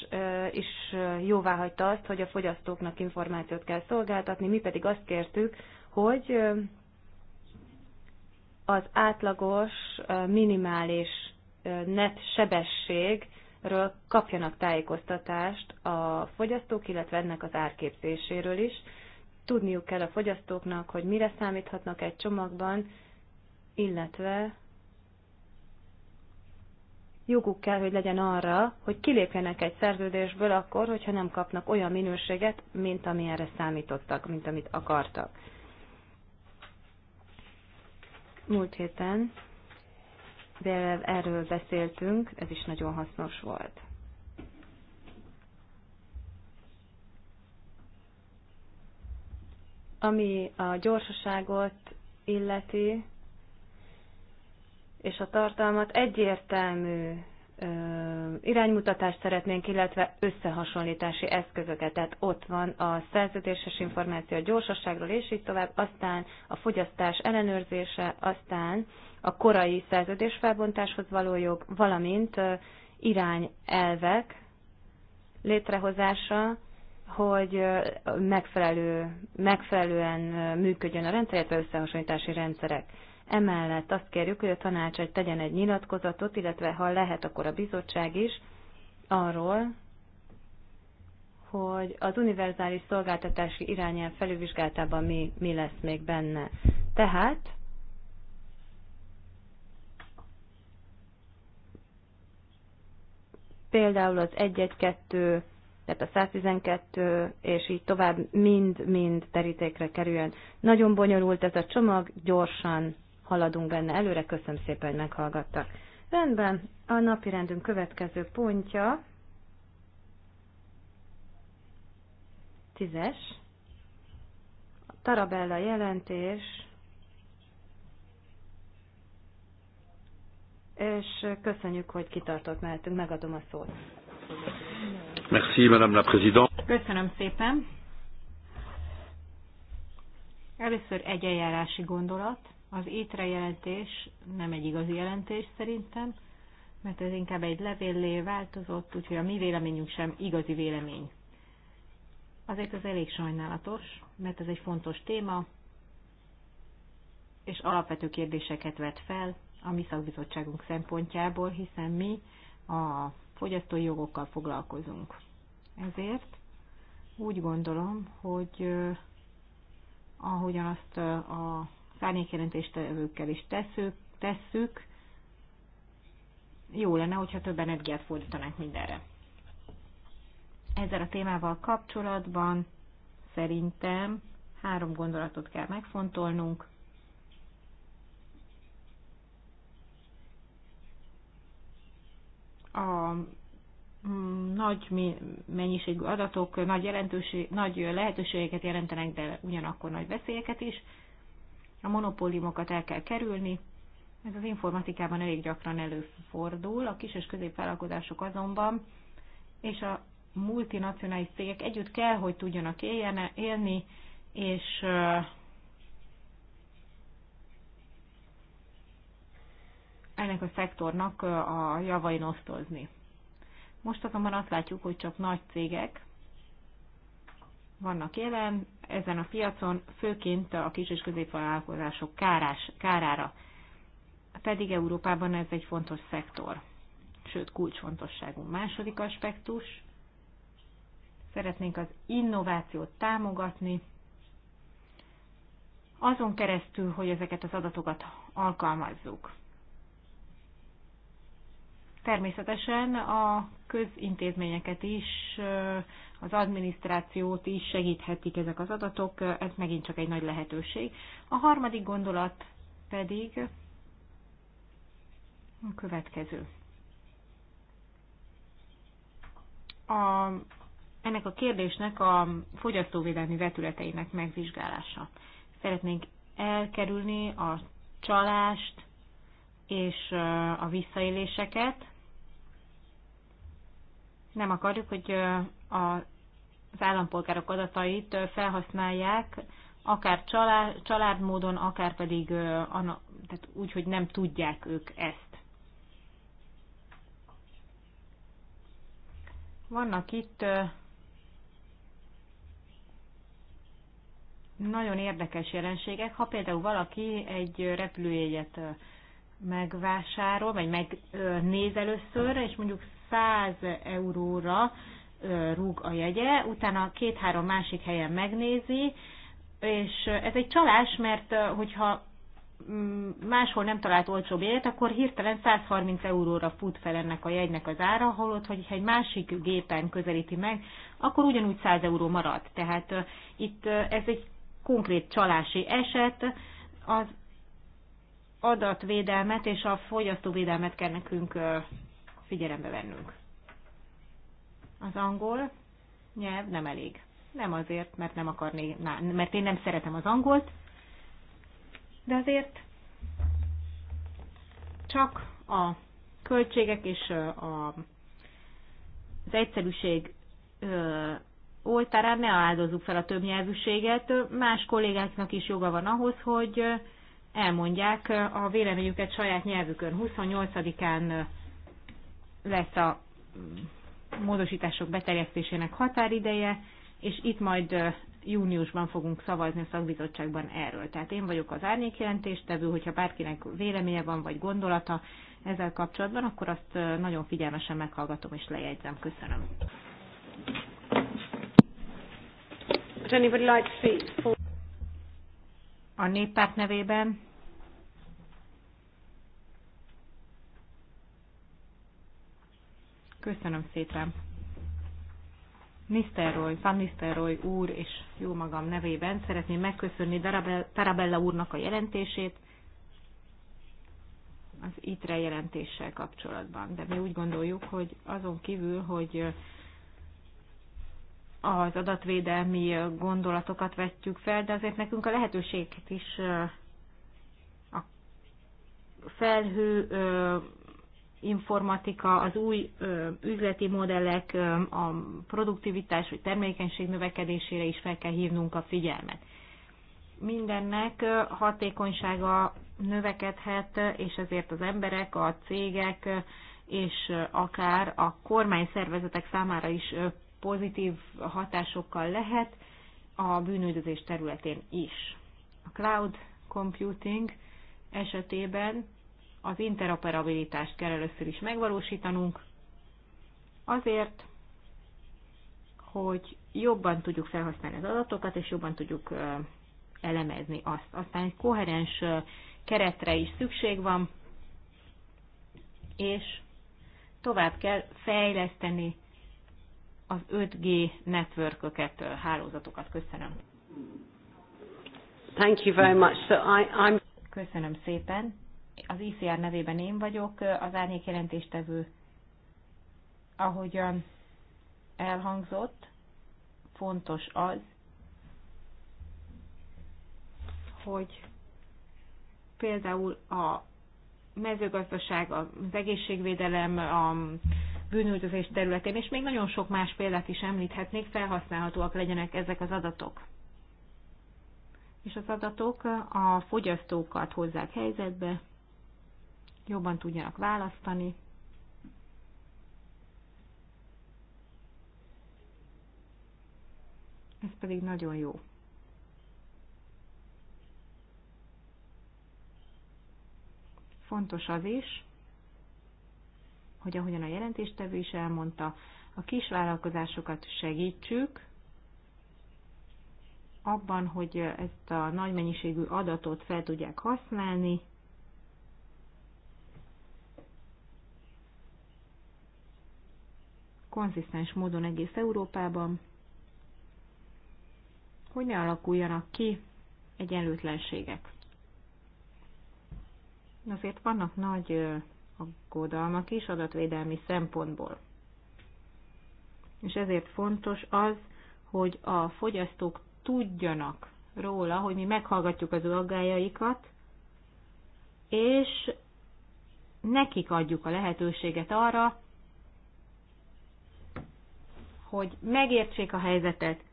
is jóvá hagyta azt, hogy a fogyasztóknak információt kell szolgáltatni, mi pedig azt kértük, hogy az átlagos minimális net sebességről kapjanak tájékoztatást a fogyasztók, illetve ennek az árképzéséről is. Tudniuk kell a fogyasztóknak, hogy mire számíthatnak egy csomagban, illetve joguk kell, hogy legyen arra, hogy kilépjenek egy szerződésből akkor, hogyha nem kapnak olyan minőséget, mint amilyenre számítottak, mint amit akartak. Múlt héten de erről beszéltünk, ez is nagyon hasznos volt. Ami a gyorsaságot illeti, és a tartalmat egyértelmű iránymutatást szeretnénk, illetve összehasonlítási eszközöket. Tehát ott van a szerződéses információ a gyorsasságról, és így tovább, aztán a fogyasztás ellenőrzése, aztán a korai szerződés felbontáshoz való jog, valamint irányelvek létrehozása, hogy megfelelő, megfelelően működjön a rendszer, illetve összehasonlítási rendszerek. Emellett azt kérjük, hogy a tanács egy tegyen egy nyilatkozatot, illetve ha lehet, akkor a bizottság is arról, hogy az univerzális szolgáltatási irányelv felülvizsgáltában mi, mi lesz még benne. Tehát például az 112, tehát a 112, és így tovább mind-mind terítékre kerüljön. Nagyon bonyolult ez a csomag, gyorsan haladunk benne előre. Köszönöm szépen, hogy meghallgattak. Rendben, a napi rendünk következő pontja tízes. A Tarabella jelentés és köszönjük, hogy kitartott mehetünk. Megadom a szót. Merci, Madame la Présidente. Köszönöm szépen. Először egy eljárási gondolat. Az étre jelentés nem egy igazi jelentés szerintem, mert ez inkább egy levéllé változott, úgyhogy a mi véleményünk sem igazi vélemény. Azért ez elég sajnálatos, mert ez egy fontos téma, és alapvető kérdéseket vet fel a mi szakbizottságunk szempontjából, hiszen mi a fogyasztói jogokkal foglalkozunk. Ezért úgy gondolom, hogy eh, ahogyan azt eh, a árnyékjelentéstevőkkel is tesszük, tesszük. Jó lenne, hogyha több energiát fordítanánk mindenre. Ezzel a témával kapcsolatban szerintem három gondolatot kell megfontolnunk. A nagy mennyiségű adatok nagy, jelentőség, nagy lehetőségeket jelentenek, de ugyanakkor nagy veszélyeket is a monopóliumokat el kell kerülni, ez az informatikában elég gyakran előfordul, a kis és középvállalkozások azonban, és a multinacionális cégek együtt kell, hogy tudjanak élni, és ennek a szektornak a javain osztozni. Most azonban azt látjuk, hogy csak nagy cégek vannak jelen ezen a piacon, főként a kis- és középvállalkozások kárás, kárára. Pedig Európában ez egy fontos szektor, sőt kulcsfontosságú. Második aspektus, szeretnénk az innovációt támogatni, azon keresztül, hogy ezeket az adatokat alkalmazzuk. Természetesen a közintézményeket is az adminisztrációt is segíthetik ezek az adatok, ez megint csak egy nagy lehetőség. A harmadik gondolat pedig a következő. A, ennek a kérdésnek a fogyasztóvédelmi vetületeinek megvizsgálása. Szeretnénk elkerülni a csalást és a visszaéléseket. Nem akarjuk, hogy a az állampolgárok adatait felhasználják, akár család, családmódon, akár pedig tehát úgy, hogy nem tudják ők ezt. Vannak itt nagyon érdekes jelenségek. Ha például valaki egy repülőjegyet megvásárol, vagy megnéz először, és mondjuk 100 euróra rúg a jegye, utána két-három másik helyen megnézi, és ez egy csalás, mert hogyha mm, máshol nem talált olcsóbb jegyet, akkor hirtelen 130 euróra fut fel ennek a jegynek az ára, holott, hogyha egy másik gépen közelíti meg, akkor ugyanúgy 100 euró marad. Tehát uh, itt uh, ez egy konkrét csalási eset, az adatvédelmet és a fogyasztóvédelmet kell nekünk uh, figyelembe vennünk. Az angol nyelv nem elég. Nem azért, mert nem akarné, mert én nem szeretem az angolt, de azért csak a költségek és a, az egyszerűség oltárán ne áldozzuk fel a többnyelvűséget. Más kollégáknak is joga van ahhoz, hogy elmondják a véleményüket saját nyelvükön. 28-án lesz a módosítások beterjesztésének határideje, és itt majd júniusban fogunk szavazni a szakbizottságban erről. Tehát én vagyok az árnyékjelentéstevő, hogyha bárkinek véleménye van, vagy gondolata ezzel kapcsolatban, akkor azt nagyon figyelmesen meghallgatom és lejegyzem. Köszönöm. A néppárt nevében Köszönöm szépen. Nisztelrooy, Van Roy úr és jó magam nevében szeretném megköszönni Tarabella úrnak a jelentését az ITRE jelentéssel kapcsolatban. De mi úgy gondoljuk, hogy azon kívül, hogy az adatvédelmi gondolatokat vetjük fel, de azért nekünk a lehetőséget is a felhő informatika, az új üzleti modellek, a produktivitás vagy termékenység növekedésére is fel kell hívnunk a figyelmet. Mindennek hatékonysága növekedhet, és ezért az emberek, a cégek és akár a kormány szervezetek számára is pozitív hatásokkal lehet a bűnüldözés területén is. A cloud computing esetében az interoperabilitást kell először is megvalósítanunk, azért, hogy jobban tudjuk felhasználni az adatokat, és jobban tudjuk elemezni azt. Aztán egy koherens keretre is szükség van, és tovább kell fejleszteni az 5G networköket, hálózatokat. Köszönöm. Thank you very much. So I, I'm... Köszönöm szépen az ICR e nevében én vagyok, az árnyék jelentéstevő, ahogyan elhangzott, fontos az, hogy például a mezőgazdaság, az egészségvédelem, a bűnüldözés területén, és még nagyon sok más példát is említhetnék, felhasználhatóak legyenek ezek az adatok. És az adatok a fogyasztókat hozzák helyzetbe, jobban tudjanak választani. Ez pedig nagyon jó. Fontos az is, hogy ahogyan a jelentéstevő is elmondta, a kisvállalkozásokat segítsük abban, hogy ezt a nagy mennyiségű adatot fel tudják használni, konzisztens módon egész Európában, hogy ne alakuljanak ki egyenlőtlenségek. Azért vannak nagy aggodalmak is adatvédelmi szempontból. És ezért fontos az, hogy a fogyasztók tudjanak róla, hogy mi meghallgatjuk az aggájaikat, és nekik adjuk a lehetőséget arra, hogy megértsék a helyzetet,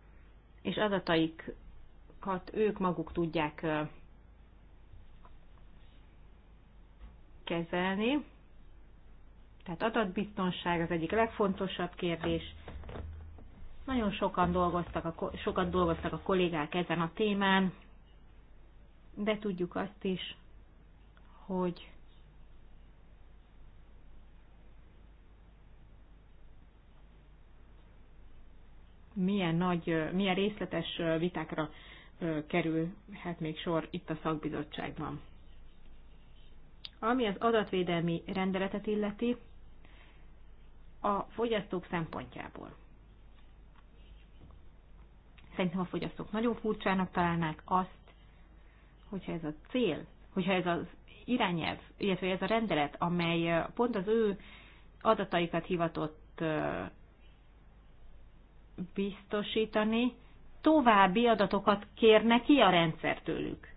és adataikat ők maguk tudják kezelni. Tehát adatbiztonság az egyik legfontosabb kérdés. Nagyon sokan dolgoztak a, sokat dolgoztak a kollégák ezen a témán, de tudjuk azt is, hogy milyen, nagy, milyen részletes vitákra kerülhet még sor itt a szakbizottságban. Ami az adatvédelmi rendeletet illeti, a fogyasztók szempontjából. Szerintem a fogyasztók nagyon furcsának találnák azt, hogyha ez a cél, hogyha ez az irányelv, illetve ez a rendelet, amely pont az ő adataikat hivatott biztosítani, további adatokat kérne ki a rendszer tőlük.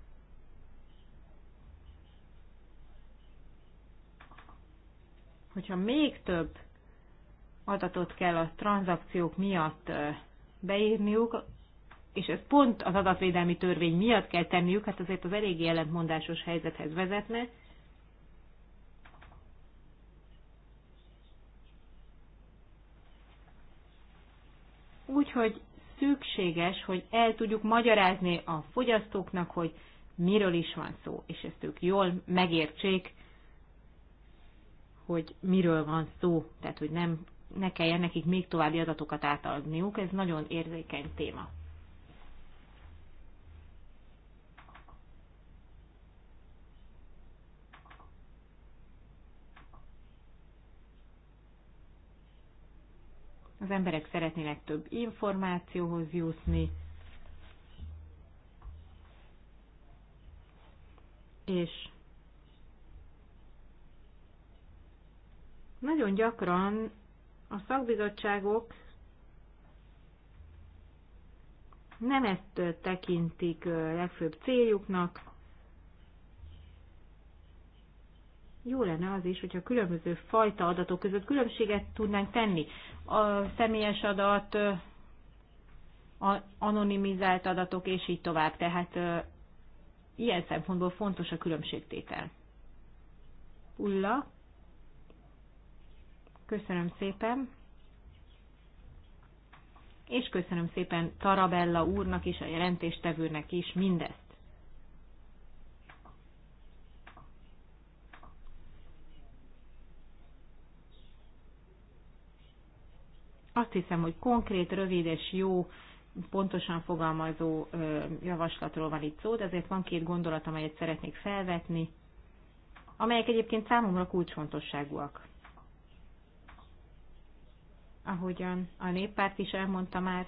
Hogyha még több adatot kell a tranzakciók miatt beírniuk, és ezt pont az adatvédelmi törvény miatt kell tenniük, hát azért az eléggé ellentmondásos helyzethez vezetne, úgy, hogy szükséges, hogy el tudjuk magyarázni a fogyasztóknak, hogy miről is van szó, és ezt ők jól megértsék, hogy miről van szó, tehát hogy nem, ne kelljen nekik még további adatokat átadniuk, ez nagyon érzékeny téma. az emberek szeretnének több információhoz jutni, és nagyon gyakran a szakbizottságok nem ezt tekintik legfőbb céljuknak, jó lenne az is, hogyha a különböző fajta adatok között különbséget tudnánk tenni. A személyes adat, a anonimizált adatok, és így tovább. Tehát ilyen szempontból fontos a különbségtétel. Ulla, köszönöm szépen. És köszönöm szépen Tarabella úrnak is, a jelentéstevőnek is mindezt. Azt hiszem, hogy konkrét, rövid és jó, pontosan fogalmazó javaslatról van itt szó, de azért van két gondolat, amelyet szeretnék felvetni, amelyek egyébként számomra kulcsfontosságúak. Ahogyan a néppárt is elmondta már,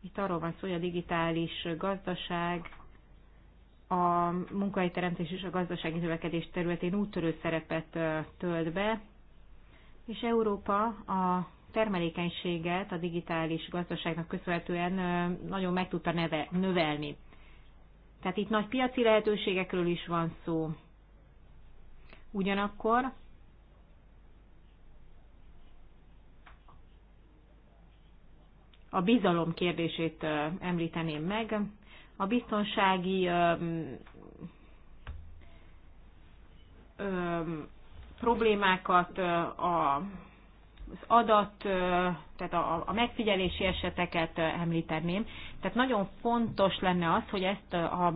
itt arról van szó, hogy a digitális gazdaság, a munkahelyteremtés és a gazdasági növekedés területén úttörő szerepet tölt be, és Európa a termelékenységet a digitális gazdaságnak köszönhetően nagyon meg tudta neve, növelni. Tehát itt nagy piaci lehetőségekről is van szó. Ugyanakkor a bizalom kérdését említeném meg. A biztonsági problémákat a az adat, tehát a, a megfigyelési eseteket említeném. Tehát nagyon fontos lenne az, hogy ezt a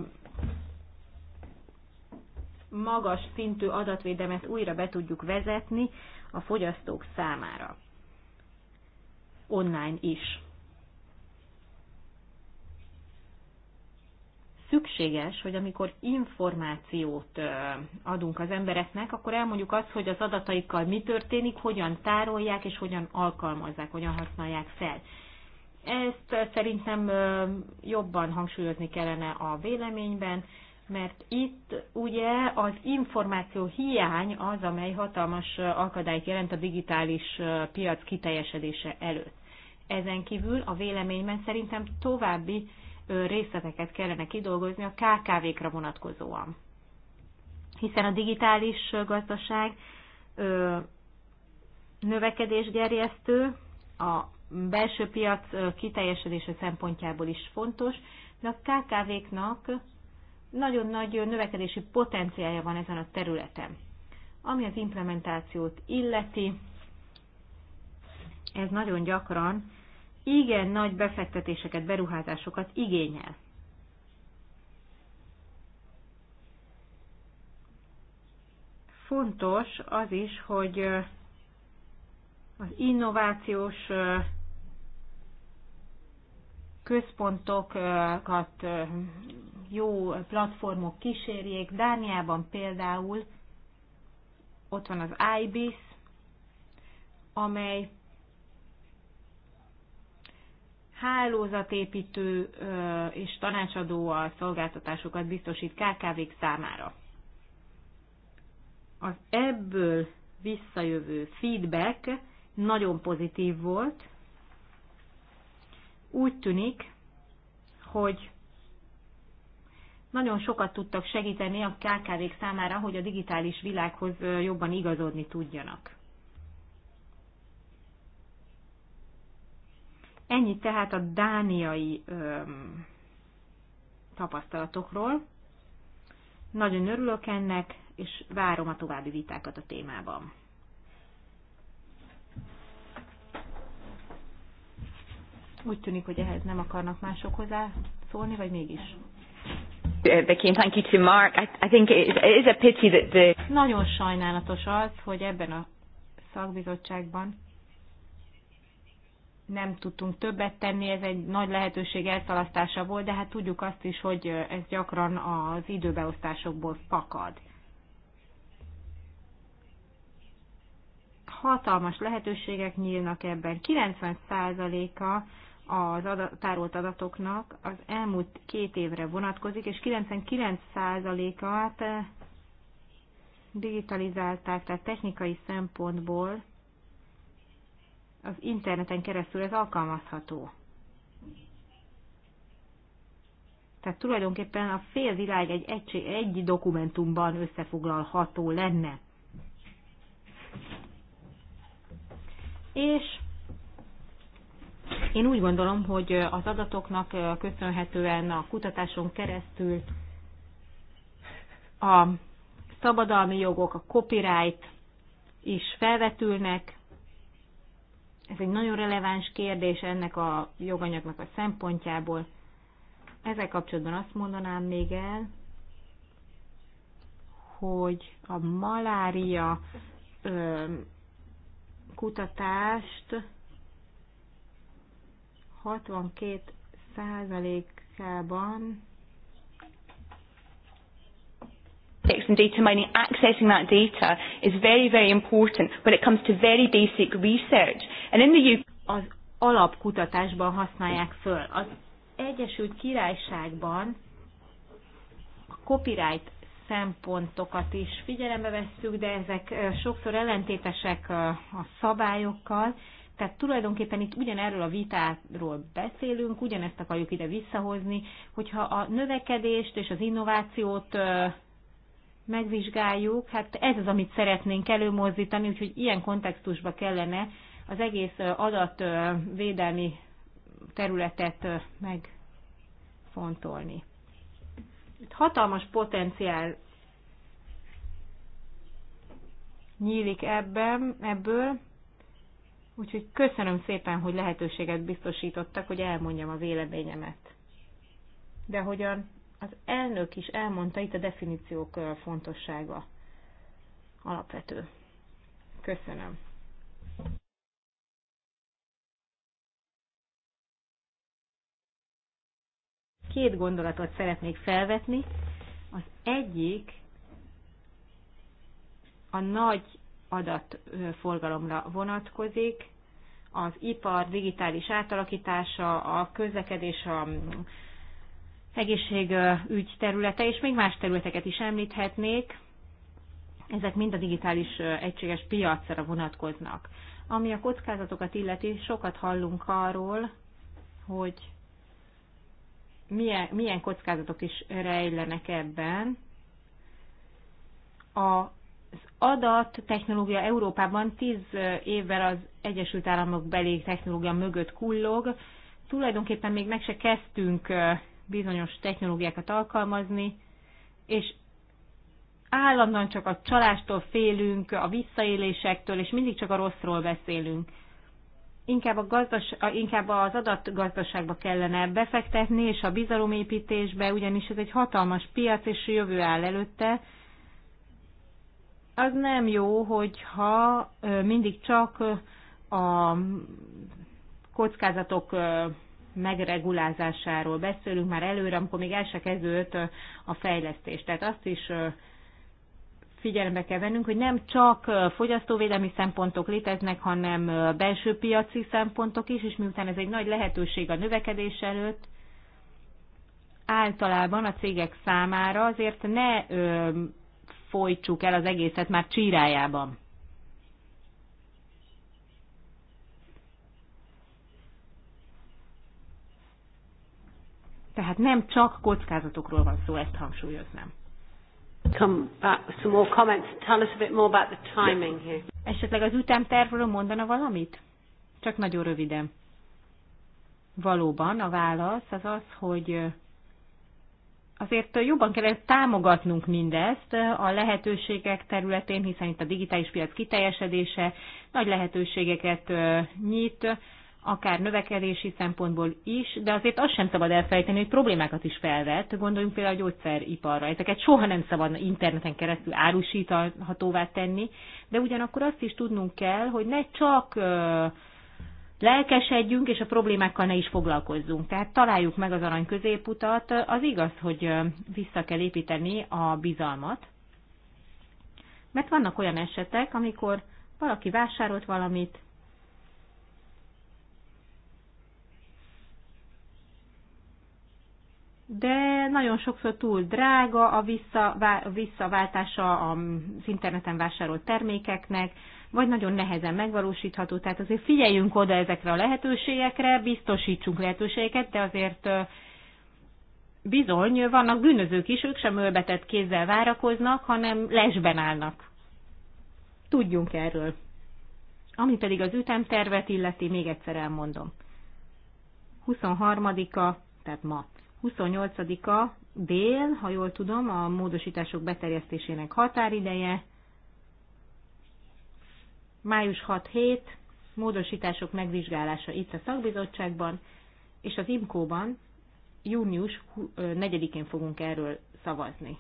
magas szintű adatvédelmet újra be tudjuk vezetni a fogyasztók számára. Online is. szükséges, hogy amikor információt adunk az embereknek, akkor elmondjuk azt, hogy az adataikkal mi történik, hogyan tárolják és hogyan alkalmazzák, hogyan használják fel. Ezt szerintem jobban hangsúlyozni kellene a véleményben, mert itt ugye az információ hiány az, amely hatalmas akadályt jelent a digitális piac kiteljesedése előtt. Ezen kívül a véleményben szerintem további részleteket kellene kidolgozni a KKV-kra vonatkozóan. Hiszen a digitális gazdaság növekedés gerjesztő, a belső piac kiteljesedése szempontjából is fontos, de a KKV-knak nagyon nagy növekedési potenciálja van ezen a területen. Ami az implementációt illeti, ez nagyon gyakran igen nagy befektetéseket, beruházásokat igényel. Fontos az is, hogy az innovációs központokat jó platformok kísérjék. Dániában például ott van az IBIS, amely hálózatépítő és tanácsadó a szolgáltatásokat biztosít KKV-k számára. Az ebből visszajövő feedback nagyon pozitív volt. Úgy tűnik, hogy nagyon sokat tudtak segíteni a KKV-k számára, hogy a digitális világhoz jobban igazodni tudjanak. Ennyi tehát a dániai öm, tapasztalatokról. Nagyon örülök ennek, és várom a további vitákat a témában. Úgy tűnik, hogy ehhez nem akarnak mások hozzá szólni, vagy mégis? Becky, thank you to Mark. I, I think it is a pity that the... Nagyon sajnálatos az, hogy ebben a szakbizottságban nem tudtunk többet tenni, ez egy nagy lehetőség elszalasztása volt, de hát tudjuk azt is, hogy ez gyakran az időbeosztásokból fakad. Hatalmas lehetőségek nyílnak ebben. 90%-a az adat, tárolt adatoknak az elmúlt két évre vonatkozik, és 99%-át digitalizálták, tehát technikai szempontból az interneten keresztül ez alkalmazható. Tehát tulajdonképpen a világ egy, egy, egy dokumentumban összefoglalható lenne. És én úgy gondolom, hogy az adatoknak köszönhetően a kutatáson keresztül a szabadalmi jogok, a copyright is felvetülnek, ez egy nagyon releváns kérdés ennek a joganyagnak a szempontjából. Ezzel kapcsolatban azt mondanám még el, hogy a malária ö, kutatást 62 százalékában context and data mining, accessing that data is very, very important when it comes to very basic research. And in the UK... Az alapkutatásban használják föl. Az Egyesült Királyságban a copyright szempontokat is figyelembe vesszük, de ezek sokszor ellentétesek a szabályokkal, tehát tulajdonképpen itt ugyanerről a vitáról beszélünk, ugyanezt akarjuk ide visszahozni, hogyha a növekedést és az innovációt megvizsgáljuk, hát ez az, amit szeretnénk előmozdítani, úgyhogy ilyen kontextusba kellene az egész adatvédelmi területet megfontolni. Itt hatalmas potenciál nyílik ebben, ebből, úgyhogy köszönöm szépen, hogy lehetőséget biztosítottak, hogy elmondjam a véleményemet. De hogyan az elnök is elmondta itt a definíciók fontossága alapvető. Köszönöm. Két gondolatot szeretnék felvetni. Az egyik a nagy adatforgalomra vonatkozik, az ipar digitális átalakítása, a közlekedés, a egészségügy területe, és még más területeket is említhetnék. Ezek mind a digitális egységes piacra vonatkoznak. Ami a kockázatokat illeti, sokat hallunk arról, hogy milyen, milyen kockázatok is rejlenek ebben. A az adat technológia Európában 10 évvel az Egyesült Államok belé technológia mögött kullog. Tulajdonképpen még meg se kezdtünk bizonyos technológiákat alkalmazni, és állandóan csak a csalástól félünk, a visszaélésektől, és mindig csak a rosszról beszélünk. Inkább, a gazdas, inkább az adatgazdaságba kellene befektetni, és a bizalomépítésbe, ugyanis ez egy hatalmas piac, és jövő áll előtte. Az nem jó, hogyha mindig csak a kockázatok megregulázásáról beszélünk már előre, amikor még el se kezdődött a fejlesztés. Tehát azt is figyelembe kell vennünk, hogy nem csak fogyasztóvédelmi szempontok léteznek, hanem belső piaci szempontok is, és miután ez egy nagy lehetőség a növekedés előtt, általában a cégek számára azért ne folytsuk el az egészet már csírájában. Tehát nem csak kockázatokról van szó, ezt hangsúlyoznám. Come back with some more comments. Tell us a bit more about the timing here. Esetleg az ütemtervről mondana valamit? Csak nagyon röviden. Valóban a válasz az az, hogy azért jobban kellett támogatnunk mindezt a lehetőségek területén, hiszen itt a digitális piac kiteljesedése nagy lehetőségeket nyit, akár növekedési szempontból is, de azért azt sem szabad elfejteni, hogy problémákat is felvett. Gondoljunk például a gyógyszeriparra. Ezeket soha nem szabad interneten keresztül árusíthatóvá tenni, de ugyanakkor azt is tudnunk kell, hogy ne csak lelkesedjünk, és a problémákkal ne is foglalkozzunk. Tehát találjuk meg az arany középutat. Az igaz, hogy vissza kell építeni a bizalmat, mert vannak olyan esetek, amikor valaki vásárolt valamit, de nagyon sokszor túl drága a visszaváltása az interneten vásárolt termékeknek, vagy nagyon nehezen megvalósítható. Tehát azért figyeljünk oda ezekre a lehetőségekre, biztosítsunk lehetőségeket, de azért bizony vannak bűnözők is, ők sem ölbetett kézzel várakoznak, hanem lesben állnak. Tudjunk erről. Ami pedig az ütemtervet illeti, még egyszer elmondom. 23-a, tehát ma 28-a dél, ha jól tudom, a módosítások beterjesztésének határideje. Május 6-7, módosítások megvizsgálása itt a szakbizottságban, és az IMKO-ban június 4-én fogunk erről szavazni.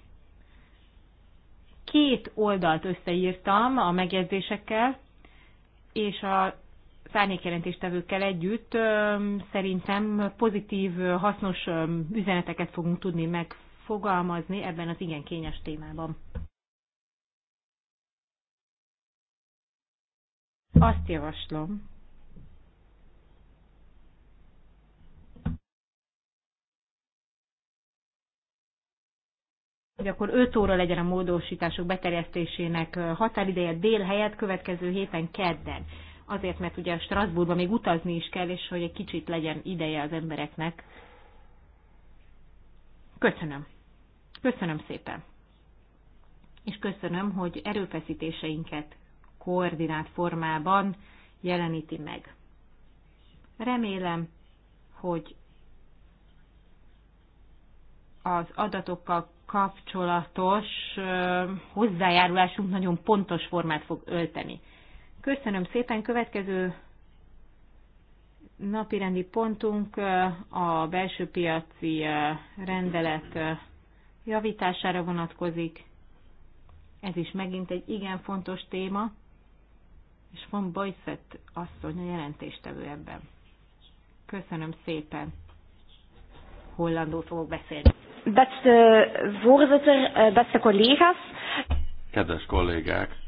Két oldalt összeírtam a megjegyzésekkel, és a szárnyékjelentéstevőkkel együtt szerintem pozitív, hasznos üzeneteket fogunk tudni megfogalmazni ebben az igen kényes témában. Azt javaslom, hogy akkor 5 óra legyen a módosítások beterjesztésének határideje dél helyett következő héten kedden azért, mert ugye Strasbourgba még utazni is kell, és hogy egy kicsit legyen ideje az embereknek. Köszönöm. Köszönöm szépen. És köszönöm, hogy erőfeszítéseinket koordinált formában jeleníti meg. Remélem, hogy az adatokkal kapcsolatos hozzájárulásunk nagyon pontos formát fog ölteni. Köszönöm szépen. Következő napirendi pontunk a belső piaci rendelet javítására vonatkozik. Ez is megint egy igen fontos téma, és von Bajszett asszony a jelentéstevő ebben. Köszönöm szépen. Hollandul fogok beszélni. Beste voorzitter, eh, beste collega's. Kedves kollégák,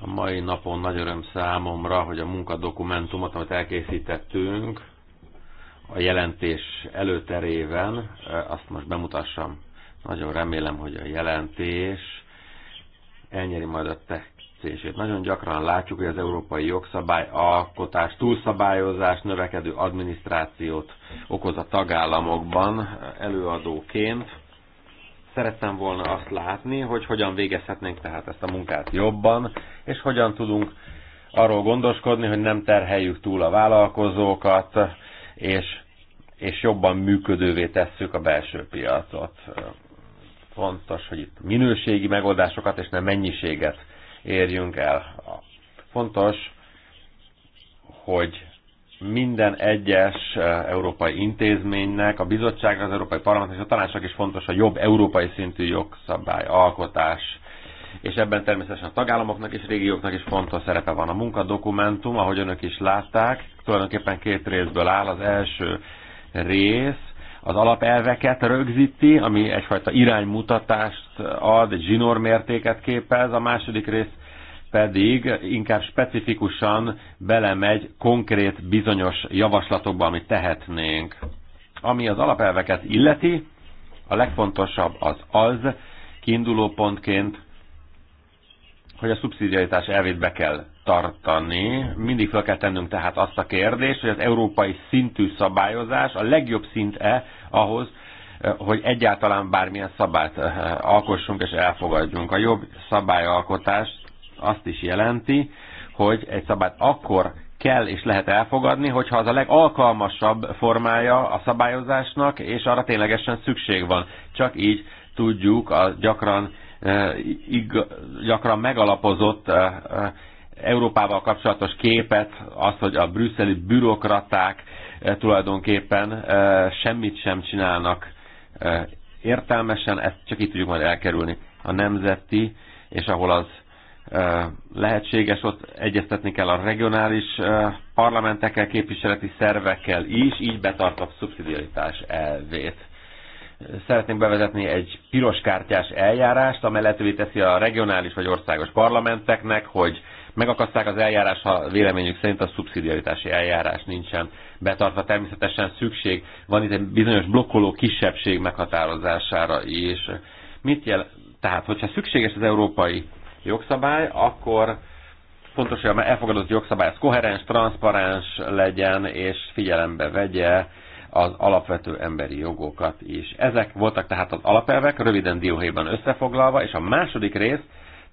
a mai napon nagy öröm számomra, hogy a munkadokumentumot, amit elkészítettünk, a jelentés előterében, azt most bemutassam. Nagyon remélem, hogy a jelentés elnyeri majd a tetszését. Nagyon gyakran látjuk, hogy az európai jogszabály alkotás, túlszabályozás, növekedő adminisztrációt okoz a tagállamokban előadóként Szerettem volna azt látni, hogy hogyan végezhetnénk tehát ezt a munkát jobban, és hogyan tudunk arról gondoskodni, hogy nem terheljük túl a vállalkozókat, és, és jobban működővé tesszük a belső piacot. Fontos, hogy itt minőségi megoldásokat és nem mennyiséget érjünk el. Fontos, hogy minden egyes eh, európai intézménynek, a bizottság, az Európai Parlamentnek és a tanácsnak is fontos a jobb európai szintű jogszabály, alkotás, és ebben természetesen a tagállamoknak és régióknak is fontos szerepe van. A munkadokumentum, ahogy önök is látták, tulajdonképpen két részből áll. Az első rész az alapelveket rögzíti, ami egyfajta iránymutatást ad, egy zsinórmértéket képez, a második rész pedig inkább specifikusan belemegy konkrét bizonyos javaslatokba, amit tehetnénk. Ami az alapelveket illeti, a legfontosabb az az, kiinduló pontként, hogy a szubszidiaritás elvét be kell tartani. Mindig fel kell tennünk tehát azt a kérdést, hogy az európai szintű szabályozás a legjobb szint-e ahhoz, hogy egyáltalán bármilyen szabályt eh, alkossunk és elfogadjunk. A jobb szabályalkotást azt is jelenti, hogy egy szabályt akkor kell és lehet elfogadni, hogyha az a legalkalmasabb formája a szabályozásnak, és arra ténylegesen szükség van. Csak így tudjuk a gyakran, eh, gyakran megalapozott eh, eh, Európával kapcsolatos képet, azt, hogy a brüsszeli bürokraták tulajdonképpen semmit sem csinálnak értelmesen, ezt csak itt tudjuk majd elkerülni. A nemzeti, és ahol az lehetséges, ott egyeztetni kell a regionális parlamentekkel, képviseleti szervekkel is, így betartva a szubszidiaritás elvét. Szeretnénk bevezetni egy piroskártyás eljárást, amely lehetővé teszi a regionális vagy országos parlamenteknek, hogy megakaszták az eljárás, ha véleményük szerint a szubszidiaritási eljárás nincsen betartva. Természetesen szükség van itt egy bizonyos blokkoló kisebbség meghatározására is. Mit jel, tehát, hogyha szükséges az európai jogszabály, akkor fontos, hogy a elfogadott jogszabály az koherens, transzparens legyen, és figyelembe vegye az alapvető emberi jogokat is. Ezek voltak tehát az alapelvek, röviden dióhéjban összefoglalva, és a második rész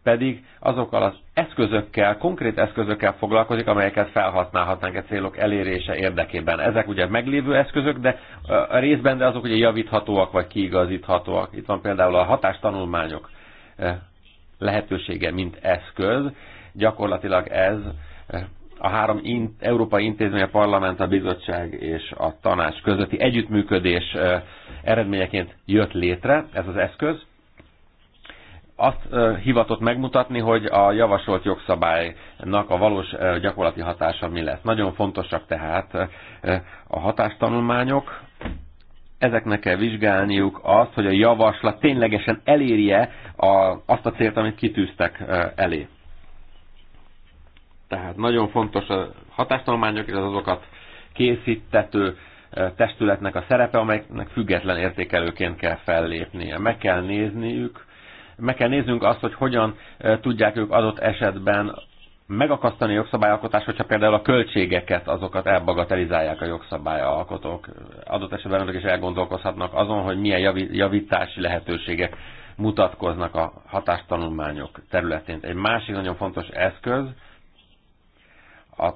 pedig azokkal az eszközökkel, konkrét eszközökkel foglalkozik, amelyeket felhasználhatnánk a e célok elérése érdekében. Ezek ugye meglévő eszközök, de a részben, de azok ugye javíthatóak vagy kiigazíthatóak. Itt van például a hatástanulmányok e, lehetősége, mint eszköz. Gyakorlatilag ez eh, a három in, európai intézmény, a parlament, a bizottság és a tanács közötti együttműködés eh, eredményeként jött létre ez az eszköz. Azt eh, hivatott megmutatni, hogy a javasolt jogszabálynak a valós gyakorlati hatása mi lesz. Nagyon fontosak tehát a hatástanulmányok, ezeknek kell vizsgálniuk azt, hogy a javaslat ténylegesen elérje a, azt a célt, amit kitűztek elé. Tehát nagyon fontos a hatástanulmányok, és az azokat készítető testületnek a szerepe, amelynek független értékelőként kell fellépnie. Meg kell nézniük, meg kell néznünk azt, hogy hogyan tudják ők adott esetben megakasztani a jogszabályalkotás, hogyha például a költségeket, azokat elbagatelizálják a jogszabályalkotók. Adott esetben önök is elgondolkozhatnak azon, hogy milyen javítási lehetőségek mutatkoznak a hatástanulmányok területén. Egy másik nagyon fontos eszköz a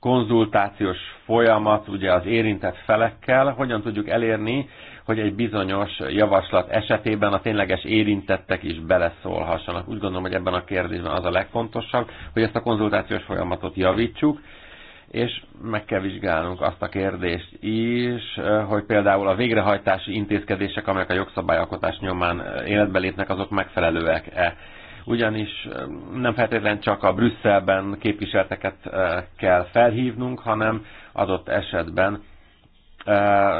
konzultációs folyamat ugye az érintett felekkel, hogyan tudjuk elérni, hogy egy bizonyos javaslat esetében a tényleges érintettek is beleszólhassanak. Úgy gondolom, hogy ebben a kérdésben az a legfontosabb, hogy ezt a konzultációs folyamatot javítsuk, és meg kell vizsgálnunk azt a kérdést is, hogy például a végrehajtási intézkedések, amelyek a jogszabályalkotás nyomán életbe lépnek, azok megfelelőek-e ugyanis nem feltétlenül csak a Brüsszelben képviselteket kell felhívnunk, hanem adott esetben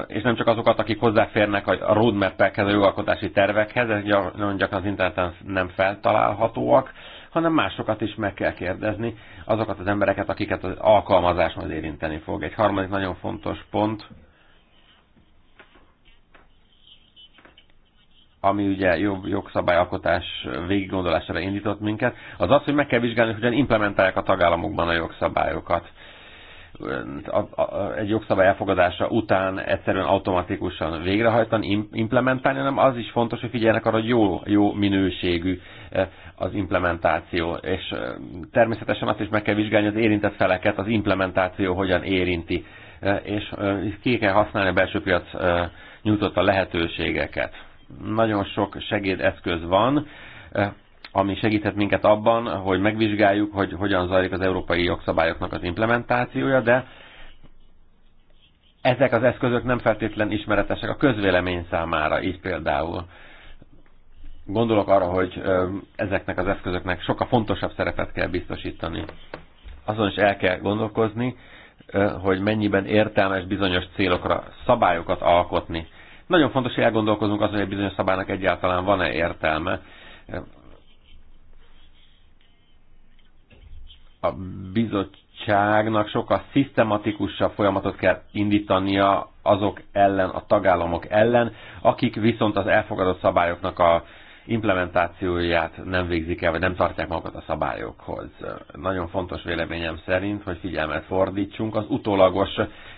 és nem csak azokat, akik hozzáférnek a roadmap-ekhez, a jogalkotási tervekhez, ez nagyon gyakran az interneten nem feltalálhatóak, hanem másokat is meg kell kérdezni, azokat az embereket, akiket az alkalmazás majd érinteni fog. Egy harmadik nagyon fontos pont, ami ugye jobb jogszabályalkotás végiggondolására indított minket, az az, hogy meg kell vizsgálni, hogyan implementálják a tagállamokban a jogszabályokat egy jogszabály elfogadása után egyszerűen automatikusan végrehajtani, implementálni, hanem az is fontos, hogy figyeljenek arra, hogy jó, jó minőségű eh, az implementáció. És eh, természetesen azt is meg kell vizsgálni az érintett feleket, az implementáció hogyan érinti, eh, és ki kell használni a belső piac nyújtotta lehetőségeket. Nagyon sok segédeszköz van, ami segíthet minket abban, hogy megvizsgáljuk, hogy hogyan zajlik az európai jogszabályoknak az implementációja, de ezek az eszközök nem feltétlen ismeretesek a közvélemény számára így például. Gondolok arra, hogy ezeknek az eszközöknek sokkal fontosabb szerepet kell biztosítani. Azon is el kell gondolkozni, hogy mennyiben értelmes bizonyos célokra szabályokat alkotni. Nagyon fontos, hogy elgondolkozunk azon, hogy egy bizonyos szabálynak egyáltalán van-e értelme. a bizottságnak sokkal szisztematikusabb folyamatot kell indítania azok ellen, a tagállamok ellen, akik viszont az elfogadott szabályoknak a implementációját nem végzik el, vagy nem tartják magukat a szabályokhoz. Nagyon fontos véleményem szerint, hogy figyelmet fordítsunk az utólagos,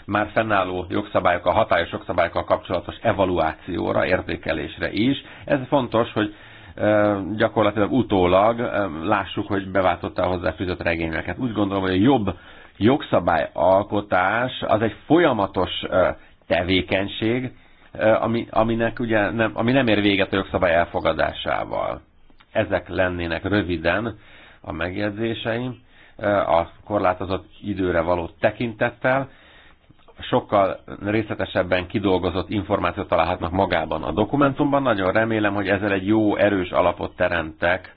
már fennálló jogszabályok, a hatályos jogszabályokkal kapcsolatos evaluációra, értékelésre is. Ez fontos, hogy gyakorlatilag utólag lássuk, hogy beváltotta a hozzáfűzött regényeket. Úgy gondolom, hogy a jobb jogszabályalkotás az egy folyamatos tevékenység, ami, aminek ugye nem, ami nem ér véget a jogszabály elfogadásával. Ezek lennének röviden a megjegyzéseim a korlátozott időre való tekintettel sokkal részletesebben kidolgozott információt találhatnak magában a dokumentumban. Nagyon remélem, hogy ezzel egy jó, erős alapot teremtek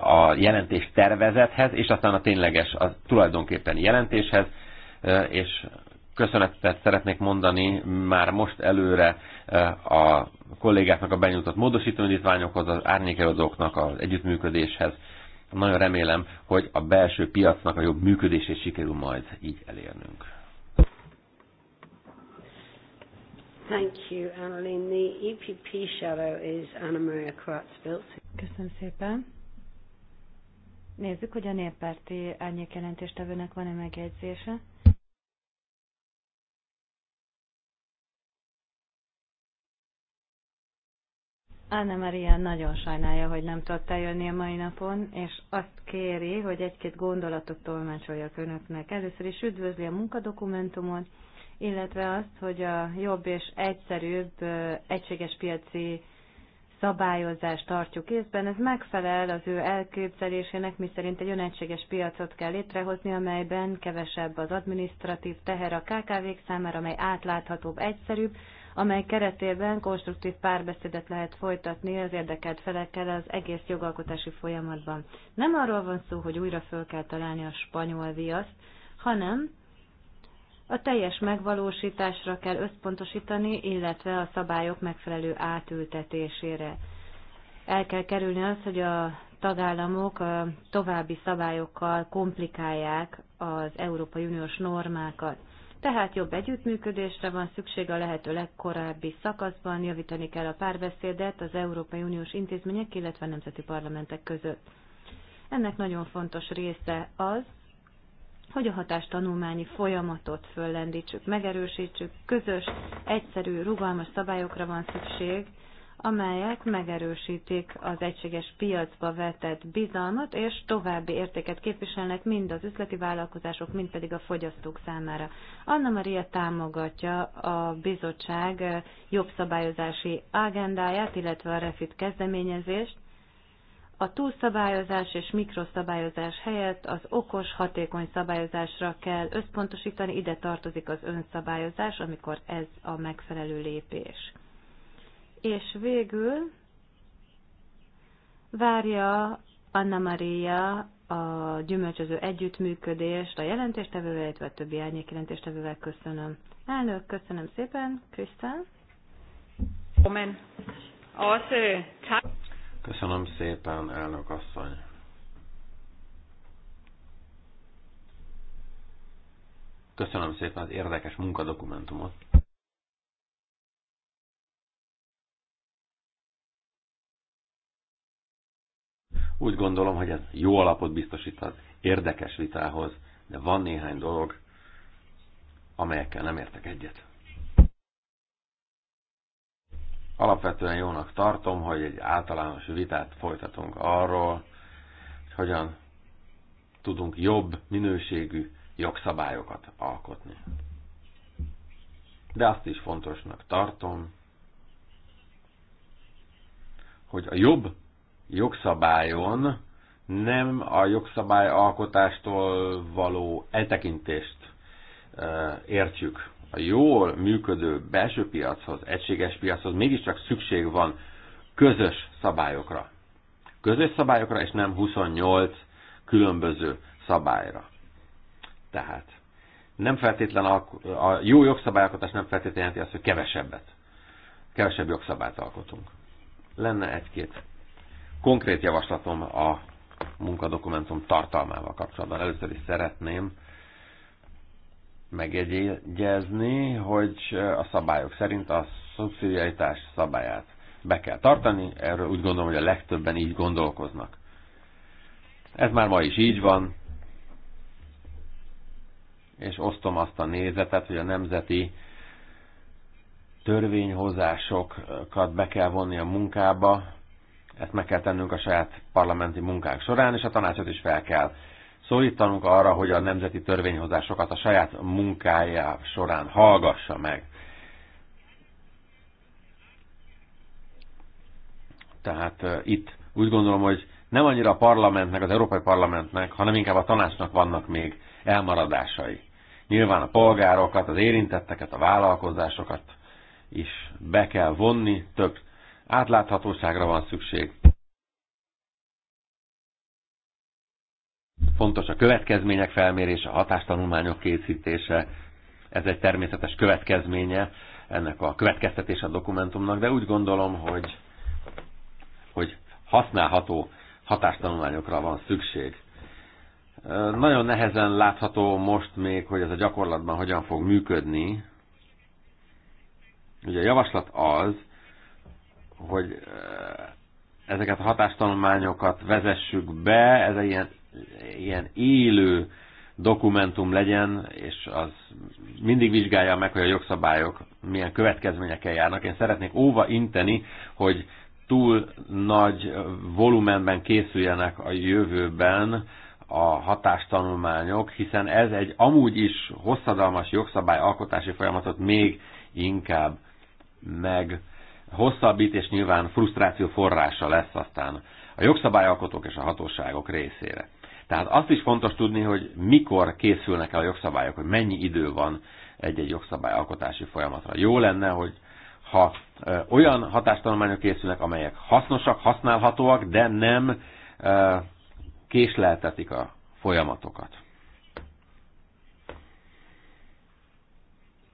a jelentés tervezethez, és aztán a tényleges, a tulajdonképpen jelentéshez, és köszönetet szeretnék mondani már most előre a kollégáknak a benyújtott módosítóindítványokhoz, az árnyékelőzóknak az együttműködéshez. Nagyon remélem, hogy a belső piacnak a jobb működését sikerül majd így elérnünk. Thank you, The EPP shadow is Anna Maria Köszönöm szépen. Nézzük, hogy a néppárti jelentéstevőnek van-e megjegyzése. Anna Maria nagyon sajnálja, hogy nem tudott eljönni a mai napon, és azt kéri, hogy egy-két gondolatot tolmácsoljak önöknek. Először is üdvözli a munkadokumentumot, illetve azt, hogy a jobb és egyszerűbb egységes piaci szabályozást tartjuk észben. Ez megfelel az ő elképzelésének, miszerint egy önegységes piacot kell létrehozni, amelyben kevesebb az administratív teher a KKV-k számára, amely átláthatóbb, egyszerűbb, amely keretében konstruktív párbeszédet lehet folytatni az érdekelt felekkel az egész jogalkotási folyamatban. Nem arról van szó, hogy újra föl kell találni a spanyol viaszt, hanem a teljes megvalósításra kell összpontosítani, illetve a szabályok megfelelő átültetésére. El kell kerülni az, hogy a tagállamok további szabályokkal komplikálják az Európai Uniós normákat. Tehát jobb együttműködésre van szükség a lehető legkorábbi szakaszban, javítani kell a párbeszédet az Európai Uniós intézmények, illetve nemzeti parlamentek között. Ennek nagyon fontos része az, hogy a hatástanulmányi folyamatot föllendítsük, megerősítsük, közös, egyszerű, rugalmas szabályokra van szükség, amelyek megerősítik az egységes piacba vetett bizalmat, és további értéket képviselnek mind az üzleti vállalkozások, mind pedig a fogyasztók számára. Anna Maria támogatja a bizottság jobb szabályozási agendáját, illetve a refit kezdeményezést, a túlszabályozás és mikroszabályozás helyett az okos, hatékony szabályozásra kell összpontosítani, ide tartozik az önszabályozás, amikor ez a megfelelő lépés. És végül várja Anna Maria a gyümölcsöző együttműködést a jelentéstevővel, illetve a többi árnyék jelentéstevővel köszönöm. Elnök, köszönöm szépen, Krisztán. Amen. Az, Köszönöm szépen, elnök asszony. Köszönöm szépen az érdekes munkadokumentumot. Úgy gondolom, hogy ez jó alapot biztosít az érdekes vitához, de van néhány dolog, amelyekkel nem értek egyet. Alapvetően jónak tartom, hogy egy általános vitát folytatunk arról, hogy hogyan tudunk jobb minőségű jogszabályokat alkotni. De azt is fontosnak tartom, hogy a jobb jogszabályon nem a jogszabályalkotástól való eltekintést értjük a jól működő belső piachoz, egységes piachoz mégiscsak szükség van közös szabályokra. Közös szabályokra, és nem 28 különböző szabályra. Tehát nem feltétlen a, a jó jogszabályalkotás nem feltétlenül jelenti azt, hogy kevesebbet, kevesebb jogszabályt alkotunk. Lenne egy-két konkrét javaslatom a munkadokumentum tartalmával kapcsolatban. Először is szeretném megjegyezni, hogy a szabályok szerint a szubszidiaritás szabályát be kell tartani, erről úgy gondolom, hogy a legtöbben így gondolkoznak. Ez már ma is így van, és osztom azt a nézetet, hogy a nemzeti törvényhozásokat be kell vonni a munkába, ezt meg kell tennünk a saját parlamenti munkák során, és a tanácsot is fel kell szólítanunk arra, hogy a nemzeti törvényhozásokat a saját munkája során hallgassa meg. Tehát uh, itt úgy gondolom, hogy nem annyira a parlamentnek, az Európai Parlamentnek, hanem inkább a tanácsnak vannak még elmaradásai. Nyilván a polgárokat, az érintetteket, a vállalkozásokat is be kell vonni, több átláthatóságra van szükség, Fontos a következmények felmérése, a hatástanulmányok készítése, ez egy természetes következménye ennek a következtetés a dokumentumnak, de úgy gondolom, hogy, hogy használható hatástanulmányokra van szükség. Nagyon nehezen látható most még, hogy ez a gyakorlatban hogyan fog működni. Ugye a javaslat az, hogy ezeket a hatástanulmányokat vezessük be, ez egy ilyen ilyen élő dokumentum legyen, és az mindig vizsgálja meg, hogy a jogszabályok milyen következményekkel járnak. Én szeretnék óva inteni, hogy túl nagy volumenben készüljenek a jövőben a hatástanulmányok, hiszen ez egy amúgy is hosszadalmas jogszabályalkotási folyamatot még inkább meg hosszabbít, és nyilván frusztráció forrása lesz aztán a jogszabályalkotók és a hatóságok részére. Tehát azt is fontos tudni, hogy mikor készülnek el a jogszabályok, hogy mennyi idő van egy-egy jogszabályalkotási folyamatra. Jó lenne, hogy ha olyan hatástanulmányok készülnek, amelyek hasznosak, használhatóak, de nem késleltetik a folyamatokat.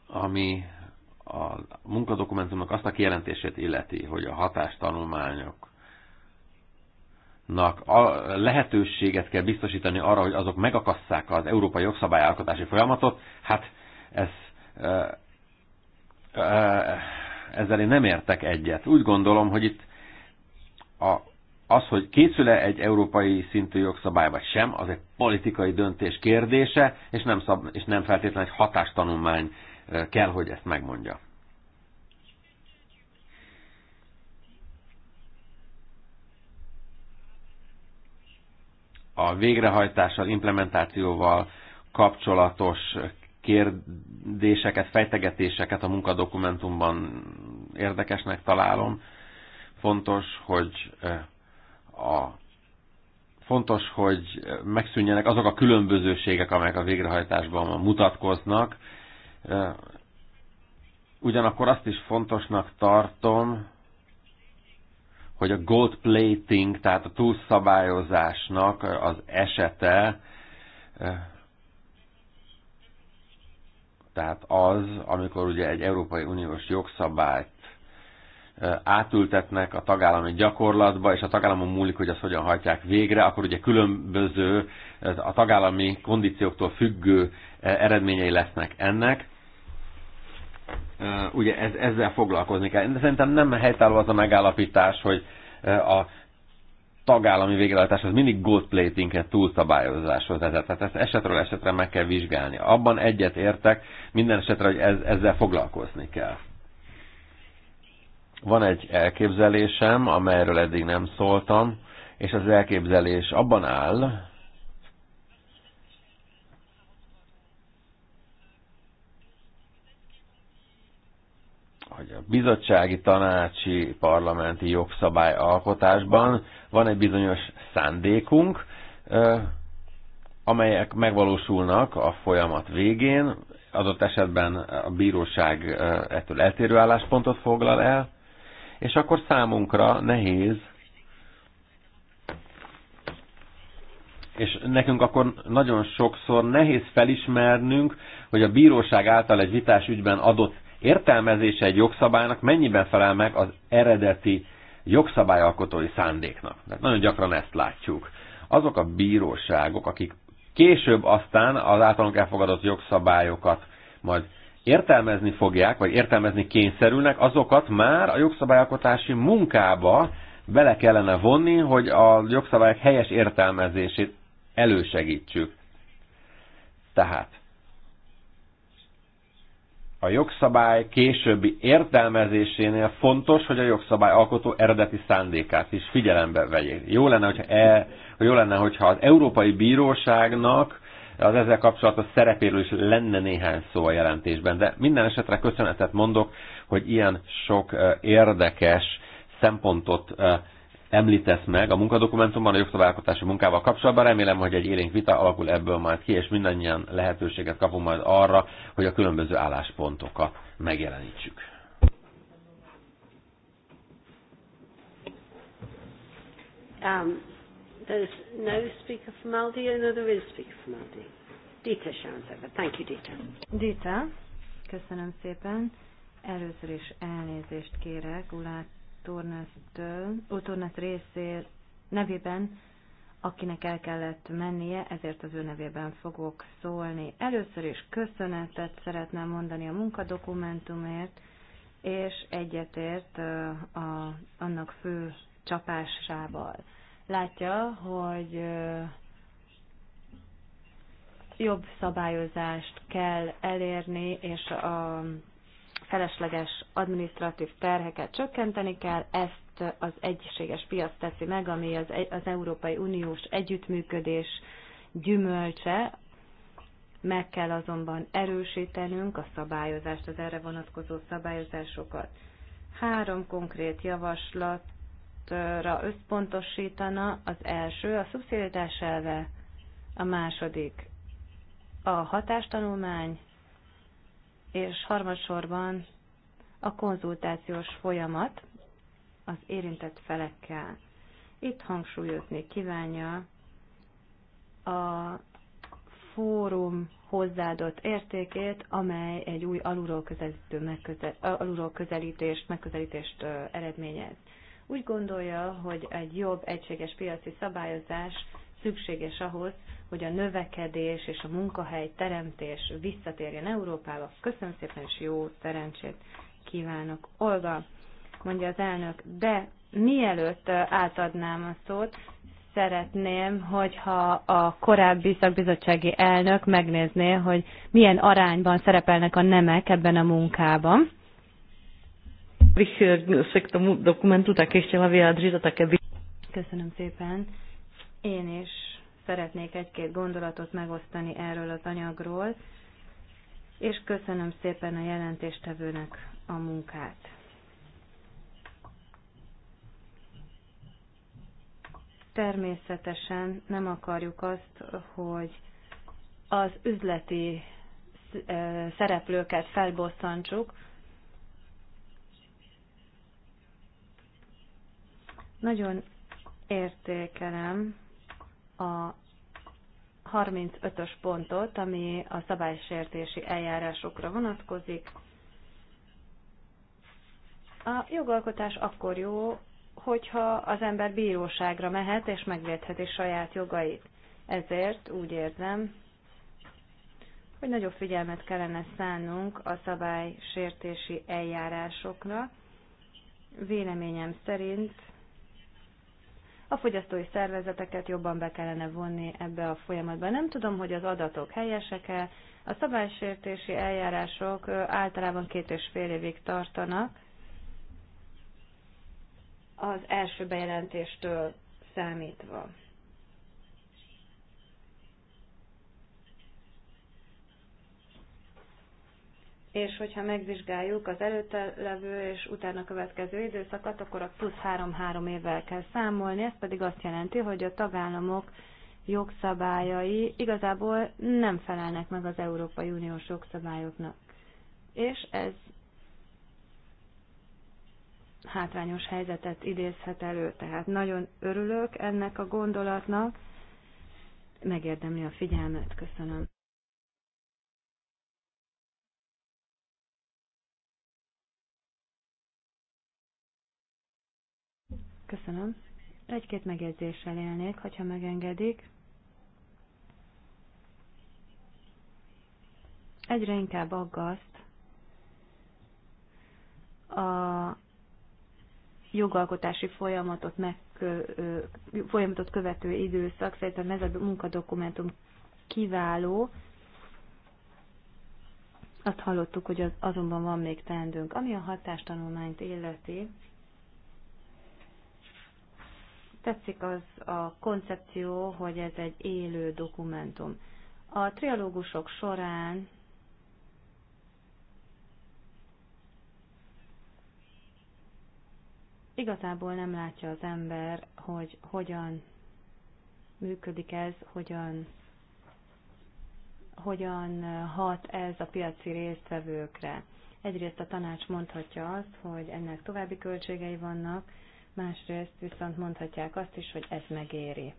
Ami a munkadokumentumnak azt a kijelentését illeti, hogy a hatástanulmányok a lehetőséget kell biztosítani arra, hogy azok megakasszák az európai jogszabályalkotási folyamatot, hát ez, ezzel én nem értek egyet. Úgy gondolom, hogy itt a, az, hogy készül-e egy európai szintű jogszabály vagy sem, az egy politikai döntés kérdése, és nem, szab, és nem feltétlenül egy hatástanulmány kell, hogy ezt megmondja. a végrehajtással, implementációval kapcsolatos kérdéseket, fejtegetéseket a munkadokumentumban érdekesnek találom. Fontos, hogy eh, a fontos, hogy megszűnjenek azok a különbözőségek, amelyek a végrehajtásban mutatkoznak. Eh, ugyanakkor azt is fontosnak tartom, hogy a gold plating, tehát a túlszabályozásnak az esete, eh, tehát az, amikor ugye egy Európai Uniós jogszabályt eh, átültetnek a tagállami gyakorlatba, és a tagállamon múlik, hogy azt hogyan hajtják végre, akkor ugye különböző a tagállami kondícióktól függő eh, eredményei lesznek ennek ugye ez, ezzel foglalkozni kell. De szerintem nem helytálló az a megállapítás, hogy a tagállami végrehajtás az mindig gold platinget túlszabályozáshoz vezet. Tehát ezt esetről esetre meg kell vizsgálni. Abban egyet értek, minden esetre, hogy ez, ezzel foglalkozni kell. Van egy elképzelésem, amelyről eddig nem szóltam, és az elképzelés abban áll, hogy a bizottsági, tanácsi, parlamenti jogszabály alkotásban van egy bizonyos szándékunk, amelyek megvalósulnak a folyamat végén, adott esetben a bíróság ettől eltérő álláspontot foglal el, és akkor számunkra nehéz, és nekünk akkor nagyon sokszor nehéz felismernünk, hogy a bíróság által egy vitás ügyben adott értelmezése egy jogszabálynak mennyiben felel meg az eredeti jogszabályalkotói szándéknak. Tehát nagyon gyakran ezt látjuk. Azok a bíróságok, akik később aztán az általunk elfogadott jogszabályokat majd értelmezni fogják, vagy értelmezni kényszerülnek, azokat már a jogszabályalkotási munkába bele kellene vonni, hogy a jogszabályok helyes értelmezését elősegítsük. Tehát a jogszabály későbbi értelmezésénél fontos, hogy a jogszabály alkotó eredeti szándékát is figyelembe vegyék. Jó lenne, hogyha, e, jó lenne, hogyha az Európai Bíróságnak az ezzel kapcsolatos szerepéről is lenne néhány szó a jelentésben, de minden esetre köszönetet mondok, hogy ilyen sok e, érdekes szempontot e, említesz meg a munkadokumentumban a jogszabályalkotási munkával kapcsolatban. Remélem, hogy egy élénk vita alakul ebből majd ki, és mindannyian lehetőséget kapunk majd arra, hogy a különböző álláspontokat megjelenítsük. Um, there's no speaker from Aldi, oh, no there is speaker from Aldi. Dita over. Thank you, Dita. Dita, köszönöm szépen. Először is elnézést kérek Ulát Turnesztől, Úrturnesz részér nevében, akinek el kellett mennie, ezért az ő nevében fogok szólni. Először is köszönetet szeretném mondani a munkadokumentumért, és egyetért uh, a, annak fő csapásával. Látja, hogy jobb szabályozást kell elérni, és a felesleges adminisztratív terheket csökkenteni kell, ezt az egységes piac teszi meg, ami az, az Európai Uniós együttműködés gyümölcse, meg kell azonban erősítenünk a szabályozást, az erre vonatkozó szabályozásokat. Három konkrét javaslatra összpontosítana az első, a szubszidiás elve, a második a hatástanulmány, és harmadsorban a konzultációs folyamat az érintett felekkel. Itt hangsúlyozni kívánja a fórum hozzáadott értékét, amely egy új alulról, közelítő megközel, alulról közelítést, megközelítést eredményez. Úgy gondolja, hogy egy jobb, egységes piaci szabályozás szükséges ahhoz, hogy a növekedés és a munkahely teremtés visszatérjen Európába. Köszönöm szépen, és jó szerencsét kívánok. Olga, mondja az elnök, de mielőtt átadnám a szót, szeretném, hogyha a korábbi szakbizottsági elnök megnézné, hogy milyen arányban szerepelnek a nemek ebben a munkában. a Köszönöm szépen. Én is szeretnék egy-két gondolatot megosztani erről az anyagról, és köszönöm szépen a jelentéstevőnek a munkát. Természetesen nem akarjuk azt, hogy az üzleti e, szereplőket felbosszantsuk, nagyon értékelem a 35-ös pontot, ami a szabálysértési eljárásokra vonatkozik. A jogalkotás akkor jó, hogyha az ember bíróságra mehet és megvédheti saját jogait. Ezért úgy érzem, hogy nagyobb figyelmet kellene szánnunk a szabálysértési eljárásokra. Véleményem szerint a fogyasztói szervezeteket jobban be kellene vonni ebbe a folyamatba. Nem tudom, hogy az adatok helyesek-e, a szabálysértési eljárások általában két és fél évig tartanak az első bejelentéstől számítva. és hogyha megvizsgáljuk az előtte levő és utána következő időszakat, akkor a plusz 3-3 évvel kell számolni, ez pedig azt jelenti, hogy a tagállamok jogszabályai igazából nem felelnek meg az Európai Uniós jogszabályoknak. És ez hátrányos helyzetet idézhet elő. Tehát nagyon örülök ennek a gondolatnak, megérdemli a figyelmet. Köszönöm. Köszönöm. Egy-két megjegyzéssel élnék, hogyha megengedik. Egyre inkább aggaszt a jogalkotási folyamatot, meg, folyamatot követő időszak. Szerintem ez a munkadokumentum kiváló. Azt hallottuk, hogy az, azonban van még teendőnk. Ami a hatástanulmányt illeti, Tetszik az a koncepció, hogy ez egy élő dokumentum. A trialógusok során igazából nem látja az ember, hogy hogyan működik ez, hogyan, hogyan hat ez a piaci résztvevőkre. Egyrészt a tanács mondhatja azt, hogy ennek további költségei vannak, másrészt viszont mondhatják azt is, hogy ez megéri.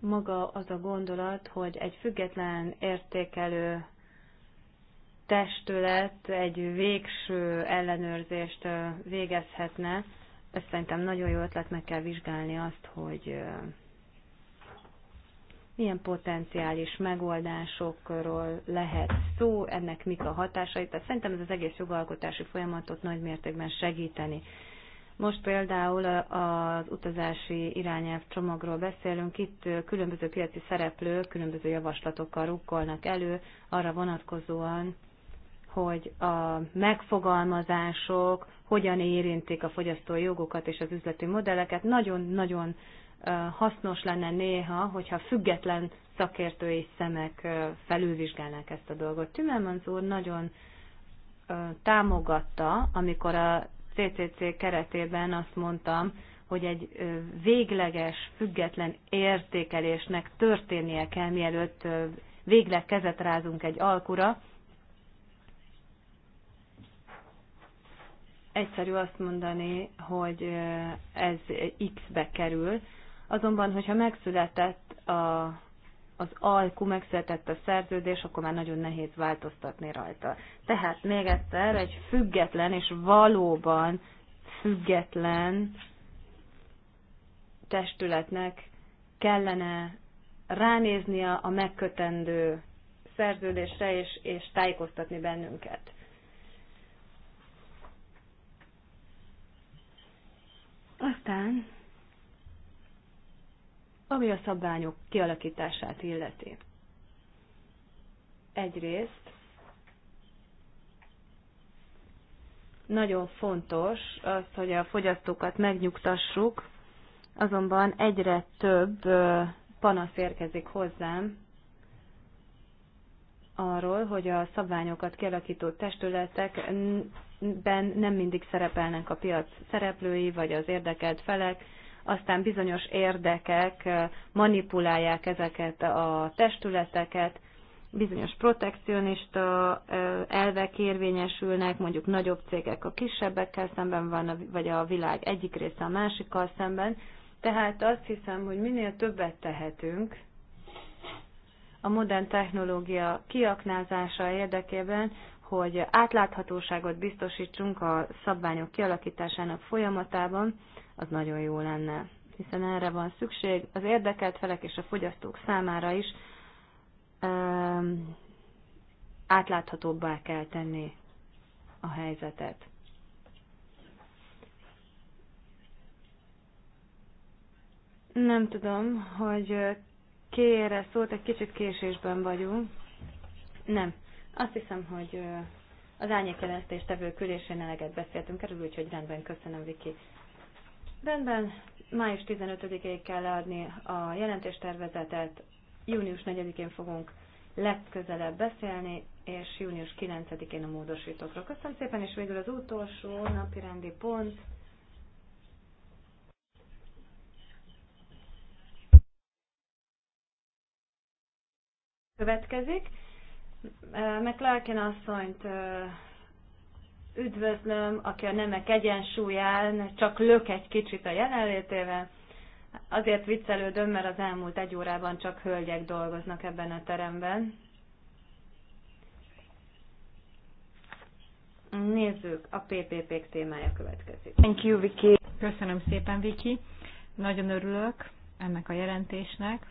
Maga az a gondolat, hogy egy független értékelő testület egy végső ellenőrzést végezhetne, ez szerintem nagyon jó ötlet, meg kell vizsgálni azt, hogy milyen potenciális megoldásokról lehet szó, ennek mik a hatásai. Tehát szerintem ez az egész jogalkotási folyamatot nagy mértékben segíteni. Most például az utazási irányelv csomagról beszélünk, itt különböző piaci szereplők különböző javaslatokkal rukkolnak elő arra vonatkozóan, hogy a megfogalmazások hogyan érintik a fogyasztói jogokat és az üzleti modelleket. Nagyon-nagyon hasznos lenne néha, hogyha független szakértői szemek felülvizsgálnák ezt a dolgot. Tümelmans úr nagyon támogatta, amikor a CCC keretében azt mondtam, hogy egy végleges, független értékelésnek történnie kell, mielőtt végleg kezet rázunk egy alkura. Egyszerű azt mondani, hogy ez X-be kerül, Azonban, hogyha megszületett a, az alkú, megszületett a szerződés, akkor már nagyon nehéz változtatni rajta. Tehát még egyszer egy független és valóban független testületnek kellene ránéznia a megkötendő szerződésre és, és tájékoztatni bennünket. Aztán ami a szabványok kialakítását illeti. Egyrészt nagyon fontos az, hogy a fogyasztókat megnyugtassuk, azonban egyre több panasz érkezik hozzám arról, hogy a szabványokat kialakító testületekben nem mindig szerepelnek a piac szereplői vagy az érdekelt felek, aztán bizonyos érdekek manipulálják ezeket a testületeket, bizonyos protekcionista elvek érvényesülnek, mondjuk nagyobb cégek a kisebbekkel szemben van, vagy a világ egyik része a másikkal szemben. Tehát azt hiszem, hogy minél többet tehetünk a modern technológia kiaknázása érdekében, hogy átláthatóságot biztosítsunk a szabványok kialakításának folyamatában, az nagyon jó lenne, hiszen erre van szükség az érdekelt felek és a fogyasztók számára is um, átláthatóbbá kell tenni a helyzetet. Nem tudom, hogy kére szólt, egy kicsit késésben vagyunk. Nem. Azt hiszem, hogy az árnyékjelentés tevő külésén eleget beszéltünk erről, úgyhogy rendben köszönöm, Viki. Rendben, május 15-ig kell leadni a jelentéstervezetet, június 4-én fogunk legközelebb beszélni, és június 9-én a módosítókról. Köszönöm szépen, és végül az utolsó napi rendi pont. Következik. McClarkin asszonyt üdvözlöm, aki a nemek egyensúlyán csak lök egy kicsit a jelenlétével. Azért viccelődöm, mert az elmúlt egy órában csak hölgyek dolgoznak ebben a teremben. Nézzük, a PPP-k témája következik. Thank you, Viki. Köszönöm szépen, Viki. Nagyon örülök ennek a jelentésnek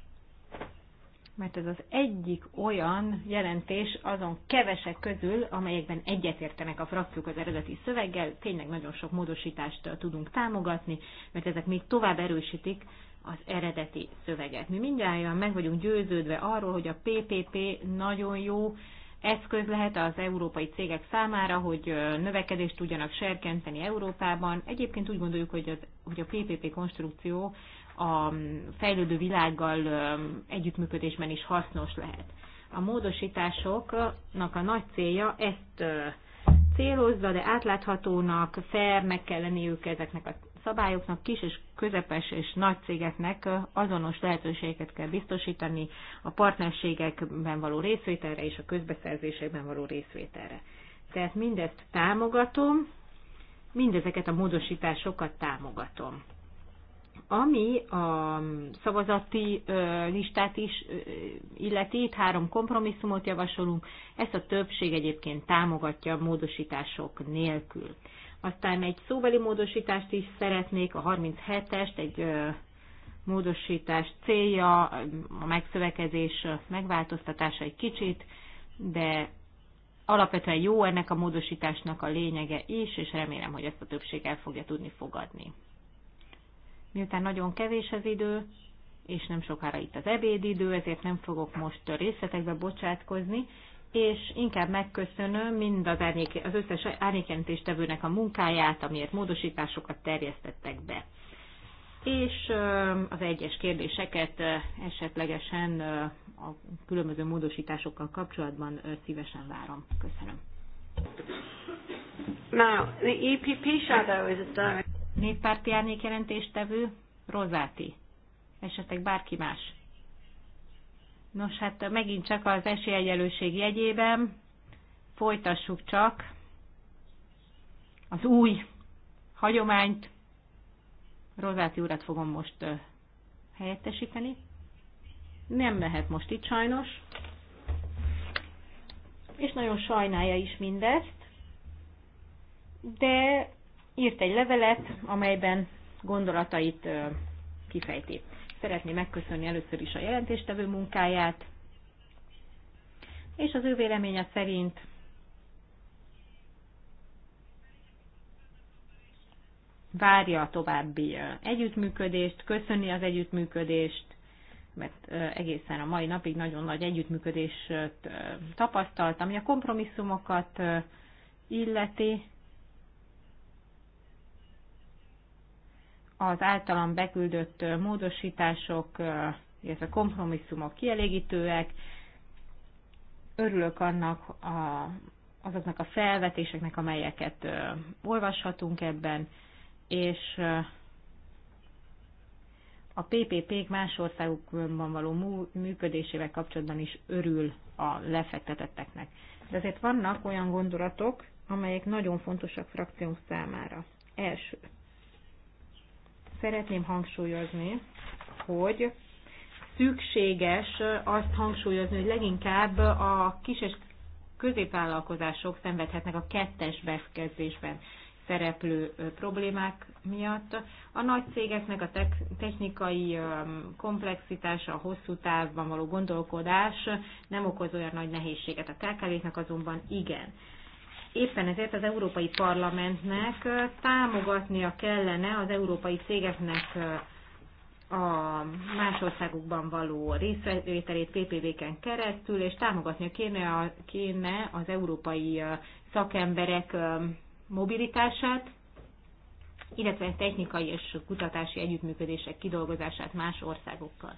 mert ez az egyik olyan jelentés azon kevesek közül, amelyekben egyetértenek a frakciók az eredeti szöveggel, tényleg nagyon sok módosítást tudunk támogatni, mert ezek még tovább erősítik az eredeti szöveget. Mi mindjárt meg vagyunk győződve arról, hogy a PPP nagyon jó eszköz lehet az európai cégek számára, hogy növekedést tudjanak serkenteni Európában. Egyébként úgy gondoljuk, hogy, az, hogy a PPP konstrukció a fejlődő világgal együttműködésben is hasznos lehet. A módosításoknak a nagy célja ezt célozza, de átláthatónak, meg kell lenniük ezeknek a szabályoknak, kis és közepes és nagy cégeknek azonos lehetőségeket kell biztosítani a partnerségekben való részvételre és a közbeszerzésekben való részvételre. Tehát mindezt támogatom, mindezeket a módosításokat támogatom. Ami a szavazati listát is illeti, itt három kompromisszumot javasolunk, ezt a többség egyébként támogatja a módosítások nélkül. Aztán egy szóbeli módosítást is szeretnék, a 37-est, egy módosítás célja, a megszövekezés megváltoztatása egy kicsit, de alapvetően jó ennek a módosításnak a lényege is, és remélem, hogy ezt a többség el fogja tudni fogadni miután nagyon kevés az idő, és nem sokára itt az ebédidő, ezért nem fogok most részletekbe bocsátkozni, és inkább megköszönöm mind az, árnyék, az összes árnyékjelentéstevőnek a munkáját, amiért módosításokat terjesztettek be. És az egyes kérdéseket esetlegesen a különböző módosításokkal kapcsolatban szívesen várom. Köszönöm. Now, the EPP shadow is direct néppárti árnyék jelentéstevő, Rozáti, esetleg bárki más. Nos, hát megint csak az esélyegyelőség jegyében folytassuk csak az új hagyományt. Rozáti urat fogom most helyettesíteni. Nem lehet most itt sajnos. És nagyon sajnálja is mindezt. De írt egy levelet, amelyben gondolatait kifejti. Szeretné megköszönni először is a jelentéstevő munkáját, és az ő véleménye szerint várja a további együttműködést, köszöni az együttműködést, mert egészen a mai napig nagyon nagy együttműködést tapasztaltam, ami a kompromisszumokat illeti, az általam beküldött módosítások, illetve kompromisszumok kielégítőek. Örülök annak a, azoknak a felvetéseknek, amelyeket olvashatunk ebben, és a PPP-k más országokban való működésével kapcsolatban is örül a lefektetetteknek. De azért vannak olyan gondolatok, amelyek nagyon fontosak frakciónk számára. Első szeretném hangsúlyozni, hogy szükséges azt hangsúlyozni, hogy leginkább a kis és középvállalkozások szenvedhetnek a kettes befkezdésben szereplő problémák miatt. A nagy cégeknek a technikai komplexitása, a hosszú távban való gondolkodás nem okoz olyan nagy nehézséget. A kkv azonban igen éppen ezért az Európai Parlamentnek támogatnia kellene az európai cégeknek a más országokban való részvételét PPV-ken keresztül, és támogatnia kéne, a, kéne az európai szakemberek mobilitását, illetve technikai és kutatási együttműködések kidolgozását más országokkal.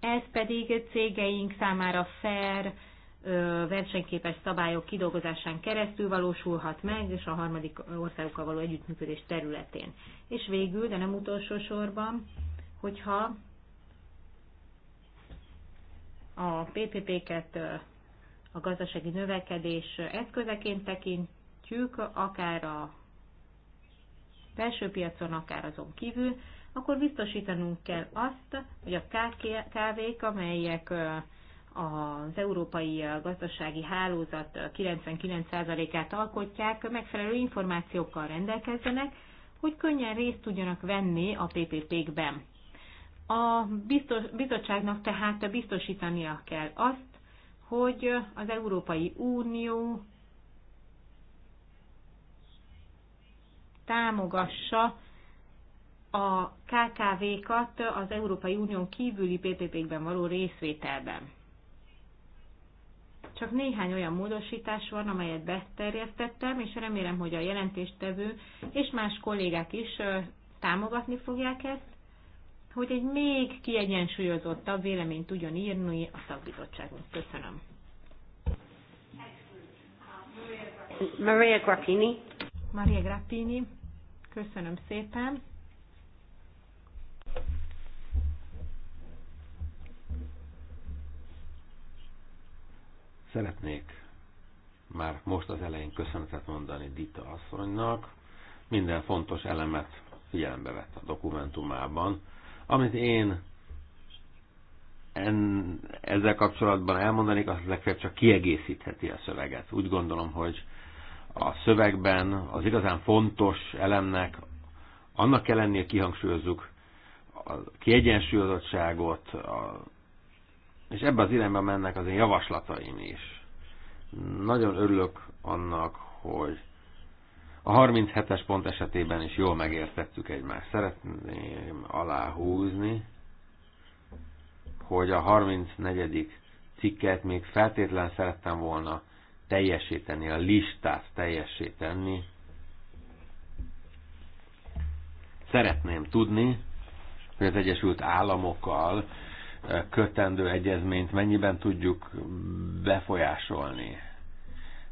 Ez pedig cégeink számára fair, versenyképes szabályok kidolgozásán keresztül valósulhat meg, és a harmadik országokkal való együttműködés területén. És végül, de nem utolsó sorban, hogyha a PPP-ket a gazdasági növekedés eszközeként tekintjük, akár a belső piacon, akár azon kívül, akkor biztosítanunk kell azt, hogy a kávék, amelyek az európai gazdasági hálózat 99%-át alkotják, megfelelő információkkal rendelkezzenek, hogy könnyen részt tudjanak venni a PPP-kben. A biztos, bizottságnak tehát biztosítania kell azt, hogy az Európai Unió támogassa a KKV-kat az Európai Unión kívüli PPP-kben való részvételben. Csak néhány olyan módosítás van, amelyet beterjesztettem, és remélem, hogy a jelentéstevő és más kollégák is támogatni fogják ezt, hogy egy még kiegyensúlyozottabb véleményt tudjon írni a szakbizottságunk. Köszönöm. Maria Grappini. Maria Grappini. Köszönöm szépen. Szeretnék már most az elején köszönetet mondani Dita asszonynak. Minden fontos elemet figyelembe vett a dokumentumában. Amit én en, ezzel kapcsolatban elmondanék, az legfeljebb csak kiegészítheti a szöveget. Úgy gondolom, hogy a szövegben az igazán fontos elemnek annak kell lennie, kihangsúlyozzuk a kiegyensúlyozottságot, a és ebbe az irányba mennek az én javaslataim is. Nagyon örülök annak, hogy a 37-es pont esetében is jól megértettük egymást. Szeretném aláhúzni, hogy a 34. cikket még feltétlen szerettem volna teljesíteni, a listát teljesíteni. Szeretném tudni, hogy az Egyesült Államokkal kötendő egyezményt mennyiben tudjuk befolyásolni.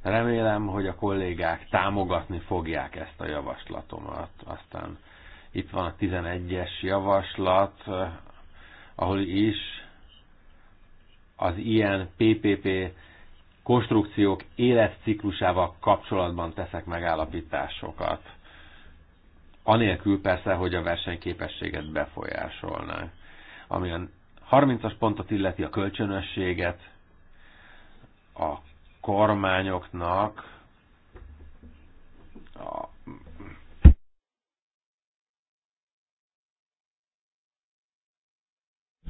Remélem, hogy a kollégák támogatni fogják ezt a javaslatomat. Aztán itt van a 11-es javaslat, ahol is az ilyen PPP konstrukciók életciklusával kapcsolatban teszek megállapításokat. Anélkül persze, hogy a versenyképességet befolyásolnánk. Ami a 30-as pontot illeti a kölcsönösséget, a kormányoknak a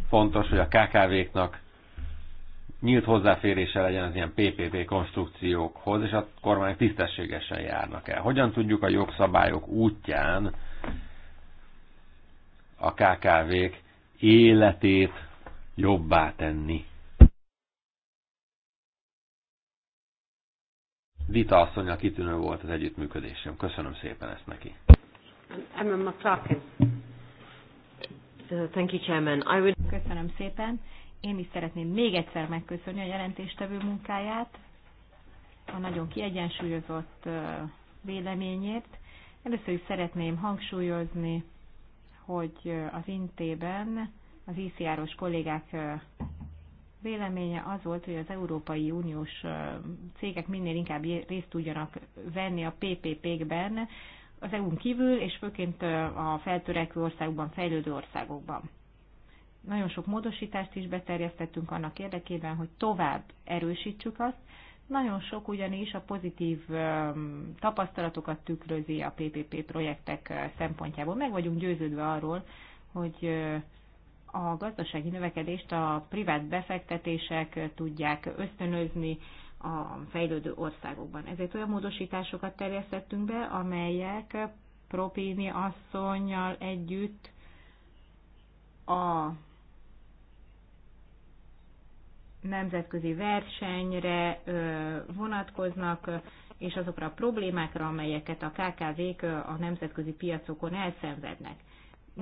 fontos, hogy a KKV-knak nyílt hozzáférése legyen az ilyen PPP konstrukciókhoz, és a kormány tisztességesen járnak el. Hogyan tudjuk a jogszabályok útján a KKV-k életét jobbá tenni. Vita asszonya kitűnő volt az együttműködésem. Köszönöm szépen ezt neki. Emma McClarkin. Uh, thank you, Chairman. I would... Köszönöm szépen. Én is szeretném még egyszer megköszönni a jelentéstevő munkáját, a nagyon kiegyensúlyozott uh, véleményét. Először is szeretném hangsúlyozni, hogy uh, az intében az ICR-os kollégák véleménye az volt, hogy az Európai Uniós cégek minél inkább részt tudjanak venni a PPP-kben az EU-n kívül, és főként a feltörekvő országokban, fejlődő országokban. Nagyon sok módosítást is beterjesztettünk annak érdekében, hogy tovább erősítsük azt. Nagyon sok ugyanis a pozitív tapasztalatokat tükrözi a PPP projektek szempontjából. Meg vagyunk győződve arról, hogy a gazdasági növekedést a privát befektetések tudják ösztönözni a fejlődő országokban. Ezért olyan módosításokat terjesztettünk be, amelyek Propini asszonynal együtt a nemzetközi versenyre vonatkoznak, és azokra a problémákra, amelyeket a KKV-k a nemzetközi piacokon elszenvednek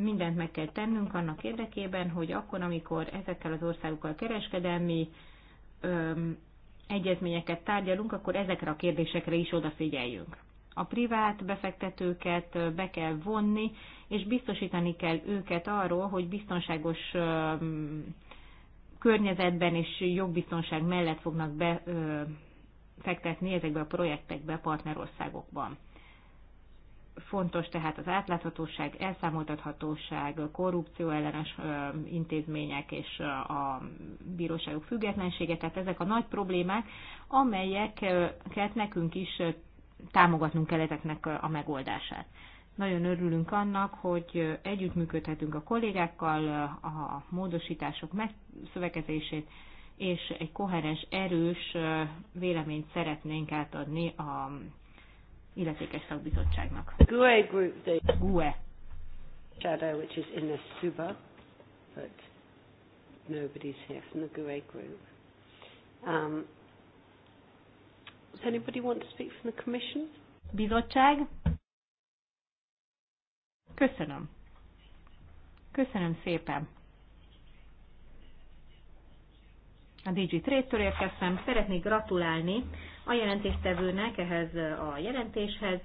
mindent meg kell tennünk annak érdekében, hogy akkor, amikor ezekkel az országokkal kereskedelmi öm, egyezményeket tárgyalunk, akkor ezekre a kérdésekre is odafigyeljünk. A privát befektetőket be kell vonni, és biztosítani kell őket arról, hogy biztonságos öm, környezetben és jogbiztonság mellett fognak befektetni ezekbe a projektekbe partnerországokban. Fontos tehát az átláthatóság, elszámoltathatóság, korrupció ellenes intézmények és a bíróságok függetlensége, tehát ezek a nagy problémák, amelyeket nekünk is támogatnunk kell ezeknek a megoldását. Nagyon örülünk annak, hogy együttműködhetünk a kollégákkal a módosítások megszövekezését, és egy koherens, erős véleményt szeretnénk átadni a illetékes szakbizottságnak. GUE Group the GUE. Shadow, which is in the Suba, but nobody's here from the GUE Group. Um, does anybody want to speak from the Commission? Bizottság? Köszönöm. Köszönöm szépen. A DG Trade-től érkeztem. Szeretnék gratulálni a jelentéstevőnek ehhez a jelentéshez,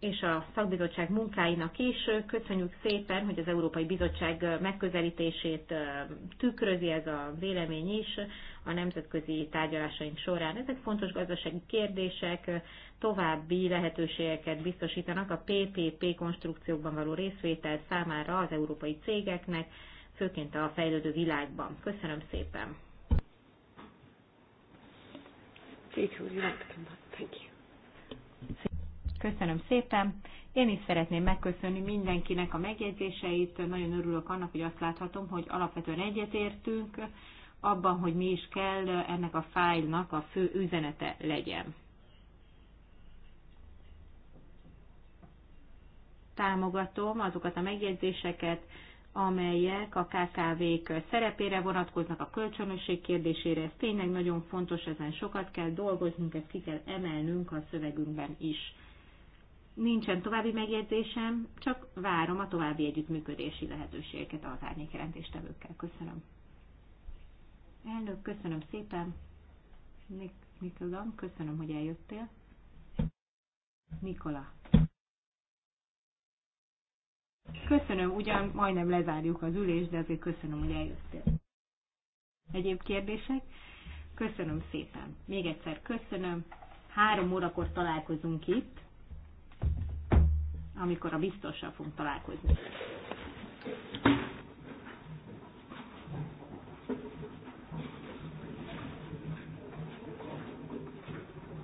és a szakbizottság munkáinak is. Köszönjük szépen, hogy az Európai Bizottság megközelítését tükrözi ez a vélemény is a nemzetközi tárgyalásaink során. Ezek fontos gazdasági kérdések, további lehetőségeket biztosítanak a PPP konstrukciókban való részvétel számára az európai cégeknek, főként a fejlődő világban. Köszönöm szépen! Köszönöm szépen. Én is szeretném megköszönni mindenkinek a megjegyzéseit. Nagyon örülök annak, hogy azt láthatom, hogy alapvetően egyetértünk abban, hogy mi is kell ennek a fájlnak a fő üzenete legyen. Támogatom azokat a megjegyzéseket, amelyek a KKV-k szerepére vonatkoznak, a kölcsönösség kérdésére. Ez tényleg nagyon fontos, ezen sokat kell dolgoznunk, ezt ki kell emelnünk a szövegünkben is. Nincsen további megjegyzésem, csak várom a további együttműködési lehetőségeket az árnyékjelentéstevőkkel. Köszönöm. Elnök, köszönöm szépen. Nik- Nikola, köszönöm, hogy eljöttél. Nikola. Köszönöm, ugyan majdnem lezárjuk az ülést, de azért köszönöm, hogy eljöttél. Egyéb kérdések? Köszönöm szépen. Még egyszer köszönöm. Három órakor találkozunk itt, amikor a biztossal fogunk találkozni.